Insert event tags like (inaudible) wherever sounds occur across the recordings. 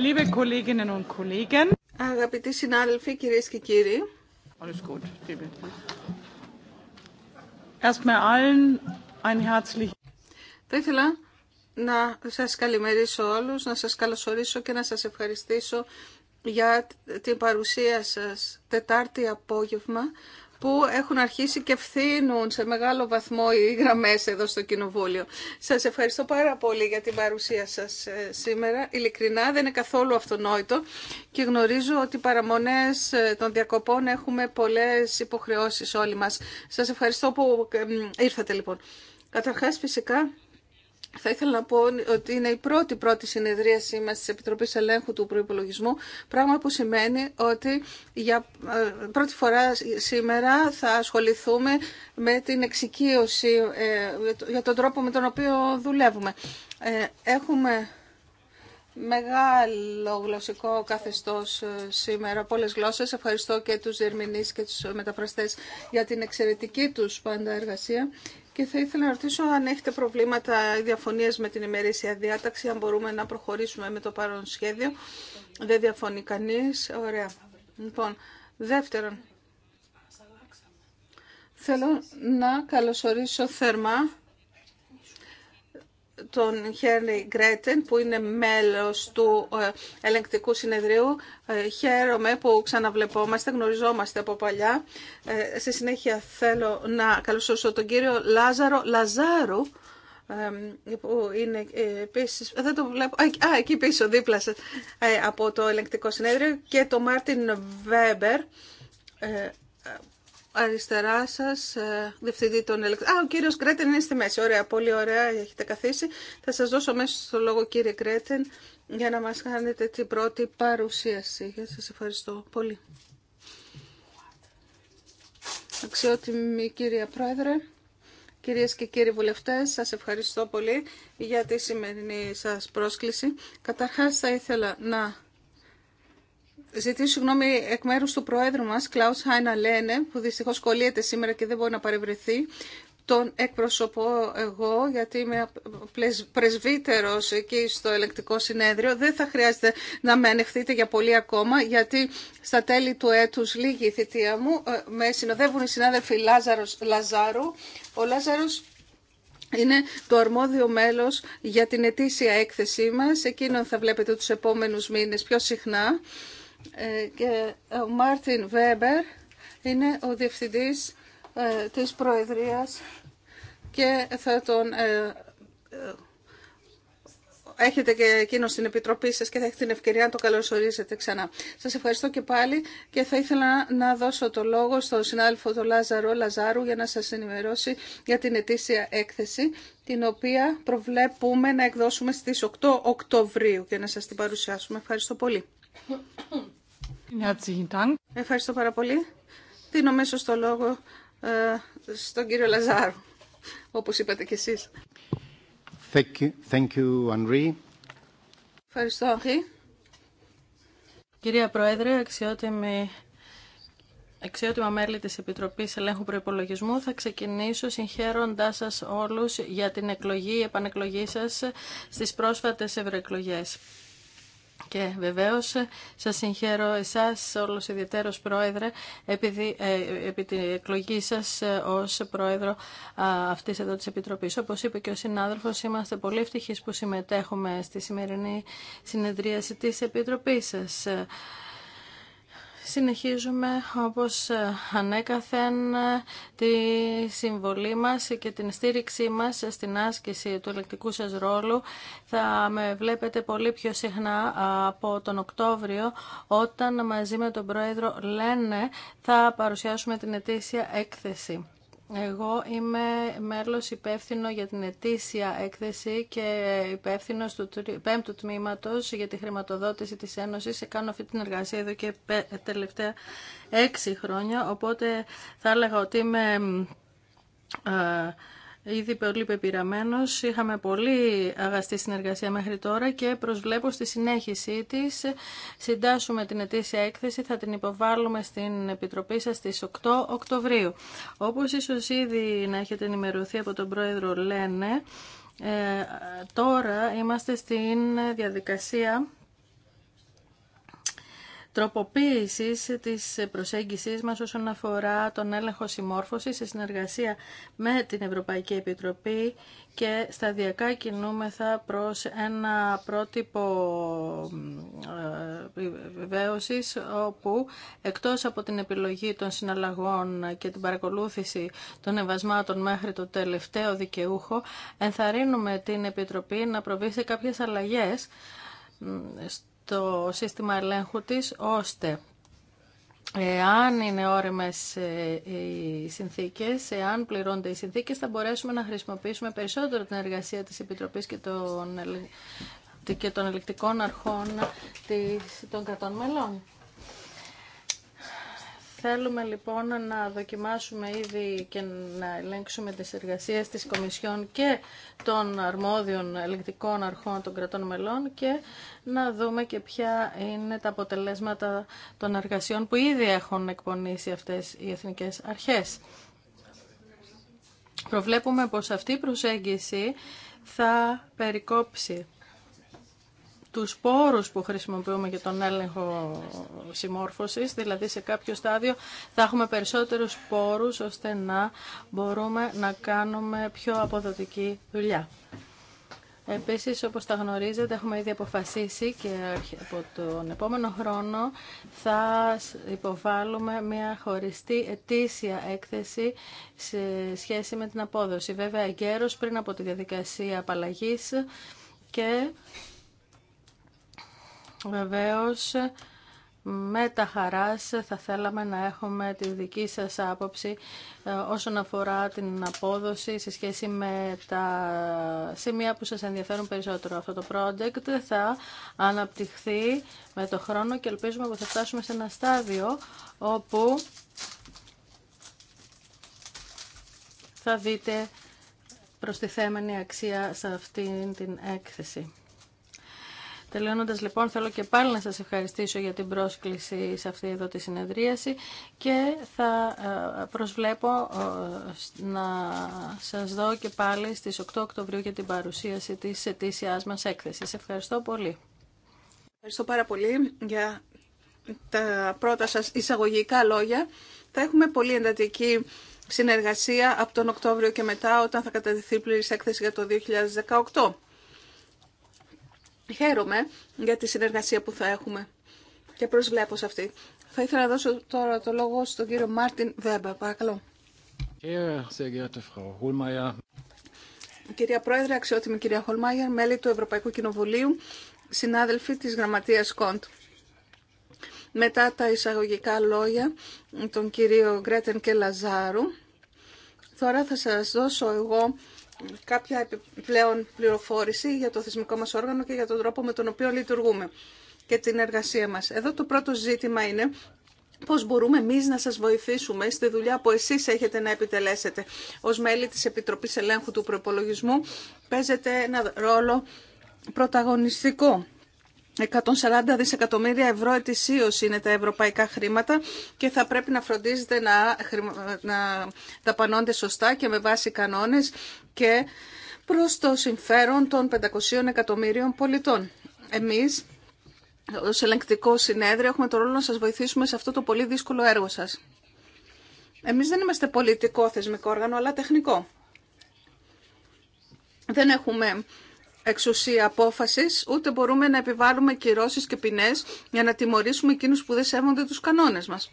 Liebe Kolleginnen und Kollegen. Αγαπητοί συνάδελφοι, κυρίες και κύριοι. Erstmal allen ein herzlich. Θα ήθελα να σας καλημερίσω όλους, να σας καλωσορίσω και να σας ευχαριστήσω για την παρουσία σας Τετάρτη απόγευμα που έχουν αρχίσει και φθήνουν σε μεγάλο βαθμό οι γραμμές εδώ στο Κοινοβούλιο. Σας ευχαριστώ πάρα πολύ για την παρουσία σας ε, σήμερα. Ειλικρινά δεν είναι καθόλου αυτονόητο και γνωρίζω ότι παραμονές ε, των διακοπών έχουμε πολλές υποχρεώσεις όλοι μας. Σας ευχαριστώ που ε, ήρθατε λοιπόν. Καταρχάς φυσικά θα ήθελα να πω ότι είναι η πρώτη πρώτη συνεδρίασή μας της Επιτροπής Ελέγχου του Προϋπολογισμού, πράγμα που σημαίνει ότι για ε, πρώτη φορά σήμερα θα ασχοληθούμε με την εξοικείωση ε, για τον τρόπο με τον οποίο δουλεύουμε. Ε, έχουμε μεγάλο γλωσσικό καθεστώς σήμερα πολλές γλώσσες. Ευχαριστώ και τους διερμηνείς και τους μεταφραστές για την εξαιρετική τους πάντα εργασία. Και θα ήθελα να ρωτήσω αν έχετε προβλήματα ή διαφωνίες με την ημερήσια διάταξη, αν μπορούμε να προχωρήσουμε με το παρόν σχέδιο. Δεν διαφωνεί κανείς. Ωραία. Λοιπόν, δεύτερον, θέλω να καλωσορίσω θερμά τον Χέρνι Γκρέτεν που είναι μέλος του ε, ελεγκτικού συνεδρίου. Ε, χαίρομαι που ξαναβλεπόμαστε, γνωριζόμαστε από παλιά. Ε, στη συνέχεια θέλω να καλωσορίσω τον κύριο Λάζαρο Λαζάρου που είναι επίσης, δεν το βλέπω, α, εκεί πίσω δίπλα σας, από το ελεγκτικό συνέδριο και τον Μάρτιν Βέμπερ αριστερά σας, ε, διευθυντή των ελεκτρών. Α, ο κύριο Κρέτεν είναι στη μέση. Ωραία, πολύ ωραία, έχετε καθίσει. Θα σας δώσω μέσα στο λόγο, κύριε Κρέτεν για να μας κάνετε την πρώτη παρουσίαση. Σας ευχαριστώ πολύ. Αξιότιμη κυρία Πρόεδρε, κύριε και κύριοι βουλευτές, σας ευχαριστώ πολύ για τη σημερινή σας πρόσκληση. Καταρχάς θα ήθελα να ζητήσω συγγνώμη εκ μέρου του Προέδρου μα, Κλάου Χάινα Λένε, που δυστυχώ κολλείται σήμερα και δεν μπορεί να παρευρεθεί. Τον εκπροσωπώ εγώ, γιατί είμαι πρεσβύτερο εκεί στο ελεκτικό συνέδριο. Δεν θα χρειάζεται να με ανεχθείτε για πολύ ακόμα, γιατί στα τέλη του έτου λίγη η θητεία μου. Ε, με συνοδεύουν οι συνάδελφοι Λάζαρο Λαζάρου. Ο Λάζαρο είναι το αρμόδιο μέλος για την ετήσια έκθεσή μας. Εκείνον θα βλέπετε τους επόμενους μήνες πιο συχνά. Ε, και ο Μάρτιν Βέμπερ είναι ο διευθυντής ε, της Προεδρίας και θα τον ε, έχετε και εκείνο στην Επιτροπή σας και θα έχετε την ευκαιρία να το καλωσορίσετε ξανά. Σας ευχαριστώ και πάλι και θα ήθελα να δώσω το λόγο στον συνάδελφο τον Λάζαρο Λαζάρου για να σας ενημερώσει για την ετήσια έκθεση την οποία προβλέπουμε να εκδώσουμε στις 8 Οκτωβρίου και να σας την παρουσιάσουμε. Ευχαριστώ πολύ. Ευχαριστώ πάρα πολύ. Δίνω μέσα στο λόγο ε, στον κύριο Λαζάρο, όπως είπατε κι εσείς. Thank you, Henri. Ευχαριστώ, Ανρή. Κυρία Πρόεδρε, αξιότιμη Αξιότιμα μέλη της Επιτροπής Ελέγχου Προϋπολογισμού, θα ξεκινήσω συγχαίροντάς σας όλους για την εκλογή ή επανεκλογή σας στις πρόσφατες ευρωεκλογές. Και βεβαίω σα συγχαίρω εσάς όλο ιδιαίτερω πρόεδρε επειδή, ε, επί την εκλογή σας ε, ως πρόεδρο αυτή αυτής εδώ της Επιτροπής. Όπως είπε και ο συνάδελφο, είμαστε πολύ ευτυχείς που συμμετέχουμε στη σημερινή συνεδρίαση της Επιτροπής σας. Συνεχίζουμε όπως ε, ανέκαθεν ε, τη συμβολή μας και την στήριξή μας στην άσκηση του ελεκτικού σας ρόλου. Θα με βλέπετε πολύ πιο συχνά από τον Οκτώβριο όταν μαζί με τον Πρόεδρο Λένε θα παρουσιάσουμε την ετήσια έκθεση. Εγώ είμαι μέλος υπεύθυνο για την ετήσια έκθεση και υπεύθυνο του πέμπτου τμήματος για τη χρηματοδότηση της Ένωσης. Κάνω αυτή την εργασία εδώ και τελευταία έξι χρόνια, οπότε θα έλεγα ότι είμαι ε, ήδη πολύ πεπειραμένο. Είχαμε πολύ αγαστή συνεργασία μέχρι τώρα και προσβλέπω στη συνέχιση της. Συντάσσουμε την ετήσια έκθεση, θα την υποβάλουμε στην Επιτροπή σας στις 8 Οκτωβρίου. Όπω ίσω ήδη να έχετε ενημερωθεί από τον Πρόεδρο Λένε, ε, τώρα είμαστε στην διαδικασία τροποποίησης της προσέγγισής μας όσον αφορά τον έλεγχο συμμόρφωσης σε συνεργασία με την Ευρωπαϊκή Επιτροπή και σταδιακά κινούμεθα προς ένα πρότυπο ε, βεβαίωσης όπου εκτός από την επιλογή των συναλλαγών και την παρακολούθηση των εμβασμάτων μέχρι το τελευταίο δικαιούχο ενθαρρύνουμε την Επιτροπή να προβεί σε κάποιες αλλαγές το σύστημα ελέγχου της, ώστε αν είναι όριμες ε, οι συνθήκες, εάν πληρώνται οι συνθήκες, θα μπορέσουμε να χρησιμοποιήσουμε περισσότερο την εργασία της Επιτροπής και των, και των ελεκτικών αρχών των κρατών μελών. Θέλουμε λοιπόν να δοκιμάσουμε ήδη και να ελέγξουμε τις εργασίες της Κομισιόν και των αρμόδιων ελεγκτικών αρχών των κρατών μελών και να δούμε και ποια είναι τα αποτελέσματα των εργασιών που ήδη έχουν εκπονήσει αυτές οι εθνικές αρχές. Προβλέπουμε πως αυτή η προσέγγιση θα περικόψει τους πόρους που χρησιμοποιούμε για τον έλεγχο συμμόρφωσης, δηλαδή σε κάποιο στάδιο θα έχουμε περισσότερους πόρους ώστε να μπορούμε να κάνουμε πιο αποδοτική δουλειά. Επίσης, όπως τα γνωρίζετε, έχουμε ήδη αποφασίσει και από τον επόμενο χρόνο θα υποβάλουμε μια χωριστή ετήσια έκθεση σε σχέση με την απόδοση. Βέβαια, εγκαίρως πριν από τη διαδικασία απαλλαγής και Βεβαίως, με τα χαράς θα θέλαμε να έχουμε τη δική σας άποψη ε, όσον αφορά την απόδοση σε σχέση με τα σημεία που σας ενδιαφέρουν περισσότερο. Αυτό το project θα αναπτυχθεί με το χρόνο και ελπίζουμε ότι θα φτάσουμε σε ένα στάδιο όπου θα δείτε προστιθέμενη αξία σε αυτήν την έκθεση. Τελειώνοντας λοιπόν θέλω και πάλι να σας ευχαριστήσω για την πρόσκληση σε αυτή εδώ τη συνεδρίαση και θα ε, προσβλέπω ε, να σας δω και πάλι στις 8 Οκτωβρίου για την παρουσίαση της ετήσια μα έκθεσης. Ευχαριστώ πολύ. Ευχαριστώ πάρα πολύ για τα πρώτα σας εισαγωγικά λόγια. Θα έχουμε πολύ εντατική συνεργασία από τον Οκτώβριο και μετά όταν θα κατατεθεί πλήρης έκθεση για το 2018. Χαίρομαι για τη συνεργασία που θα έχουμε και προσβλέπω σε αυτή. Θα ήθελα να δώσω τώρα το λόγο στον κύριο Μάρτιν Βέμπα. Παρακαλώ. Ε, κυρία Πρόεδρε, αξιότιμη κυρία Χολμάγερ, μέλη του Ευρωπαϊκού Κοινοβουλίου, συνάδελφοι της Γραμματείας Κοντ. Μετά τα εισαγωγικά λόγια των κυρίων Γκρέτεν και Λαζάρου, τώρα θα σας δώσω εγώ κάποια επιπλέον πληροφόρηση για το θεσμικό μας όργανο και για τον τρόπο με τον οποίο λειτουργούμε και την εργασία μας. Εδώ το πρώτο ζήτημα είναι πώς μπορούμε εμείς να σας βοηθήσουμε στη δουλειά που εσείς έχετε να επιτελέσετε. Ως μέλη της Επιτροπής Ελέγχου του Προπολογισμού παίζετε ένα ρόλο πρωταγωνιστικό 140 δισεκατομμύρια ευρώ ετησίως είναι τα ευρωπαϊκά χρήματα και θα πρέπει να φροντίζετε να, να ταπανώνται σωστά και με βάση κανόνες και προς το συμφέρον των 500 εκατομμύριων πολιτών. Εμείς, ως ελεγκτικό συνέδριο, έχουμε το ρόλο να σας βοηθήσουμε σε αυτό το πολύ δύσκολο έργο σας. Εμείς δεν είμαστε πολιτικό θεσμικό όργανο, αλλά τεχνικό. Δεν έχουμε εξουσία απόφαση ούτε μπορούμε να επιβάλλουμε κυρώσεις και ποινές για να τιμωρήσουμε εκείνου που δεν σέβονται τους κανόνες μας.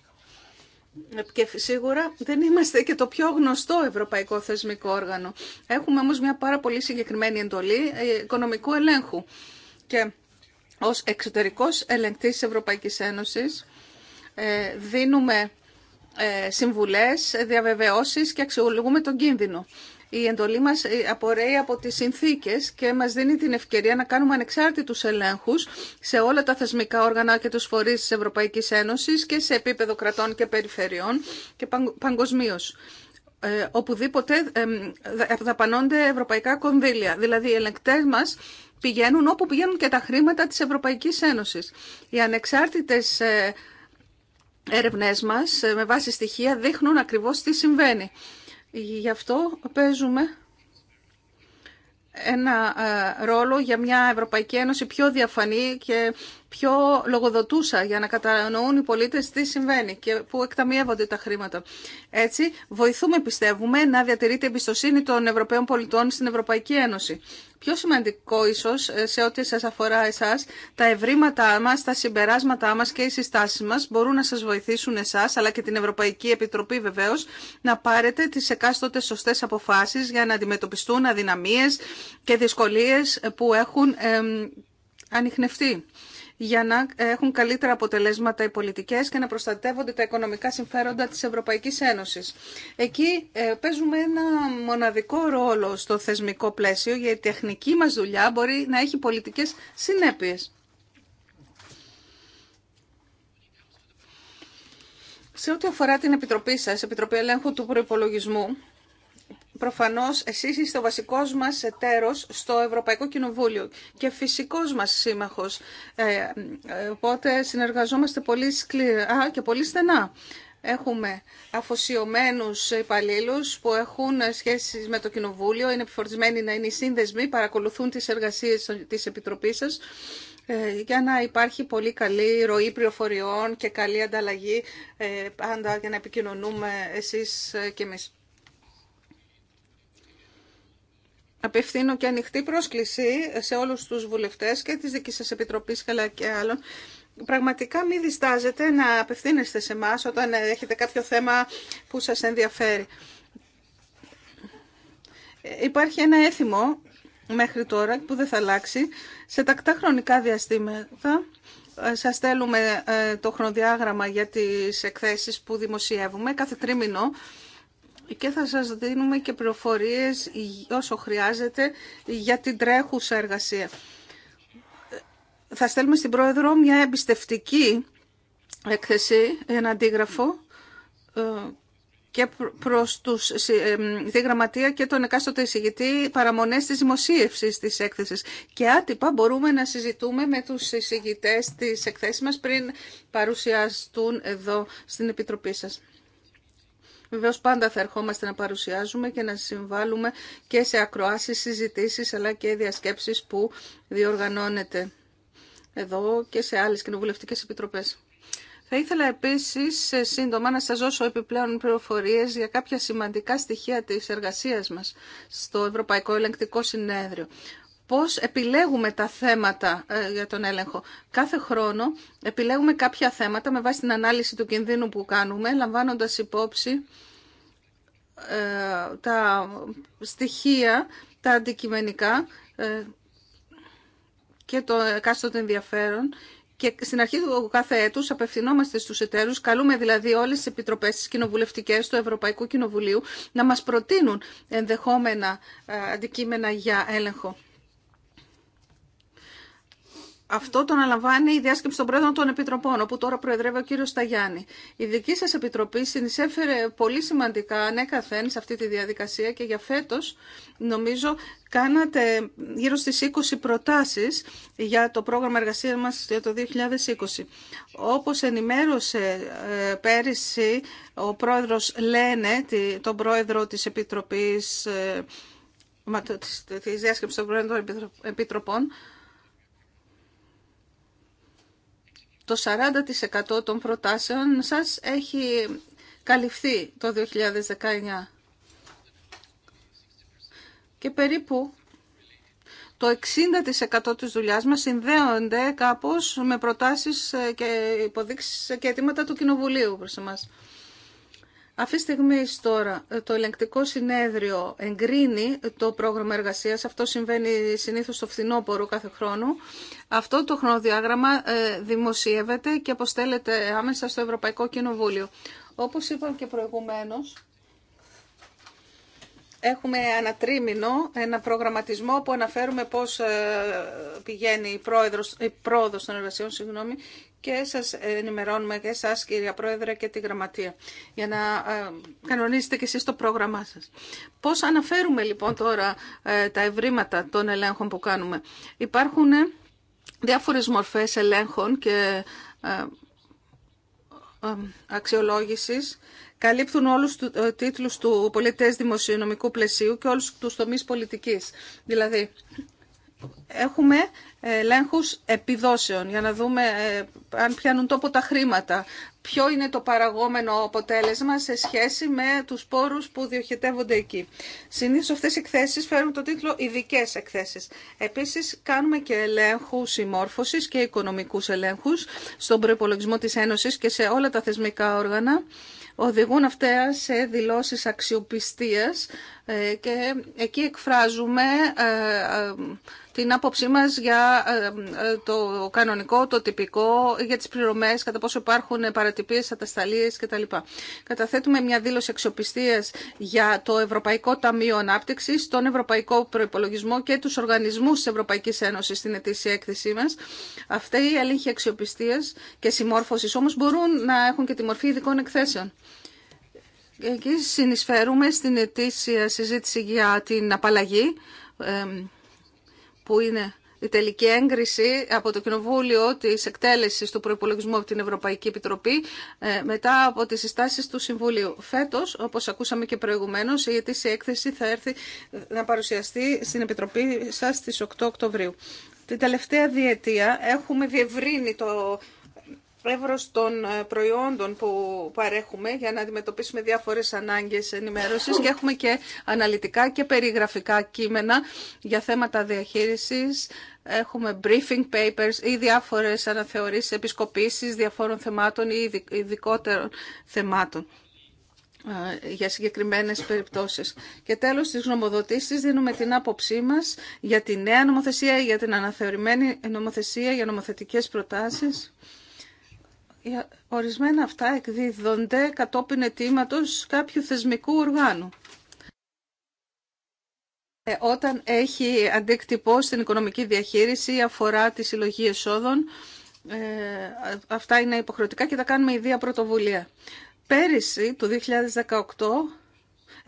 Και σίγουρα δεν είμαστε και το πιο γνωστό ευρωπαϊκό θεσμικό όργανο. Έχουμε όμως μια πάρα πολύ συγκεκριμένη εντολή ε, οικονομικού ελέγχου. Και ως εξωτερικός ελεγκτής της Ευρωπαϊκής Ένωσης ε, δίνουμε ε, συμβουλές, διαβεβαιώσεις και αξιολογούμε τον κίνδυνο η εντολή μας ε, απορρέει από τις συνθήκες και μας δίνει την ευκαιρία να κάνουμε ανεξάρτητους ελέγχους σε όλα τα θεσμικά όργανα και τους φορείς της Ευρωπαϊκής Ένωσης και σε επίπεδο κρατών και περιφερειών και παγκοσμίω. Ε, οπουδήποτε δαπανώνται ευρωπαϊκά κονδύλια. Δηλαδή οι ελεγκτές μας πηγαίνουν όπου πηγαίνουν και τα χρήματα της Ευρωπαϊκής Ένωσης. Οι ανεξάρτητες ε, έρευνές μας με βάση στοιχεία δείχνουν ακριβώς τι συμβαίνει. Γι' αυτό παίζουμε ένα ε, ρόλο για μια Ευρωπαϊκή Ένωση πιο διαφανή και πιο λογοδοτούσα για να κατανοούν οι πολίτες τι συμβαίνει και που εκταμιεύονται τα χρήματα. Έτσι, βοηθούμε, πιστεύουμε, να διατηρείται η εμπιστοσύνη των Ευρωπαίων πολιτών στην Ευρωπαϊκή Ένωση. Πιο σημαντικό ίσως ε, σε ό,τι σας αφορά εσάς, τα ευρήματά μας, τα συμπεράσματά μας και οι συστάσεις μας μπορούν να σας βοηθήσουν εσάς, αλλά και την Ευρωπαϊκή Επιτροπή βεβαίως, να πάρετε τις εκάστοτε σωστές αποφάσεις για να αντιμετωπιστούν αδυναμίε και δυσκολίες που έχουν ανοιχνευτεί για να έχουν καλύτερα αποτελέσματα οι πολιτικές και να προστατεύονται τα οικονομικά συμφέροντα της Ευρωπαϊκής Ένωσης. Εκεί ε, παίζουμε ένα μοναδικό ρόλο στο θεσμικό πλαίσιο, γιατί η τεχνική μας δουλειά μπορεί να έχει πολιτικές συνέπειες. Σε ό,τι αφορά την Επιτροπή σας, Επιτροπή Ελέγχου του Προϋπολογισμού, Προφανώ, εσείς είστε ο βασικό μα εταίρο στο Ευρωπαϊκό Κοινοβούλιο και φυσικό μα σύμμαχος. Ε, οπότε συνεργαζόμαστε πολύ σκληρά και πολύ στενά. Έχουμε αφοσιωμένου υπαλλήλου που έχουν σχέσεις με το Κοινοβούλιο, είναι επιφορτισμένοι να είναι οι σύνδεσμοι, παρακολουθούν τις εργασίες τη επιτροπή σα ε, για να υπάρχει πολύ καλή ροή πληροφοριών και καλή ανταλλαγή ε, πάντα για να επικοινωνούμε εσείς και εμείς. Απευθύνω και ανοιχτή πρόσκληση σε όλους τους βουλευτές και της δικής σας Επιτροπής αλλά και άλλων. Πραγματικά μην διστάζετε να απευθύνεστε σε εμά όταν έχετε κάποιο θέμα που σας ενδιαφέρει. Υπάρχει ένα έθιμο μέχρι τώρα που δεν θα αλλάξει. Σε τακτά χρονικά διαστήματα ε, σας στέλνουμε ε, το χρονοδιάγραμμα για τις εκθέσεις που δημοσιεύουμε κάθε τρίμηνο και θα σας δίνουμε και πληροφορίες όσο χρειάζεται για την τρέχουσα εργασία. Θα στέλνουμε στην Πρόεδρο μια εμπιστευτική έκθεση, ένα αντίγραφο ε, και προς τους, ε, τη γραμματεία και τον εκάστοτε εισηγητή παραμονές της δημοσίευση της έκθεσης. Και άτυπα μπορούμε να συζητούμε με τους εισηγητές της εκθέσης μας πριν παρουσιαστούν εδώ στην Επιτροπή σας. Βεβαίω πάντα θα ερχόμαστε να παρουσιάζουμε και να συμβάλλουμε και σε ακροάσεις, συζητήσεις αλλά και διασκέψεις που διοργανώνεται εδώ και σε άλλες κοινοβουλευτικέ επιτροπές. Θα ήθελα επίσης ε, σύντομα να σας δώσω επιπλέον πληροφορίες για κάποια σημαντικά στοιχεία της εργασίας μας στο Ευρωπαϊκό Ελεγκτικό Συνέδριο πώς επιλέγουμε τα θέματα ε, για τον έλεγχο. Κάθε χρόνο επιλέγουμε κάποια θέματα με βάση την ανάλυση του κινδύνου που κάνουμε, λαμβάνοντας υπόψη ε, τα στοιχεία, τα αντικειμενικά ε, και το εκάστοτε ενδιαφέρον και στην αρχή του κάθε έτου απευθυνόμαστε στου εταίρου, καλούμε δηλαδή όλε τι επιτροπέ, τι κοινοβουλευτικέ του Ευρωπαϊκού Κοινοβουλίου να μα προτείνουν ενδεχόμενα αντικείμενα για έλεγχο αυτό το αναλαμβάνει η διάσκεψη των πρόεδρων των επιτροπών, όπου τώρα προεδρεύει ο κύριο Σταγιάννη. Η δική σα επιτροπή συνεισέφερε πολύ σημαντικά ανέκαθεν ναι, σε αυτή τη διαδικασία και για φέτο, νομίζω, κάνατε γύρω στι 20 προτάσει για το πρόγραμμα εργασία μα για το 2020. Όπω ενημέρωσε ε, πέρυσι ο πρόεδρο Λένε, τον πρόεδρο τη επιτροπή ε, τη διάσκεψη των πρόεδρων των επιτροπών, το 40% των προτάσεων σας έχει καλυφθεί το 2019. Και περίπου το 60% της δουλειάς μας συνδέονται κάπως με προτάσεις και υποδείξεις και αιτήματα του Κοινοβουλίου προς εμάς. Αυτή τη στιγμή τώρα το ελεγκτικό συνέδριο εγκρίνει το πρόγραμμα εργασίας. Αυτό συμβαίνει συνήθως το φθινόπωρο κάθε χρόνο. Αυτό το χρονοδιάγραμμα ε, δημοσιεύεται και αποστέλλεται άμεσα στο Ευρωπαϊκό Κοινοβούλιο. Όπως είπαμε και προηγουμένως, Έχουμε ένα τρίμηνο, ένα προγραμματισμό που αναφέρουμε πώς ε, πηγαίνει η, πρόεδρος, η πρόοδος των εργασιών συγγνώμη, και σας ενημερώνουμε και εσάς κυρία Πρόεδρε και τη Γραμματεία για να ε, κανονίσετε και εσείς το πρόγραμμά σας. Πώς αναφέρουμε λοιπόν τώρα ε, τα ευρήματα των ελέγχων που κάνουμε. Υπάρχουν διάφορες μορφές ελέγχων και αξιολόγησης καλύπτουν όλους τους ε, τίτλους του πολιτές δημοσιονομικού πλαισίου και όλους τους τομείς πολιτικής. Δηλαδή, έχουμε ελέγχου επιδόσεων για να δούμε ε, αν πιάνουν τόπο τα χρήματα. Ποιο είναι το παραγόμενο αποτέλεσμα σε σχέση με τους πόρους που διοχετεύονται εκεί. Συνήθως αυτές οι εκθέσεις φέρουν το τίτλο ειδικέ εκθέσεις. Επίσης κάνουμε και ελέγχους συμμόρφωσης και οικονομικούς ελέγχους στον προπολογισμό της Ένωσης και σε όλα τα θεσμικά όργανα οδηγούν αυτά σε δηλώσεις αξιοπιστίας ε, και εκεί εκφράζουμε ε, την άποψή μας για ε, ε, το κανονικό, το τυπικό, για τις πληρωμές, κατά πόσο υπάρχουν παρατυπίες, ατασταλίες κτλ. Καταθέτουμε μια δήλωση αξιοπιστίας για το Ευρωπαϊκό Ταμείο Ανάπτυξης, τον Ευρωπαϊκό Προϋπολογισμό και τους οργανισμούς της Ευρωπαϊκής Ένωσης στην ετήσια έκθεσή μας. Αυτή η αλήθεια αξιοπιστίας και συμμόρφωσης όμως μπορούν να έχουν και τη μορφή ειδικών εκθέσεων. Εκεί συνεισφέρουμε στην ετήσια συζήτηση για την απαλλαγή που είναι η τελική έγκριση από το Κοινοβούλιο της εκτέλεσης του προϋπολογισμού από την Ευρωπαϊκή Επιτροπή ε, μετά από τις συστάσεις του Συμβουλίου. Φέτος, όπως ακούσαμε και προηγουμένως, η αιτήσια έκθεση θα έρθει να παρουσιαστεί στην Επιτροπή σας στις 8 Οκτωβρίου. Την τελευταία διετία έχουμε διευρύνει το εύρος των ε, προϊόντων που παρέχουμε για να αντιμετωπίσουμε διάφορες ανάγκες ενημέρωσης και έχουμε και αναλυτικά και περιγραφικά κείμενα για θέματα διαχείρισης. Έχουμε briefing papers ή διάφορες αναθεωρήσεις, επισκοπήσεις διαφόρων θεμάτων ή ειδικότερων θεμάτων ε, για συγκεκριμένες περιπτώσεις. Και τέλος, στις γνωμοδοτήσεις δίνουμε την άποψή μας για τη νέα νομοθεσία, για την αναθεωρημένη νομοθεσία, για νομοθετικές προτάσεις. Ε, ορισμένα αυτά εκδίδονται κατόπιν αιτήματος κάποιου θεσμικού οργάνου. Ε, όταν έχει αντίκτυπο στην οικονομική διαχείριση, αφορά τη συλλογή εσόδων, ε, αυτά είναι υποχρεωτικά και τα κάνουμε ιδία πρωτοβουλία. Πέρυσι, το 2018,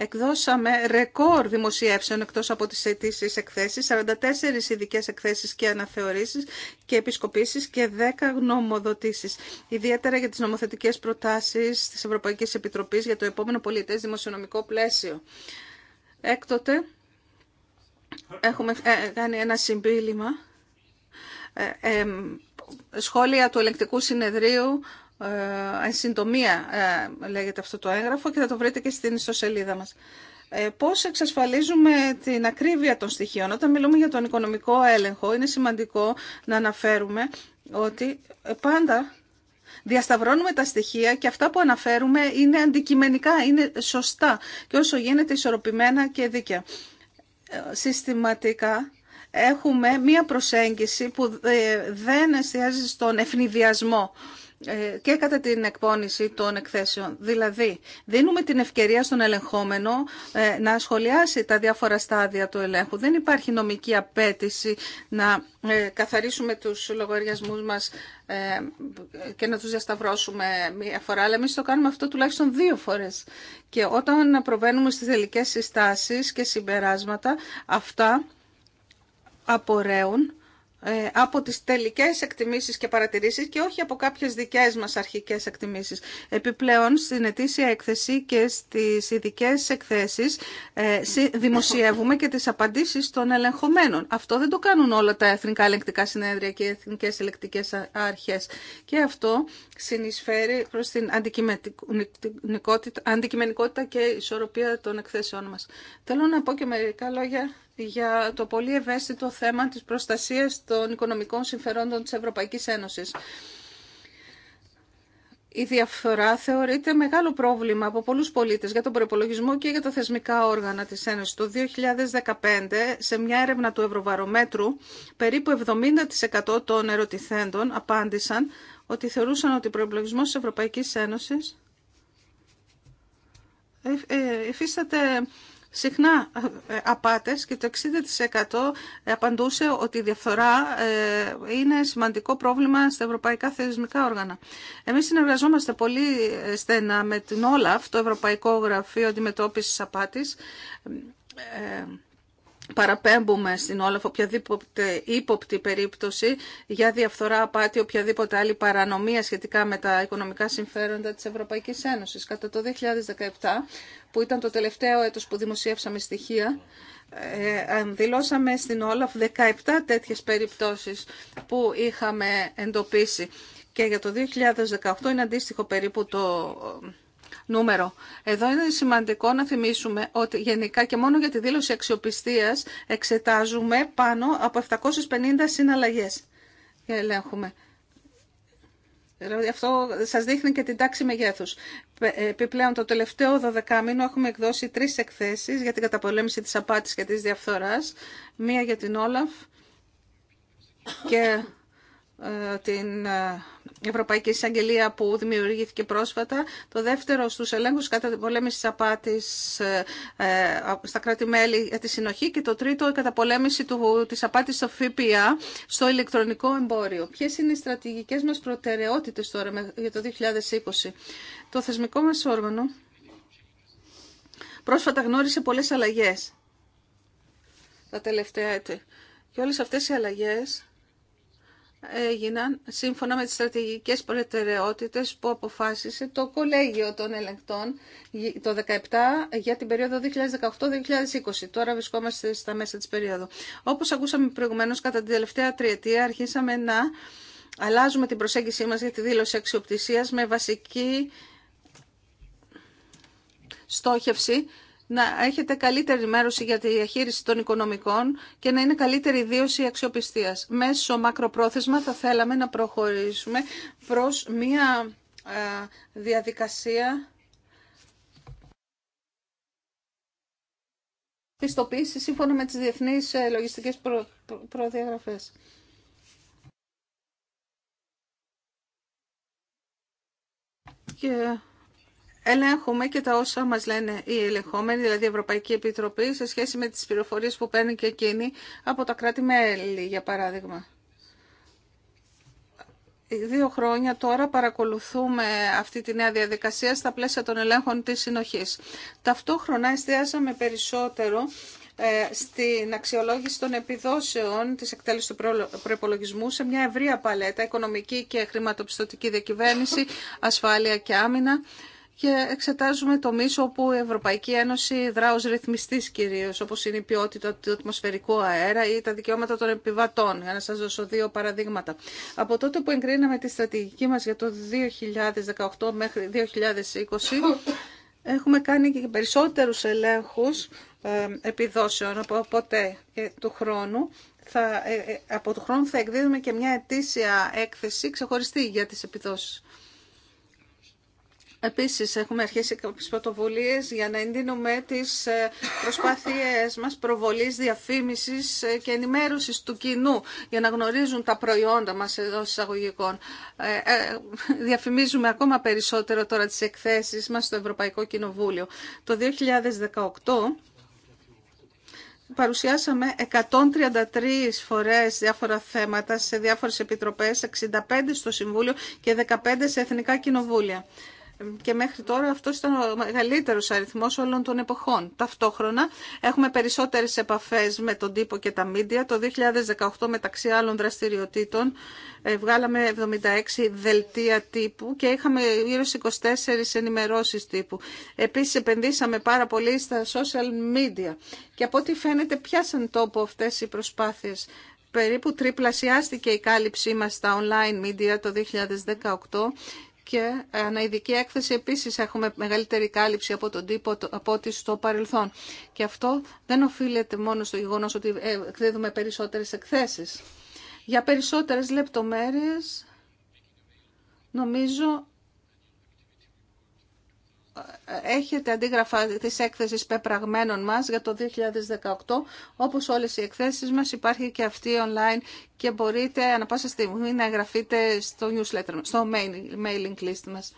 Εκδώσαμε ρεκόρ δημοσιεύσεων εκτός από τις αιτήσεις εκθέσεις, 44 ειδικές εκθέσεις και αναθεωρήσεις και επισκοπήσεις και 10 γνωμοδοτήσεις. Ιδιαίτερα για τις νομοθετικές προτάσεις της Ευρωπαϊκής Επιτροπής για το επόμενο πολιτές δημοσιονομικό πλαίσιο. Έκτοτε έχουμε ε, κάνει ένα συμπίλημα ε, ε, σχόλια του ελεκτικού συνεδρίου ε, εν συντομία ε, λέγεται αυτό το έγγραφο και θα το βρείτε και στην ιστοσελίδα μας. Ε, πώς εξασφαλίζουμε την ακρίβεια των στοιχείων. Όταν μιλούμε για τον οικονομικό έλεγχο είναι σημαντικό να αναφέρουμε ότι πάντα διασταυρώνουμε τα στοιχεία και αυτά που αναφέρουμε είναι αντικειμενικά, είναι σωστά και όσο γίνεται ισορροπημένα και δίκαια. Συστηματικά έχουμε μία προσέγγιση που δεν εστιάζει στον ευνηδιασμό ε, και κατά την εκπόνηση των εκθέσεων. Δηλαδή, δίνουμε την ευκαιρία στον ελεγχόμενο ε, να σχολιάσει τα διάφορα στάδια του ελέγχου. Δεν υπάρχει νομική απέτηση να ε, καθαρίσουμε τους λογαριασμούς μας και να τους διασταυρώσουμε μία φορά, αλλά εμείς το κάνουμε αυτό τουλάχιστον δύο φορές. Και όταν προβαίνουμε στις τελικές συστάσεις και συμπεράσματα, αυτά απορρέουν ε, από τις τελικές εκτιμήσεις και παρατηρήσεις και όχι από κάποιες δικές μας αρχικές εκτιμήσεις. Επιπλέον, στην ετήσια έκθεση και στις ειδικέ εκθέσεις ε, δημοσιεύουμε και τις απαντήσεις των ελεγχομένων. Αυτό δεν το κάνουν όλα τα εθνικά ελεγκτικά συνέδρια και οι εθνικές ελεκτικές αρχές. Και αυτό συνεισφέρει προς την αντικειμενικότητα και ισορροπία των εκθέσεών μας. Θέλω να πω και μερικά λόγια για το πολύ ευαίσθητο θέμα της προστασίας των οικονομικών συμφερόντων της Ευρωπαϊκής Ένωσης. Η διαφθορά θεωρείται μεγάλο πρόβλημα από πολλούς πολίτες για τον προπολογισμό και για τα θεσμικά όργανα της Ένωσης. Το 2015, σε μια έρευνα του Ευρωβαρομέτρου, περίπου 70% των ερωτηθέντων απάντησαν ότι θεωρούσαν ότι ο προπολογισμό της Ευρωπαϊκής Ένωσης υφίσταται ε, ε, συχνά ε, απάτες και το 60% απαντούσε ότι η διαφθορά ε, είναι σημαντικό πρόβλημα στα ευρωπαϊκά θεσμικά όργανα. Εμείς συνεργαζόμαστε πολύ ε, στενά με την Όλαφ, το Ευρωπαϊκό Γραφείο Αντιμετώπισης Απάτης, παραπέμπουμε στην Όλαφ οποιαδήποτε ύποπτη περίπτωση για διαφθορά, απάτη, οποιαδήποτε άλλη παρανομία σχετικά με τα οικονομικά συμφέροντα της Ευρωπαϊκής Ένωσης. Κατά το 2017, που ήταν το τελευταίο έτος που δημοσίευσαμε στοιχεία, ε, ε, δηλώσαμε στην Όλαφ 17 τέτοιες περιπτώσεις που είχαμε εντοπίσει. Και για το 2018 είναι αντίστοιχο περίπου το νούμερο. Εδώ είναι σημαντικό να θυμίσουμε ότι γενικά και μόνο για τη δήλωση αξιοπιστίας εξετάζουμε πάνω από 750 συναλλαγές. Ελέγχουμε. Δηλαδή, αυτό σας δείχνει και την τάξη μεγέθους. Ε, επιπλέον το τελευταίο 12 μήνο έχουμε εκδώσει τρεις εκθέσεις για την καταπολέμηση της απάτης και της διαφθοράς. Μία για την Όλαφ και ε, την ε, Ευρωπαϊκή Εισαγγελία που δημιουργήθηκε πρόσφατα. Το δεύτερο στους ελέγχους κατά την πολέμηση απάτης ε, στα κράτη-μέλη για τη συνοχή και το τρίτο η καταπολέμηση του, της απάτης στο ΦΠΑ στο ηλεκτρονικό εμπόριο. Ποιες είναι οι στρατηγικές μας προτεραιότητες τώρα για το 2020. Το θεσμικό μας όργανο πρόσφατα γνώρισε πολλές αλλαγές τα τελευταία έτη. Και όλες αυτές οι αλλαγές έγιναν σύμφωνα με τις στρατηγικές προτεραιότητες που αποφάσισε το Κολέγιο των Ελεγκτών το 2017 για την περίοδο 2018-2020. Τώρα βρισκόμαστε στα μέσα της περίοδου. Όπως ακούσαμε προηγουμένως, κατά την τελευταία τριετία αρχίσαμε να αλλάζουμε την προσέγγιση μας για τη δήλωση αξιοπτησίας με βασική στόχευση να έχετε καλύτερη μέρωση για τη διαχείριση των οικονομικών και να είναι καλύτερη ιδίωση αξιοπιστίας. Μέσω μακροπρόθεσμα θα θέλαμε να προχωρήσουμε προς μία ε, διαδικασία πιστοποίηση σύμφωνα με τις διεθνείς ε, λογιστικές προ... προδιαγραφές ελέγχουμε και τα όσα μας λένε οι ελεγχόμενοι, δηλαδή η Ευρωπαϊκή Επιτροπή, σε σχέση με τις πληροφορίες που παίρνει και εκείνη από τα κράτη-μέλη, για παράδειγμα. Δύο χρόνια τώρα παρακολουθούμε αυτή τη νέα διαδικασία στα πλαίσια των ελέγχων της συνοχής. Ταυτόχρονα εστίαζαμε περισσότερο ε, στην αξιολόγηση των επιδόσεων της εκτέλεσης του προπολογισμού σε μια ευρία παλέτα, οικονομική και χρηματοπιστωτική διακυβέρνηση, ασφάλεια και άμυνα και εξετάζουμε το μίσο όπου η Ευρωπαϊκή Ένωση δρά ως ρυθμιστής κυρίως, όπως είναι η ποιότητα του ατμοσφαιρικού αέρα ή τα δικαιώματα των επιβατών, για να σας δώσω δύο παραδείγματα. Από τότε που εγκρίναμε τη στρατηγική μας για το 2018 μέχρι 2020, έχουμε κάνει και περισσότερους ελέγχους ε, επιδόσεων από ποτέ του χρόνου. Θα, ε, ε, από του χρόνου θα εκδίδουμε και μια ετήσια έκθεση ξεχωριστή για τις επιδόσεις. Επίσης, έχουμε αρχίσει κάποιε πρωτοβουλίε για να εντείνουμε τις ε, προσπάθειές μας προβολής, διαφήμισης ε, και ενημέρωσης του κοινού για να γνωρίζουν τα προϊόντα μας εδώ εισαγωγικών. Ε, διαφημίζουμε ακόμα περισσότερο τώρα τις εκθέσεις μας στο Ευρωπαϊκό Κοινοβούλιο. Το 2018 παρουσιάσαμε 133 φορές διάφορα θέματα σε διάφορες επιτροπές, 65 στο Συμβούλιο και 15 σε Εθνικά Κοινοβούλια και μέχρι τώρα αυτό ήταν ο μεγαλύτερος αριθμό όλων των εποχών. Ταυτόχρονα έχουμε περισσότερες επαφές με τον τύπο και τα μίντια. Το 2018 μεταξύ άλλων δραστηριοτήτων ε, βγάλαμε 76 δελτία τύπου και είχαμε γύρω στι 24 ενημερώσει τύπου. Επίσης επενδύσαμε πάρα πολύ στα social media και από ό,τι φαίνεται πιάσαν τόπο αυτές οι προσπάθειε Περίπου τριπλασιάστηκε η κάλυψή μας στα online media το 2018 και αναειδική έκθεση επίσης έχουμε μεγαλύτερη κάλυψη από τον τύπο από ό,τι στο παρελθόν. Και αυτό δεν οφείλεται μόνο στο γεγονός ότι ε, εκδίδουμε περισσότερες εκθέσεις. Για περισσότερες λεπτομέρειες νομίζω έχετε αντίγραφα της έκθεσης πεπραγμένων μας για το 2018. Όπως όλες οι εκθέσεις μας υπάρχει και αυτή online και μπορείτε ανα πάσα στιγμή να εγγραφείτε στο newsletter, στο mailing list μας.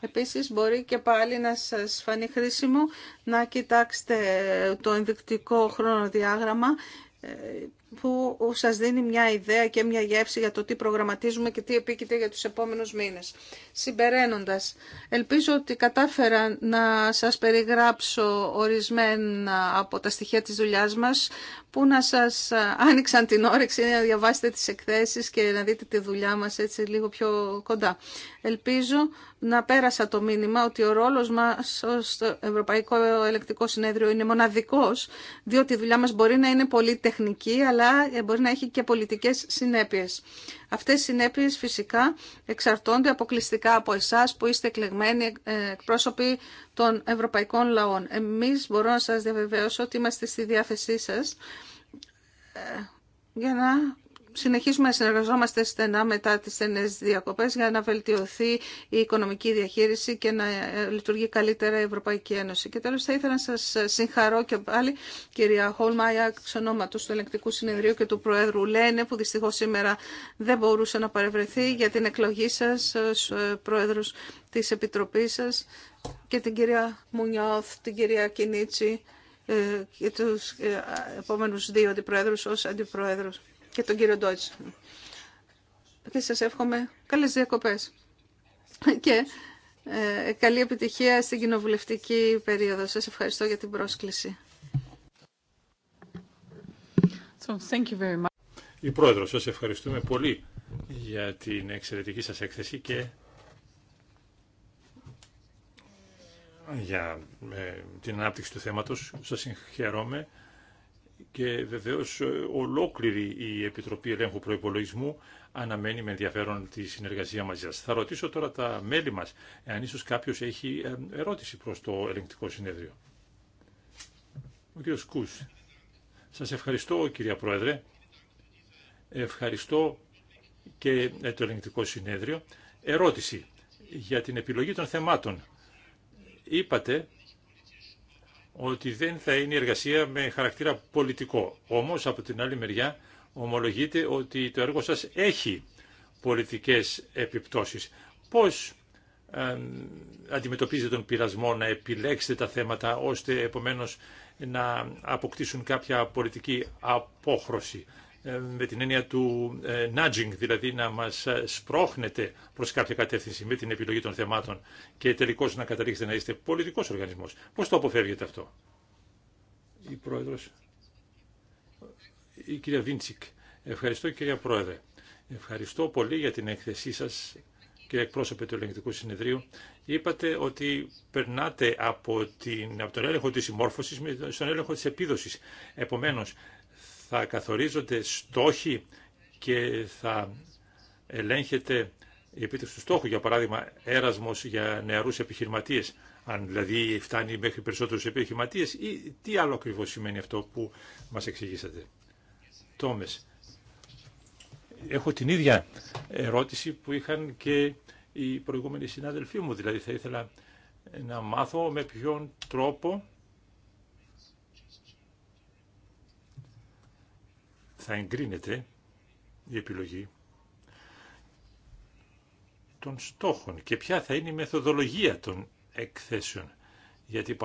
Επίσης μπορεί και πάλι να σας φανεί χρήσιμο να κοιτάξετε το ενδεικτικό χρονοδιάγραμμα ε, που σας δίνει μια ιδέα και μια γεύση για το τι προγραμματίζουμε και τι επίκειται για τους επόμενους μήνες. Συμπεραίνοντας, ελπίζω ότι κατάφερα να σας περιγράψω ορισμένα από τα στοιχεία της δουλειάς μας που να σας άνοιξαν την όρεξη να διαβάσετε τις εκθέσεις και να δείτε τη δουλειά μας έτσι λίγο πιο κοντά. Ελπίζω να πέρασα το μήνυμα ότι ο ρόλος μας ως Ευρωπαϊκό Ελεκτικό Συνέδριο είναι μοναδικός, διότι η δουλειά μας μπορεί να είναι πολύ τεχνική, αλλά ε, μπορεί να έχει και πολιτικές συνέπειες. Αυτές οι συνέπειες φυσικά εξαρτώνται αποκλειστικά από εσάς που είστε εκλεγμένοι ε, εκπρόσωποι των ευρωπαϊκών λαών. Εμείς μπορώ να σας διαβεβαιώσω ότι είμαστε στη διάθεσή σας ε, για να Συνεχίζουμε να συνεργαζόμαστε στενά μετά τις στενές διακοπές για να βελτιωθεί η οικονομική διαχείριση και να ε, λειτουργεί καλύτερα η Ευρωπαϊκή Ένωση. Και τέλος θα ήθελα να σας συγχαρώ και πάλι κυρία Χολμάια ξενόματος του Ελεκτικού Συνεδρίου και του Προέδρου Λένε που δυστυχώς σήμερα δεν μπορούσε να παρευρεθεί για την εκλογή σας ως ε, Πρόεδρος της Επιτροπής σας και την κυρία Μουνιώθ, την κυρία Κινίτσι ε, και τους επόμενους δύο αντιπρόεδρους ως αντιπρόεδρους και τον κύριο Ντότς. Και σας εύχομαι καλές διακοπές και ε, καλή επιτυχία στην κοινοβουλευτική περίοδο. Σας ευχαριστώ για την πρόσκληση. So, thank you very much. Η Πρόεδρο, σας ευχαριστούμε πολύ για την εξαιρετική σας έκθεση και για ε, την ανάπτυξη του θέματος. Σας συγχαίρομαι και βεβαίως ε, ολόκληρη η Επιτροπή Ελέγχου Προϋπολογισμού αναμένει με ενδιαφέρον τη συνεργασία μαζί σας. Θα ρωτήσω τώρα τα μέλη μας, εάν ίσως κάποιος έχει ε, ερώτηση προς το ελεγκτικό συνέδριο. Ο κύριος Κούς. Σας ευχαριστώ κυρία Πρόεδρε. Ευχαριστώ και ε, το ελεγκτικό συνέδριο. Ερώτηση για την επιλογή των θεμάτων. Είπατε ότι δεν θα είναι η εργασία με χαρακτήρα πολιτικό. Όμως, από την άλλη μεριά, ομολογείτε ότι το έργο σας έχει πολιτικές επιπτώσεις. Πώς ε, αντιμετωπίζετε τον πειρασμό να επιλέξετε τα θέματα, ώστε επομένως να αποκτήσουν κάποια πολιτική απόχρωση. Ε, με την έννοια του ε, nudging, δηλαδή να μας ε, σπρώχνετε προς κάποια κατεύθυνση με την επιλογή των θεμάτων και τελικώς να καταλήξετε να είστε πολιτικός οργανισμός. Πώς το αποφεύγετε αυτό, η Πρόεδρος, η κυρία Βίντσικ. Ευχαριστώ κυρία Πρόεδρε. Ευχαριστώ πολύ για την έκθεσή σας και εκπρόσωπε του Ελεγκτικού Συνεδρίου, είπατε ότι περνάτε από, την, από τον έλεγχο της συμμόρφωσης στον έλεγχο της επίδοσης. Επομένως, θα καθορίζονται στόχοι και θα ελέγχεται η επίτευξη του στόχου, για παράδειγμα έρασμος για νεαρούς επιχειρηματίες, αν δηλαδή φτάνει μέχρι περισσότερους επιχειρηματίες ή τι άλλο ακριβώ σημαίνει αυτό που μας εξηγήσατε. Τόμες, έχω την ίδια ερώτηση που είχαν και οι προηγούμενοι συνάδελφοί μου, δηλαδή θα ήθελα να μάθω με ποιον τρόπο θα εγκρίνεται η επιλογή των στόχων και ποια θα είναι η μεθοδολογία των εκθέσεων. Γιατί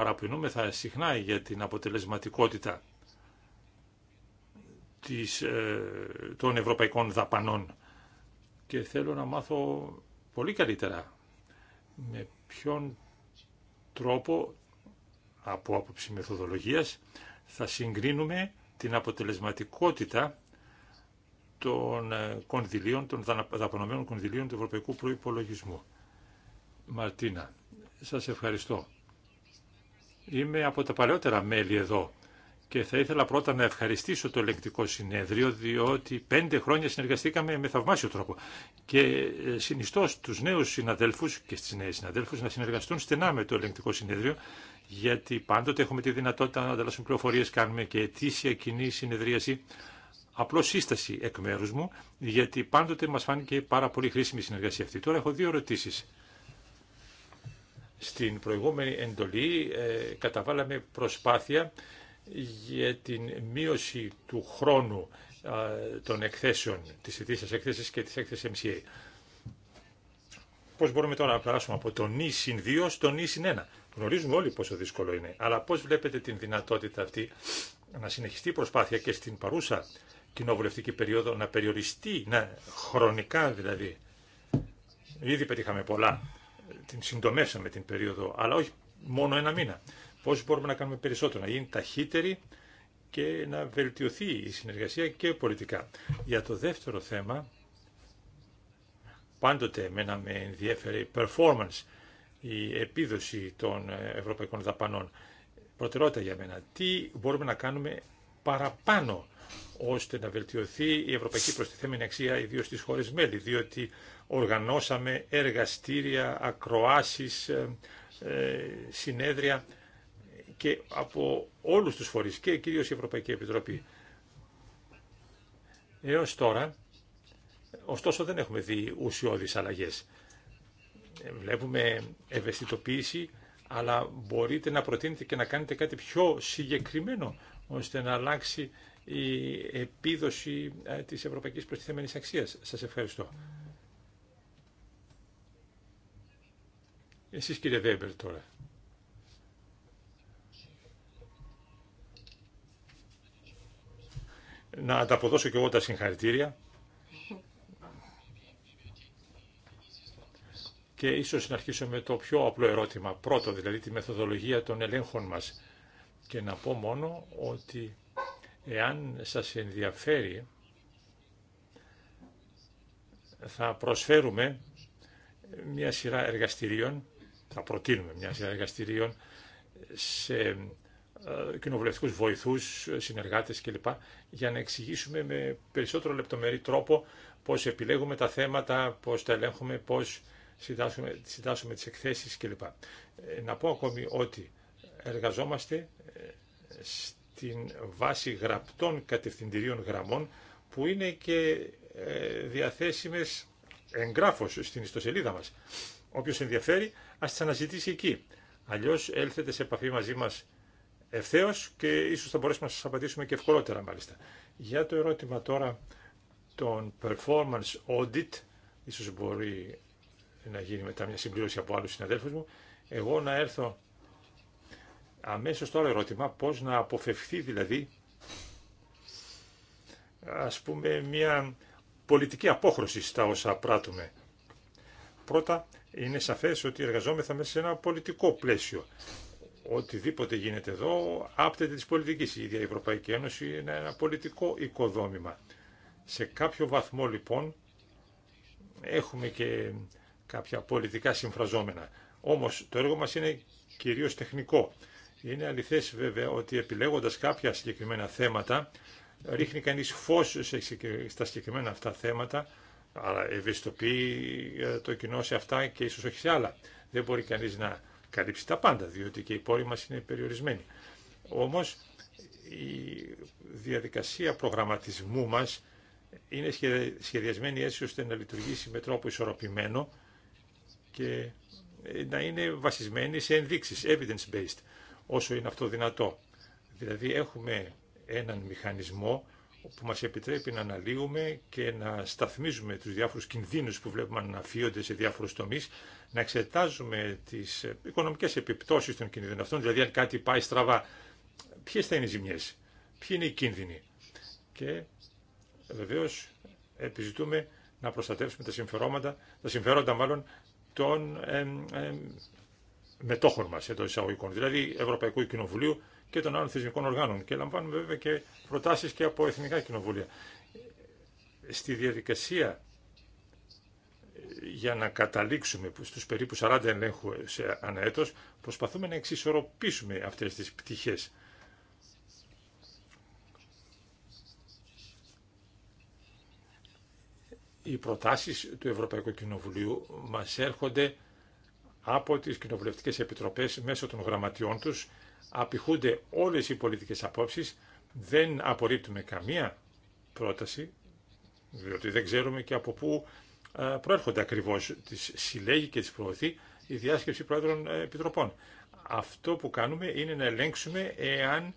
θα συχνά για την αποτελεσματικότητα ε, των ευρωπαϊκών δαπανών και θέλω να μάθω πολύ καλύτερα με ποιον τρόπο από άποψη μεθοδολογίας θα συγκρίνουμε την αποτελεσματικότητα των ε, κονδυλίων, των δαπανωμένων κονδυλίων του Ευρωπαϊκού Προϋπολογισμού. Μαρτίνα, σας ευχαριστώ. Είμαι από τα παλαιότερα μέλη εδώ και θα ήθελα πρώτα να ευχαριστήσω το ελεγκτικό συνέδριο διότι πέντε χρόνια συνεργαστήκαμε με θαυμάσιο τρόπο και ε, συνιστώ στους νέους συναδέλφους και στις νέες συναδέλφους να συνεργαστούν στενά με το ελεγκτικό συνέδριο γιατί πάντοτε έχουμε τη δυνατότητα να ανταλλάσσουμε πληροφορίε κάνουμε και ετήσια κοινή συνεδρίαση. απλώ σύσταση εκ μέρου μου, γιατί πάντοτε μα φάνηκε πάρα πολύ χρήσιμη η συνεργασία αυτή. Τώρα έχω δύο ερωτήσει. Στην προηγούμενη εντολή ε, καταβάλαμε προσπάθεια για την μείωση του χρόνου ε, των εκθέσεων, της ειδήσιας έκθεση και της έκθεσης MCA. Πώς μπορούμε τώρα να περάσουμε από το νη συν 2 στο νη συν 1 Γνωρίζουμε όλοι πόσο δύσκολο είναι, αλλά πώ βλέπετε την δυνατότητα αυτή να συνεχιστεί η προσπάθεια και στην παρούσα κοινοβουλευτική περίοδο να περιοριστεί, να χρονικά δηλαδή. Ήδη πετύχαμε πολλά, την συντομεύσαμε την περίοδο, αλλά όχι μόνο ένα μήνα. Πώ μπορούμε να κάνουμε περισσότερο, να γίνει ταχύτερη και να βελτιωθεί η συνεργασία και πολιτικά. Για το δεύτερο θέμα, πάντοτε εμένα με ενδιέφερε η performance η επίδοση των ε, ευρωπαϊκών δαπανών. Προτεραιότητα για μένα. Τι μπορούμε να κάνουμε παραπάνω ώστε να βελτιωθεί η ευρωπαϊκή προστιθέμενη αξία ιδίως στις χώρες μέλη, διότι οργανώσαμε εργαστήρια, ακροάσεις, ε, ε, συνέδρια και από όλους τους φορείς και κυρίως η Ευρωπαϊκή Επιτροπή. Έως τώρα, ωστόσο δεν έχουμε δει ουσιώδεις αλλαγές. Ε, βλέπουμε ευαισθητοποίηση, αλλά μπορείτε να προτείνετε και να κάνετε κάτι πιο συγκεκριμένο, ώστε να αλλάξει η επίδοση ε, της ευρωπαϊκής προστιθέμενης αξίας. Σας ευχαριστώ. Εσείς κύριε Βέμπερ τώρα. Να ανταποδώσω και εγώ τα συγχαρητήρια. Και ίσως να αρχίσω με το πιο απλό ερώτημα, πρώτο δηλαδή τη μεθοδολογία των ελέγχων μας. Και να πω μόνο ότι εάν σας ενδιαφέρει θα προσφέρουμε μια σειρά εργαστηρίων, θα προτείνουμε μια σειρά εργαστηρίων σε ε, κοινοβουλευτικού βοηθούς, συνεργάτες κλπ. για να εξηγήσουμε με περισσότερο λεπτομερή τρόπο πώς επιλέγουμε τα θέματα, πώς τα ελέγχουμε, πώς συντάσσουμε, συντάσσουμε τις εκθέσεις κλπ. Ε, να πω ακόμη ότι εργαζόμαστε ε, στην βάση γραπτών κατευθυντηρίων γραμμών που είναι και ε, διαθέσιμες εγγράφως στην ιστοσελίδα μας. Όποιος ενδιαφέρει ας τις αναζητήσει εκεί. Αλλιώς έλθετε σε επαφή μαζί μας ευθέω και ίσως θα μπορέσουμε να σας απαντήσουμε και ευκολότερα μάλιστα. Για το ερώτημα τώρα των performance audit, ίσως μπορεί να γίνει μετά μια συμπλήρωση από άλλους συναδέλφους μου, εγώ να έρθω αμέσως τώρα ερώτημα πώς να αποφευθεί δηλαδή ας πούμε μια πολιτική απόχρωση στα όσα πράττουμε. Πρώτα είναι σαφές ότι εργαζόμεθα μέσα σε ένα πολιτικό πλαίσιο. Οτιδήποτε γίνεται εδώ άπτεται της πολιτικής. Η ίδια η Ευρωπαϊκή Ένωση είναι ένα πολιτικό οικοδόμημα. Σε κάποιο βαθμό λοιπόν έχουμε και κάποια πολιτικά συμφραζόμενα. Όμως το έργο μας είναι κυρίως τεχνικό. Είναι αληθές βέβαια ότι επιλέγοντας κάποια συγκεκριμένα θέματα ρίχνει κανείς φως στα συγκεκριμένα αυτά θέματα αλλά ευαισθητοποιεί ε, το κοινό σε αυτά και ίσως όχι σε άλλα. Δεν μπορεί κανείς να καλύψει τα πάντα διότι και οι πόροι μας είναι περιορισμένοι. Όμως η διαδικασία προγραμματισμού μας είναι σχεδιασμένη έτσι ώστε να λειτουργήσει με τρόπο ισορροπημένο και ε, να είναι βασισμένη σε ενδείξεις, evidence-based, όσο είναι αυτό δυνατό. Δηλαδή έχουμε έναν μηχανισμό που μας επιτρέπει να αναλύουμε και να σταθμίζουμε τους διάφορους κινδύνους που βλέπουμε να αναφύονται σε διάφορους τομείς, να εξετάζουμε τις ε, οικονομικές επιπτώσεις των κινδύνων αυτών, δηλαδή αν κάτι πάει στραβά, ποιες θα είναι οι ζημιές, ποιοι είναι οι κίνδυνοι. Και βεβαίως επιζητούμε να προστατεύσουμε τα συμφερόντα, τα συμφέροντα μάλλον των ε, ε, μετόχων μα εντό εισαγωγικών, δηλαδή Ευρωπαϊκού Κοινοβουλίου και των άλλων θεσμικών οργάνων. Και λαμβάνουμε βέβαια και προτάσει και από εθνικά κοινοβούλια. Στη διαδικασία ε, για να καταλήξουμε στους περίπου 40 ελέγχου σε ένα έτος, προσπαθούμε να εξισορροπήσουμε αυτές τις πτυχές. οι προτάσεις του Ευρωπαϊκού Κοινοβουλίου μας έρχονται από τις κοινοβουλευτικές επιτροπές μέσω των γραμματιών τους, απηχούνται όλες οι πολιτικές απόψεις, δεν απορρίπτουμε καμία πρόταση, διότι δεν ξέρουμε και από πού ε, προέρχονται ακριβώς, τις συλλέγει και τις προωθεί η διάσκεψη πρόεδρων ε, επιτροπών. Αυτό που κάνουμε είναι να ελέγξουμε εάν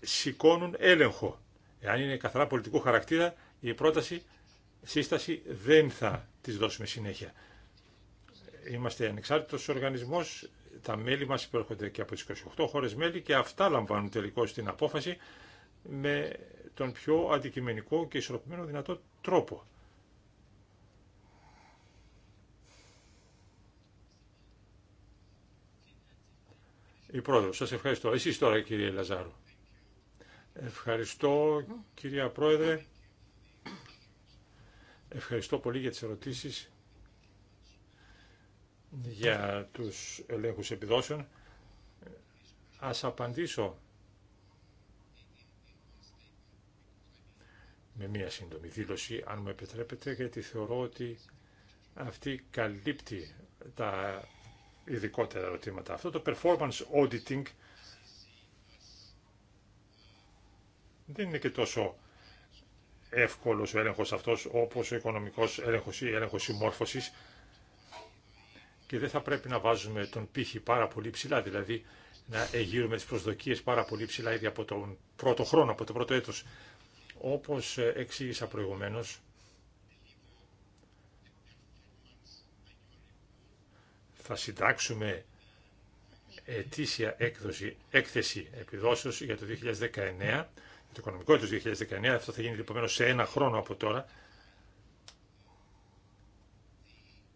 σηκώνουν έλεγχο, εάν είναι καθαρά πολιτικού χαρακτήρα η πρόταση σύσταση δεν θα της δώσουμε συνέχεια. Είμαστε ανεξάρτητος οργανισμός, τα μέλη μας προέρχονται και από τις 28 χώρες μέλη και αυτά λαμβάνουν τελικώς την απόφαση με τον πιο αντικειμενικό και ισορροπημένο δυνατό τρόπο. Η πρόεδρος, σας ευχαριστώ. Εσείς τώρα κύριε Λαζάρου. Ευχαριστώ κυρία Πρόεδρε. Ευχαριστώ πολύ για τις ερωτήσεις για τους ελέγχους επιδόσεων. Ας απαντήσω με μία σύντομη δήλωση, αν μου επιτρέπετε, γιατί θεωρώ ότι αυτή καλύπτει τα ειδικότερα ερωτήματα. Αυτό το performance auditing δεν είναι και τόσο εύκολος ο έλεγχος αυτός όπως ο οικονομικός έλεγχος ή έλεγχος συμμόρφωσης και δεν θα πρέπει να βάζουμε τον πύχη πάρα πολύ ψηλά, δηλαδή να εγείρουμε τις προσδοκίες πάρα πολύ ψηλά ήδη από τον πρώτο χρόνο, από το πρώτο έτος. Όπως εξήγησα προηγουμένως, θα συντάξουμε ετήσια έκδοση, έκθεση επιδόσεως για το 2019 το οικονομικό έτος 2019, αυτό θα γίνει επομένως σε ένα χρόνο από τώρα,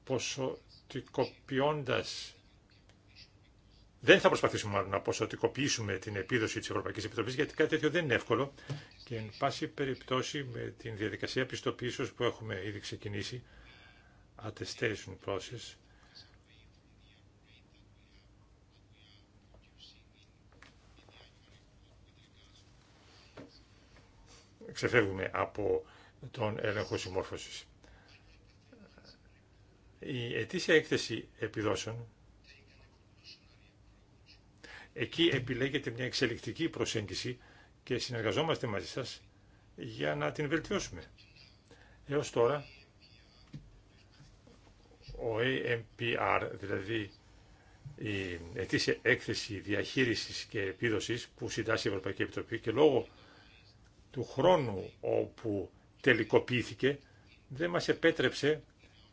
ποσοτικοποιώντας δεν θα προσπαθήσουμε μάλλον να ποσοτικοποιήσουμε την επίδοση της Ευρωπαϊκής Επιτροπής γιατί κάτι τέτοιο δεν είναι εύκολο και εν πάση περιπτώσει με την διαδικασία πιστοποίησης που έχουμε ήδη ξεκινήσει attestation process ξεφεύγουμε από τον έλεγχο συμμόρφωσης. Η ετήσια έκθεση επιδόσεων, εκεί επιλέγεται μια εξελικτική προσέγγιση και συνεργαζόμαστε μαζί σας για να την βελτιώσουμε. Έως τώρα, ο AMPR, δηλαδή η ετήσια έκθεση διαχείρισης και επίδοσης που συντάσσει η Ευρωπαϊκή Επιτροπή και λόγω του χρόνου όπου τελικοποιήθηκε δεν μας επέτρεψε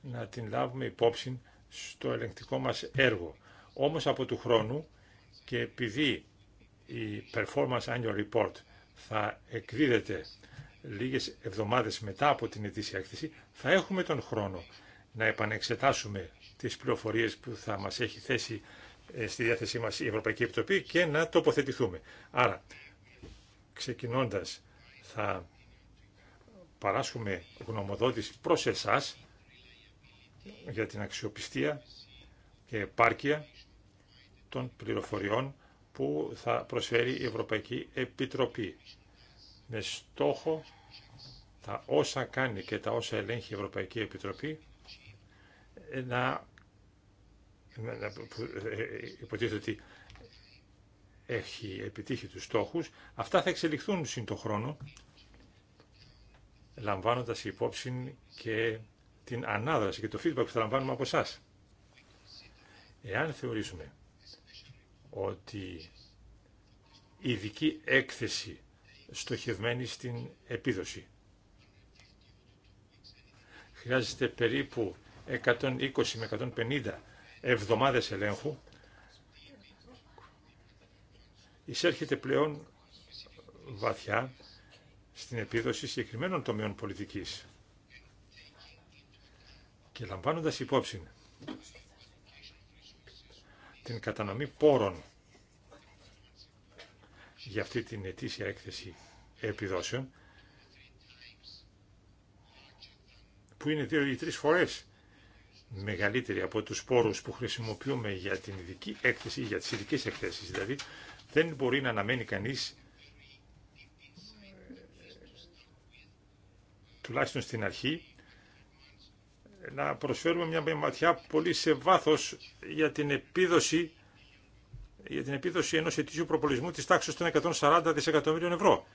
να την λάβουμε υπόψη στο ελεγκτικό μας έργο. Όμως από του χρόνου και επειδή η Performance Annual Report θα εκδίδεται λίγες εβδομάδες μετά από την ετήσια έκθεση, θα έχουμε τον χρόνο να επανεξετάσουμε τις πληροφορίες που θα μας έχει θέσει ε, στη διάθεσή μας η Ευρωπαϊκή Επιτροπή και να τοποθετηθούμε. Άρα, ξεκινώντας θα παράσχουμε γνωμοδότηση προς εσάς για την αξιοπιστία και επάρκεια των πληροφοριών που θα προσφέρει η Ευρωπαϊκή Επιτροπή με στόχο τα όσα κάνει και τα όσα ελέγχει η Ευρωπαϊκή Επιτροπή να, ε, υποτίθεται ότι έχει επιτύχει τους στόχους. Αυτά θα εξελιχθούν σύν χρόνο λαμβάνοντας υπόψη και την ανάδραση και το feedback που θα λαμβάνουμε από εσά. Εάν θεωρήσουμε ότι η ειδική έκθεση στοχευμένη στην επίδοση χρειάζεται περίπου 120 με 150 εβδομάδες ελέγχου εισέρχεται πλέον βαθιά στην επίδοση συγκεκριμένων τομέων πολιτικής. Και λαμβάνοντας υπόψη την κατανομή πόρων για αυτή την ετήσια έκθεση επιδόσεων, που είναι δύο ή τρεις φορές μεγαλύτερη από τους πόρους που χρησιμοποιούμε για την ειδική έκθεση, για τις ειδικές εκθέσεις δηλαδή, δεν μπορεί να αναμένει κανείς τουλάχιστον στην αρχή, να προσφέρουμε μια ματιά πολύ σε βάθος για την επίδοση, για την επίδοση ενός ετήσιου προπολισμού της τάξης των 140 δισεκατομμύριων ευρώ.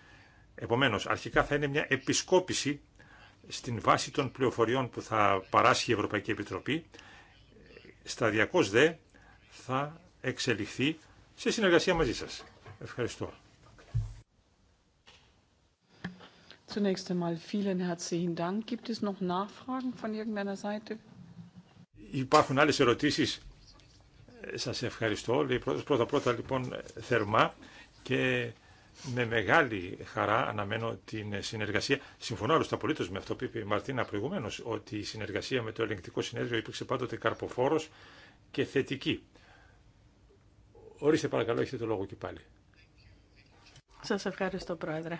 Επομένως, αρχικά θα είναι μια επισκόπηση στην βάση των πληροφοριών που θα παράσχει η Ευρωπαϊκή Επιτροπή, σταδιακώς δε θα εξελιχθεί σε συνεργασία μαζί σας. Ευχαριστώ. Zunächst einmal vielen herzlichen Dank. Gibt Υπάρχουν άλλες ερωτήσεις. Ε, σας ευχαριστώ. πρώτα, πρώτα, λοιπόν θερμά και με μεγάλη χαρά αναμένω την συνεργασία. Συμφωνώ άλλωστε απολύτω με αυτό που είπε η Μαρτίνα προηγουμένως ότι η συνεργασία με το ελεγκτικό συνέδριο υπήρξε πάντοτε καρποφόρος και θετική. Ορίστε παρακαλώ, έχετε το λόγο και πάλι. Σας ευχαριστώ, Πρόεδρε.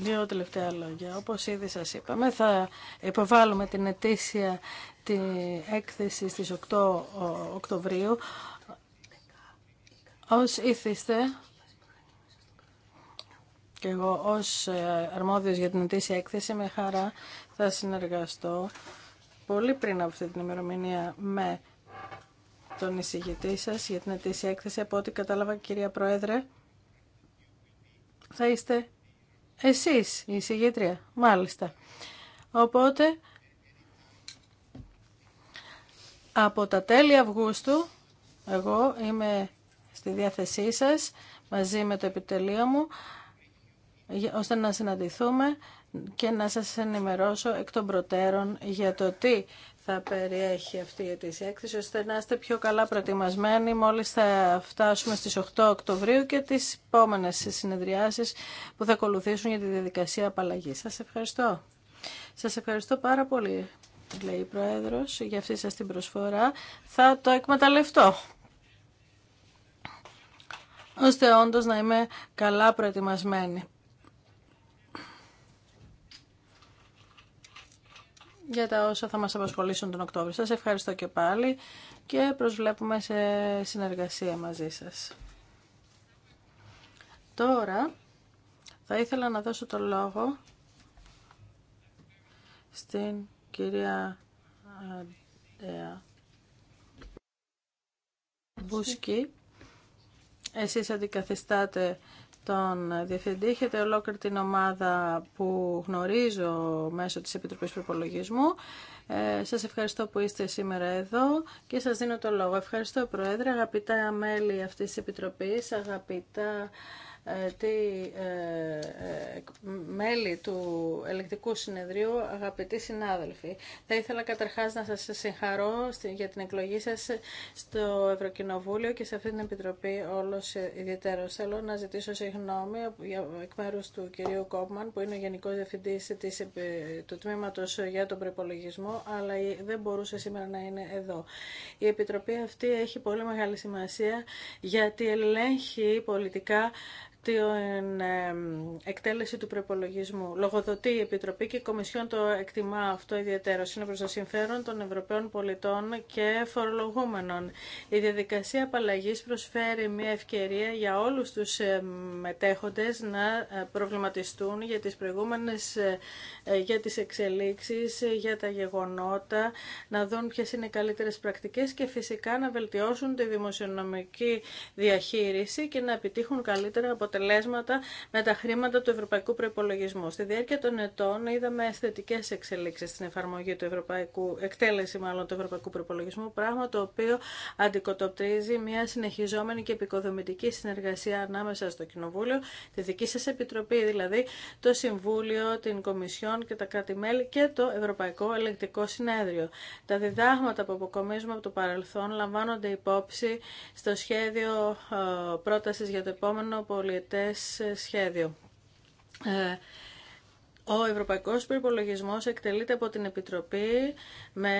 Δύο τελευταία λόγια. Όπως ήδη σας είπαμε, θα υποβάλουμε την ετήσια τη έκθεση στις 8 Οκτωβρίου. Ως ήθιστε, και εγώ ως ε, αρμόδιος για την ετήσια έκθεση, με χαρά θα συνεργαστώ πολύ πριν από αυτή την ημερομηνία με τον εισηγητή σας για την ετήσια έκθεση. Από ό,τι κατάλαβα, κυρία Πρόεδρε, θα είστε εσείς, η συγγήτρια, μάλιστα. Οπότε, από τα τέλη Αυγούστου, εγώ είμαι στη διάθεσή σας, μαζί με το επιτελείο μου, ώστε να συναντηθούμε και να σας ενημερώσω εκ των προτέρων για το τι θα περιέχει αυτή η ετήσια έκθεση, ώστε να είστε πιο καλά προετοιμασμένοι μόλις θα φτάσουμε στις 8 Οκτωβρίου και τις επόμενες συνεδριάσεις που θα ακολουθήσουν για τη διαδικασία απαλλαγή. Σας ευχαριστώ. Σας ευχαριστώ πάρα πολύ, λέει η Πρόεδρος, για αυτή σας την προσφορά. Θα το εκμεταλλευτώ ώστε όντως να είμαι καλά προετοιμασμένη. για τα όσα θα μας απασχολήσουν τον Οκτώβριο. Σας ευχαριστώ και πάλι και προσβλέπουμε σε συνεργασία μαζί σας. Τώρα θα ήθελα να δώσω το λόγο στην κυρία Αντέα Μπούσκι. Εσείς αντικαθιστάτε τον Διευθυντή. Έχετε ολόκληρη την ομάδα που γνωρίζω μέσω της Επιτροπής Προπολογισμού. Ε, σας ευχαριστώ που είστε σήμερα εδώ και σας δίνω το λόγο. Ευχαριστώ Πρόεδρε, αγαπητά μέλη αυτής της Επιτροπής, αγαπητά ε, τι ε, ε, μέλη του ελεκτικού συνεδρίου, αγαπητοί συνάδελφοι. Θα ήθελα καταρχάς να σας συγχαρώ για την εκλογή σας στο Ευρωκοινοβούλιο και σε αυτή την Επιτροπή όλος ιδιαίτερο. Θέλω να ζητήσω συγγνώμη εκ μέρου του κυρίου Κόπμαν, που είναι ο Γενικός Διευθυντής του Τμήματος για τον Προπολογισμό, αλλά δεν μπορούσε σήμερα να είναι εδώ. Η Επιτροπή αυτή έχει πολύ μεγάλη σημασία γιατί ελέγχει πολιτικά την εκτέλεση του προπολογισμού. Λογοδοτεί η Επιτροπή και η Κομισιόν το εκτιμά αυτό ιδιαίτερο. Είναι προ το συμφέρον των Ευρωπαίων πολιτών και φορολογούμενων. Η διαδικασία απαλλαγή προσφέρει μια ευκαιρία για όλου του μετέχοντε να ε, προβληματιστούν για τι προηγούμενε ε, ε, για τις εξελίξεις, για τα γεγονότα, να δουν ποιε είναι οι καλύτερες πρακτικές και φυσικά να βελτιώσουν τη δημοσιονομική διαχείριση και να επιτύχουν καλύτερα από αποτελέσματα με τα χρήματα του Ευρωπαϊκού Προπολογισμού. Στη διάρκεια των ετών είδαμε θετικέ εξελίξει στην εφαρμογή του Ευρωπαϊκού, εκτέλεση μάλλον του Ευρωπαϊκού Προπολογισμού, πράγμα το οποίο αντικοτοπτρίζει μια συνεχιζόμενη και επικοδομητική συνεργασία ανάμεσα στο Κοινοβούλιο, τη δική σα Επιτροπή δηλαδή, το Συμβούλιο, την Κομισιόν και τα κράτη-μέλη και το Ευρωπαϊκό Ελεκτικό Συνέδριο. Τα διδάγματα που αποκομίζουμε από το παρελθόν λαμβάνονται υπόψη στο σχέδιο ε, πρόταση για το επόμενο πολι πολιετές ε, σχέδιο. Ε, ο Ευρωπαϊκός Προϋπολογισμός εκτελείται από την Επιτροπή με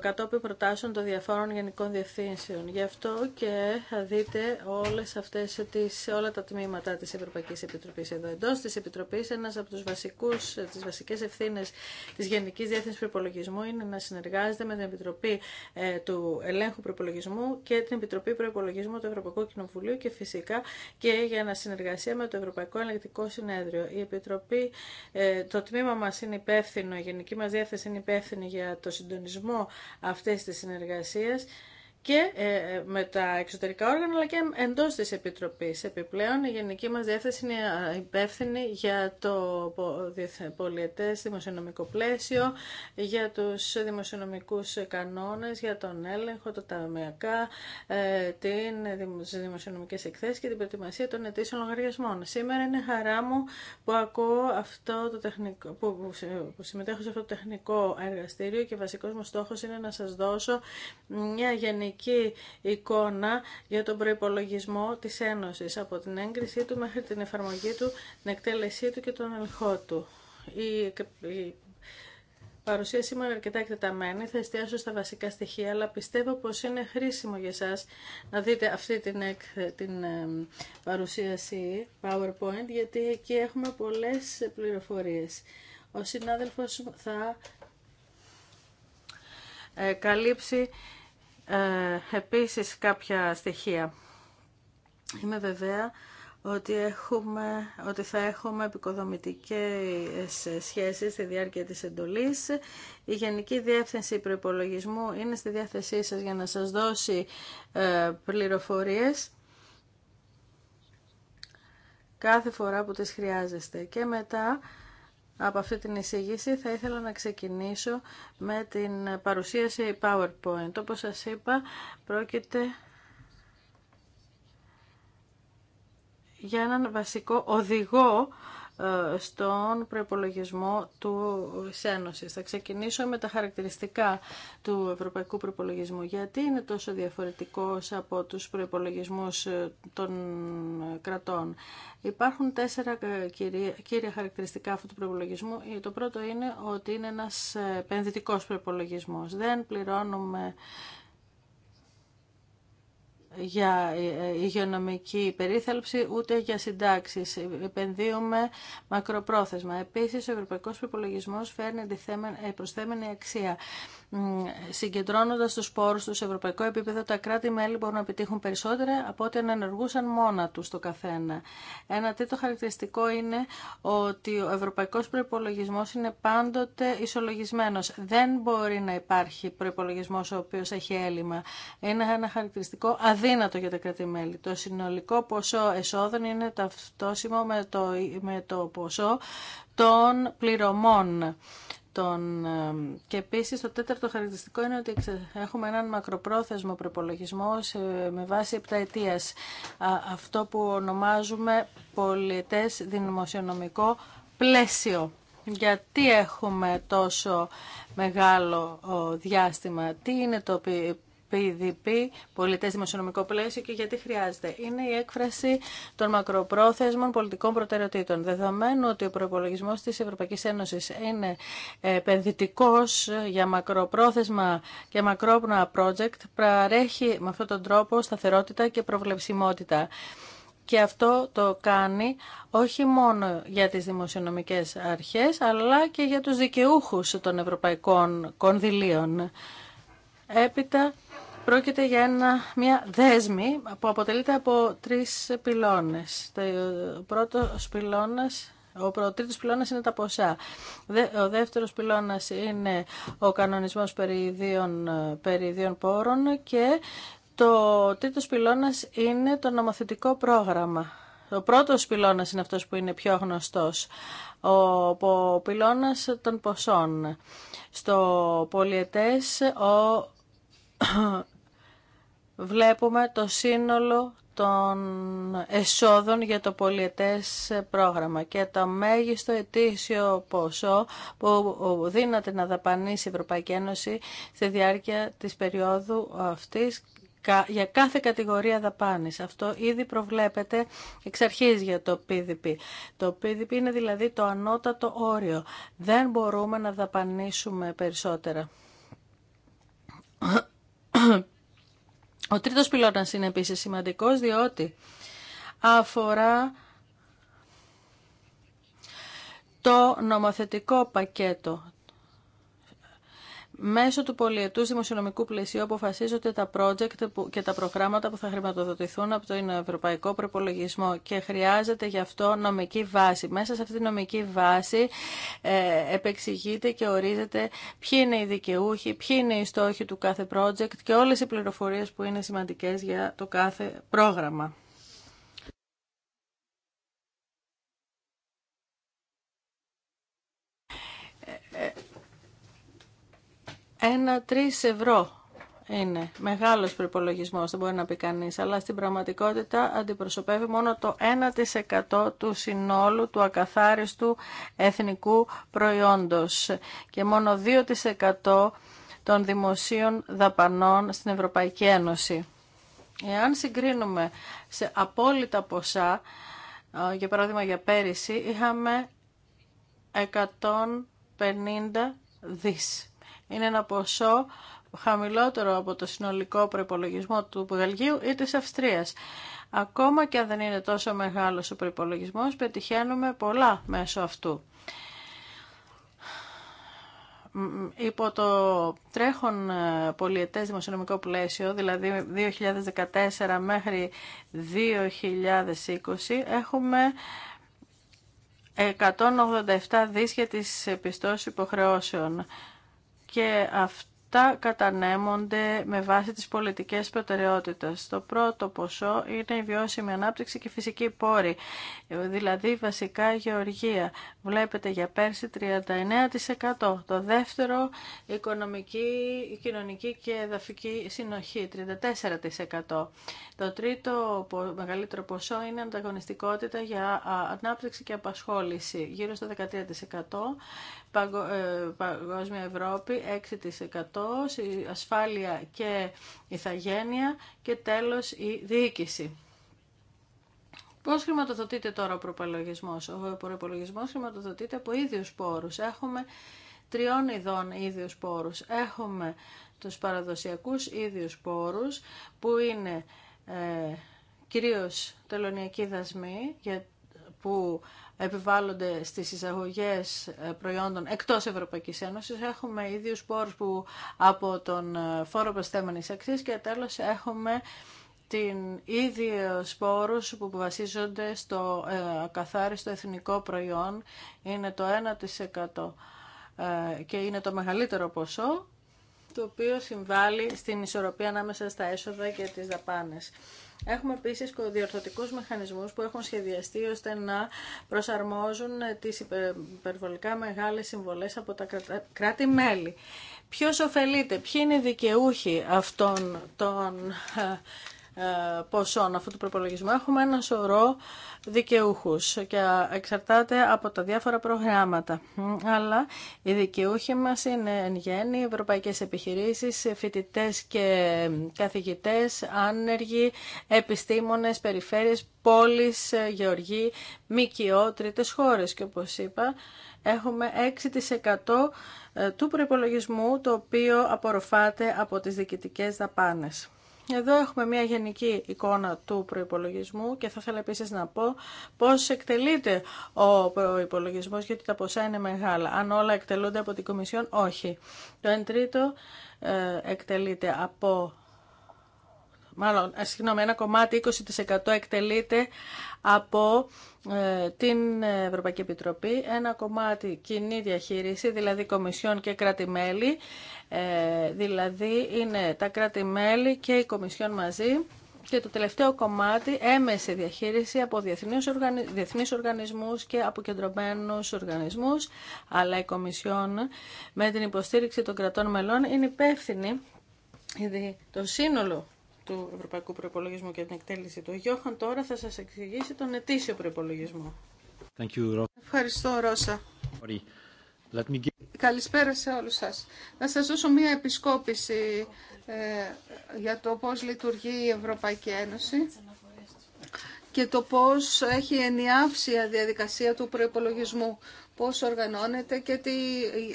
κατόπιν προτάσεων των διαφόρων γενικών διευθύνσεων. Γι' αυτό και θα δείτε όλες αυτές τις, όλα τα τμήματα της Ευρωπαϊκής Επιτροπής εδώ. Εντός της Επιτροπής ένας από τους βασικούς, τις βασικές ευθύνες της Γενικής Διεύθυνσης Προϋπολογισμού είναι να συνεργάζεται με την Επιτροπή ε, του Ελέγχου Προϋπολογισμού και την Επιτροπή προπολογισμού του Ευρωπαϊκού Κοινοβουλίου και φυσικά και για να συνεργασία με το Ευρωπαϊκό Ελεγκτικό Συνέδριο. Η Επιτροπή ε, το τμήμα μας είναι υπεύθυνο, η γενική μας διεύθυνση είναι υπεύθυνη για το συντονισμό αυτής της συνεργασίας και ε, ε, με τα εξωτερικά όργανα, αλλά και εντός της Επιτροπής. Επιπλέον, η Γενική μας Διεύθυνση είναι υπεύθυνη για το πολιετές δημοσιονομικό πλαίσιο, για τους δημοσιονομικούς κανόνες, για τον έλεγχο, τα ταμιακά, ε, τις δημοσιονομικές εκθέσεις και την προετοιμασία των ετήσιων λογαριασμών. Σήμερα είναι χαρά μου που, ακούω αυτό το τεχνικό, που, που συμμετέχω σε αυτό το τεχνικό εργαστήριο και βασικός μου στόχος είναι να σας δώσω μια γενική γενική εικόνα για τον προϋπολογισμό της Ένωσης από την έγκρισή του μέχρι την εφαρμογή του, την εκτέλεσή του και τον ελχό του. Η παρουσία σήμερα αρκετά εκτεταμένη, θα εστιάσω στα βασικά στοιχεία, αλλά πιστεύω πως είναι χρήσιμο για σας να δείτε αυτή την, την παρουσίαση PowerPoint, γιατί εκεί έχουμε πολλές πληροφορίες. Ο συνάδελφος θα ε, καλύψει ε, επίσης κάποια στοιχεία. Είμαι βεβαία ότι, έχουμε, ότι θα έχουμε επικοδομητικές σχέσεις στη διάρκεια της εντολής. Η Γενική Διεύθυνση Προϋπολογισμού είναι στη διάθεσή σας για να σας δώσει ε, πληροφορίες κάθε φορά που τις χρειάζεστε. Και μετά από αυτή την εισηγήση θα ήθελα να ξεκινήσω με την παρουσίαση PowerPoint. Όπως σας είπα, πρόκειται για έναν βασικό οδηγό ε, στον προπολογισμό του Ένωση. Θα ξεκινήσω με τα χαρακτηριστικά του ευρωπαϊκού προπολογισμού. Γιατί είναι τόσο διαφορετικός από τους προϋπολογισμούς ε, των ε, κρατών. Υπάρχουν τέσσερα κύρια χαρακτηριστικά αυτού του προπολογισμού. Το πρώτο είναι ότι είναι ένας επενδυτικός προπολογισμό. Δεν πληρώνουμε για υγειονομική περίθαλψη ούτε για συντάξει. Επενδύουμε μακροπρόθεσμα. Επίση, ο ευρωπαϊκό προπολογισμό φέρνει ε, προσθέμενη αξία συγκεντρώνοντα του πόρου του σε ευρωπαϊκό επίπεδο, τα κράτη-μέλη μπορούν να επιτύχουν περισσότερα από ό,τι αν ενεργούσαν μόνα του το καθένα. Ένα τρίτο χαρακτηριστικό είναι ότι ο ευρωπαϊκό προπολογισμό είναι πάντοτε ισολογισμένο. Δεν μπορεί να υπάρχει προπολογισμό ο οποίο έχει έλλειμμα. Είναι ένα χαρακτηριστικό αδύνατο για τα κράτη-μέλη. Το συνολικό ποσό εσόδων είναι ταυτόσιμο με το, με το ποσό των πληρωμών. Τον... Και επίσης το τέταρτο χαρακτηριστικό είναι ότι έχουμε έναν μακροπρόθεσμο προπολογισμό με βάση επταετίας. Αυτό που ονομάζουμε πολιτές δημοσιονομικό πλαίσιο. Γιατί έχουμε τόσο μεγάλο διάστημα, τι είναι το PDP, πολιτέ δημοσιονομικό πλαίσιο και γιατί χρειάζεται. Είναι η έκφραση των μακροπρόθεσμων πολιτικών προτεραιοτήτων. Δεδομένου ότι ο προπολογισμό τη Ευρωπαϊκή Ένωση είναι ε, επενδυτικό για μακροπρόθεσμα και μακρόπνοα project, παρέχει με αυτόν τον τρόπο σταθερότητα και προβλεψιμότητα. Και αυτό το κάνει όχι μόνο για τις δημοσιονομικές αρχές, αλλά και για τους δικαιούχους των ευρωπαϊκών κονδυλίων. Έπειτα Πρόκειται για μια δέσμη που αποτελείται από τρεις πυλώνες. Ο πρώτο πυλώνας ο τρίτος πυλώνας είναι τα ποσά. Ο δεύτερος πυλώνας είναι ο κανονισμός περί ιδίων πόρων και το τρίτος πυλώνας είναι το νομοθετικό πρόγραμμα. Ο πρώτος πυλώνας είναι αυτός που είναι πιο γνωστός, ο πυλώνας των ποσών. Στο πολιετές ο βλέπουμε το σύνολο των εσόδων για το πολιετές πρόγραμμα και το μέγιστο ετήσιο ποσό που δύναται να δαπανίσει η Ευρωπαϊκή Ένωση στη διάρκεια της περίοδου αυτής για κάθε κατηγορία δαπάνης. Αυτό ήδη προβλέπεται εξ αρχής για το PDP. Το PDP είναι δηλαδή το ανώτατο όριο. Δεν μπορούμε να δαπανήσουμε περισσότερα. Ο τρίτος πυλώνας είναι επίσης σημαντικός διότι αφορά το νομοθετικό πακέτο Μέσω του πολιετούς δημοσιονομικού πλαισίου αποφασίζονται τα project και τα προγράμματα που θα χρηματοδοτηθούν από τον Ευρωπαϊκό Προπολογισμό και χρειάζεται γι' αυτό νομική βάση. Μέσα σε αυτή τη νομική βάση ε, επεξηγείται και ορίζεται ποιοι είναι οι δικαιούχοι, ποιοι είναι οι στόχοι του κάθε project και όλες οι πληροφορίες που είναι σημαντικές για το κάθε πρόγραμμα. ενα 3 ευρώ είναι μεγάλος προπολογισμό δεν μπορεί να πει κανεί, αλλά στην πραγματικότητα αντιπροσωπεύει μόνο το 1% του συνόλου του ακαθάριστου εθνικού προϊόντο. και μόνο 2% των δημοσίων δαπανών στην Ευρωπαϊκή Ένωση. Εάν συγκρίνουμε σε απόλυτα ποσά, για παράδειγμα για πέρυσι, είχαμε 150 δις είναι ένα ποσό χαμηλότερο από το συνολικό προπολογισμό του Βελγίου ή της Αυστρίας. Ακόμα και αν δεν είναι τόσο μεγάλος ο προπολογισμό, πετυχαίνουμε πολλά μέσω αυτού. Υπό το τρέχον ε, πολιετές δημοσιονομικό πλαίσιο, δηλαδή 2014 μέχρι 2020, έχουμε 187 δις για τις υποχρεώσεων και αυτό αυτά κατανέμονται με βάση τις πολιτικές προτεραιότητες. Το πρώτο ποσό είναι η βιώσιμη ανάπτυξη και φυσική πόρη, δηλαδή βασικά γεωργία. Βλέπετε για πέρσι 39%. Το δεύτερο οικονομική, κοινωνική και εδαφική συνοχή, 34%. Το τρίτο μεγαλύτερο ποσό είναι ανταγωνιστικότητα για ανάπτυξη και απασχόληση, γύρω στο 13%. Ε, παγκόσμια Ευρώπη 6% η ασφάλεια και η θαγένεια και τέλος η διοίκηση. Πώς χρηματοδοτείται τώρα ο προπολογισμός. Ο προπολογισμός χρηματοδοτείται από ίδιους πόρους. Έχουμε τριών ειδών ίδιους πόρους. Έχουμε τους παραδοσιακούς ίδιους πόρους που είναι ε, κυρίως τελωνιακοί δασμοί που επιβάλλονται στις εισαγωγές ε, προϊόντων εκτός Ευρωπαϊκής Ένωσης. Έχουμε ίδιους πόρους που από τον ε, φόρο προσθέμενης αξίας και τέλος έχουμε την ίδια σπόρους που βασίζονται στο ε, καθάριστο εθνικό προϊόν είναι το 1% και είναι το μεγαλύτερο ποσό το οποίο συμβάλλει στην ισορροπία ανάμεσα στα έσοδα και τις δαπάνες. Έχουμε επίση διορθωτικού μηχανισμούς που έχουν σχεδιαστεί ώστε να προσαρμόζουν τις υπερβολικά μεγάλες συμβολές από τα κράτη-μέλη. Ποιο ωφελείται, ποιοι είναι οι δικαιούχοι αυτών των ε, ε, ποσών αυτού του προπολογισμού. Έχουμε ένα σωρό δικαιούχου και εξαρτάται από τα διάφορα προγράμματα. Αλλά οι δικαιούχοι μα είναι εν γέννη ευρωπαϊκέ επιχειρήσεις, φοιτητέ και καθηγητέ, άνεργοι, επιστήμονες, περιφέρειες, πόλεις, γεωργοί, ΜΚΟ, τρίτες χώρες και όπως είπα έχουμε 6% ε, του προϋπολογισμού το οποίο απορροφάται από τις διοικητικές δαπάνες. Εδώ έχουμε μια γενική εικόνα του προϋπολογισμού και θα ήθελα επίσης να πω πώς εκτελείται ο προϋπολογισμός, γιατί τα ποσά είναι μεγάλα. Αν όλα εκτελούνται από την Κομισιόν, όχι. Το 1 τρίτο ε, εκτελείται από μάλλον, ε, συγγνώμη, ένα κομμάτι 20% εκτελείται από ε, την Ευρωπαϊκή Επιτροπή, ένα κομμάτι κοινή διαχείριση, δηλαδή Κομισιόν και κράτη-μέλη, ε, δηλαδή είναι τα κράτη-μέλη και η Κομισιόν μαζί, και το τελευταίο κομμάτι, έμεση διαχείριση από διεθνείς, οργανι... οργανισμούς και αποκεντρωμένους οργανισμούς, αλλά η Κομισιόν με την υποστήριξη των κρατών μελών είναι υπεύθυνη το σύνολο του Ευρωπαϊκού Προπολογισμού και την εκτέλεση του. Γιώχαν τώρα θα σας εξηγήσει τον ετήσιο προπολογισμό. Ευχαριστώ, Ρώσα. Καλησπέρα σε όλους σας. Να σας δώσω μία επισκόπηση ε, για το πώς λειτουργεί η Ευρωπαϊκή Ένωση και το πώς έχει ενιάυσει η διαδικασία του προϋπολογισμού, πώς οργανώνεται και τι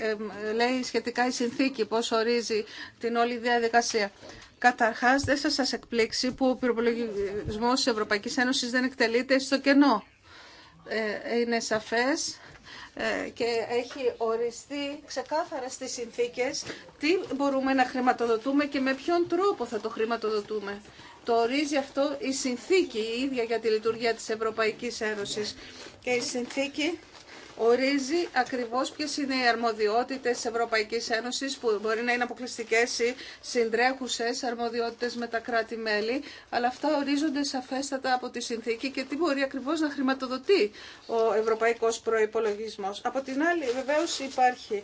ε, ε, λέει σχετικά η συνθήκη, πώς ορίζει την όλη διαδικασία. Καταρχάς, δεν θα σας εκπλήξει που ο πυροπολογισμό της Ευρωπαϊκής Ένωσης δεν εκτελείται στο κενό. Ε, είναι σαφές ε, και έχει οριστεί ξεκάθαρα στις συνθήκες τι μπορούμε να χρηματοδοτούμε και με ποιον τρόπο θα το χρηματοδοτούμε. Το ορίζει αυτό η συνθήκη η ίδια για τη λειτουργία της Ευρωπαϊκής Ένωσης. Και η συνθήκη ορίζει ακριβώς ποιε είναι οι αρμοδιότητες της Ευρωπαϊκής Ένωσης που μπορεί να είναι αποκλειστικές ή συντρέχουσες αρμοδιότητες με τα κράτη-μέλη, αλλά αυτά ορίζονται σαφέστατα από τη συνθήκη και τι μπορεί ακριβώς να χρηματοδοτεί ο ευρωπαϊκός προϋπολογισμός. Από την άλλη βεβαίως υπάρχει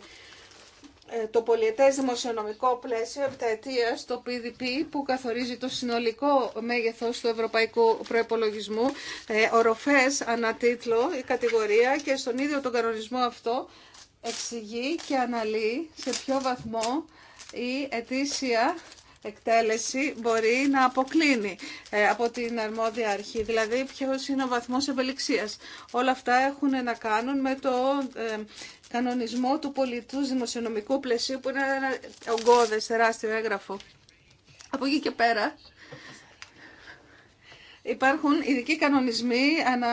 ε, το πολιετές δημοσιονομικό πλαίσιο αιτία το PDP που καθορίζει το συνολικό μέγεθος του ευρωπαϊκού προϋπολογισμού ε, οροφές ανατίτλο η κατηγορία και στον ίδιο τον κανονισμό αυτό εξηγεί και αναλύει σε ποιο βαθμό η ετήσια εκτέλεση μπορεί να αποκλίνει ε, από την αρμόδια αρχή, δηλαδή ποιος είναι ο βαθμός ευελιξίας. Όλα αυτά έχουν να κάνουν με το κανονισμό του πολιτού δημοσιονομικού πλαισίου που είναι ένα ογκώδε τεράστιο έγγραφο. Από εκεί και πέρα υπάρχουν ειδικοί κανονισμοί ανα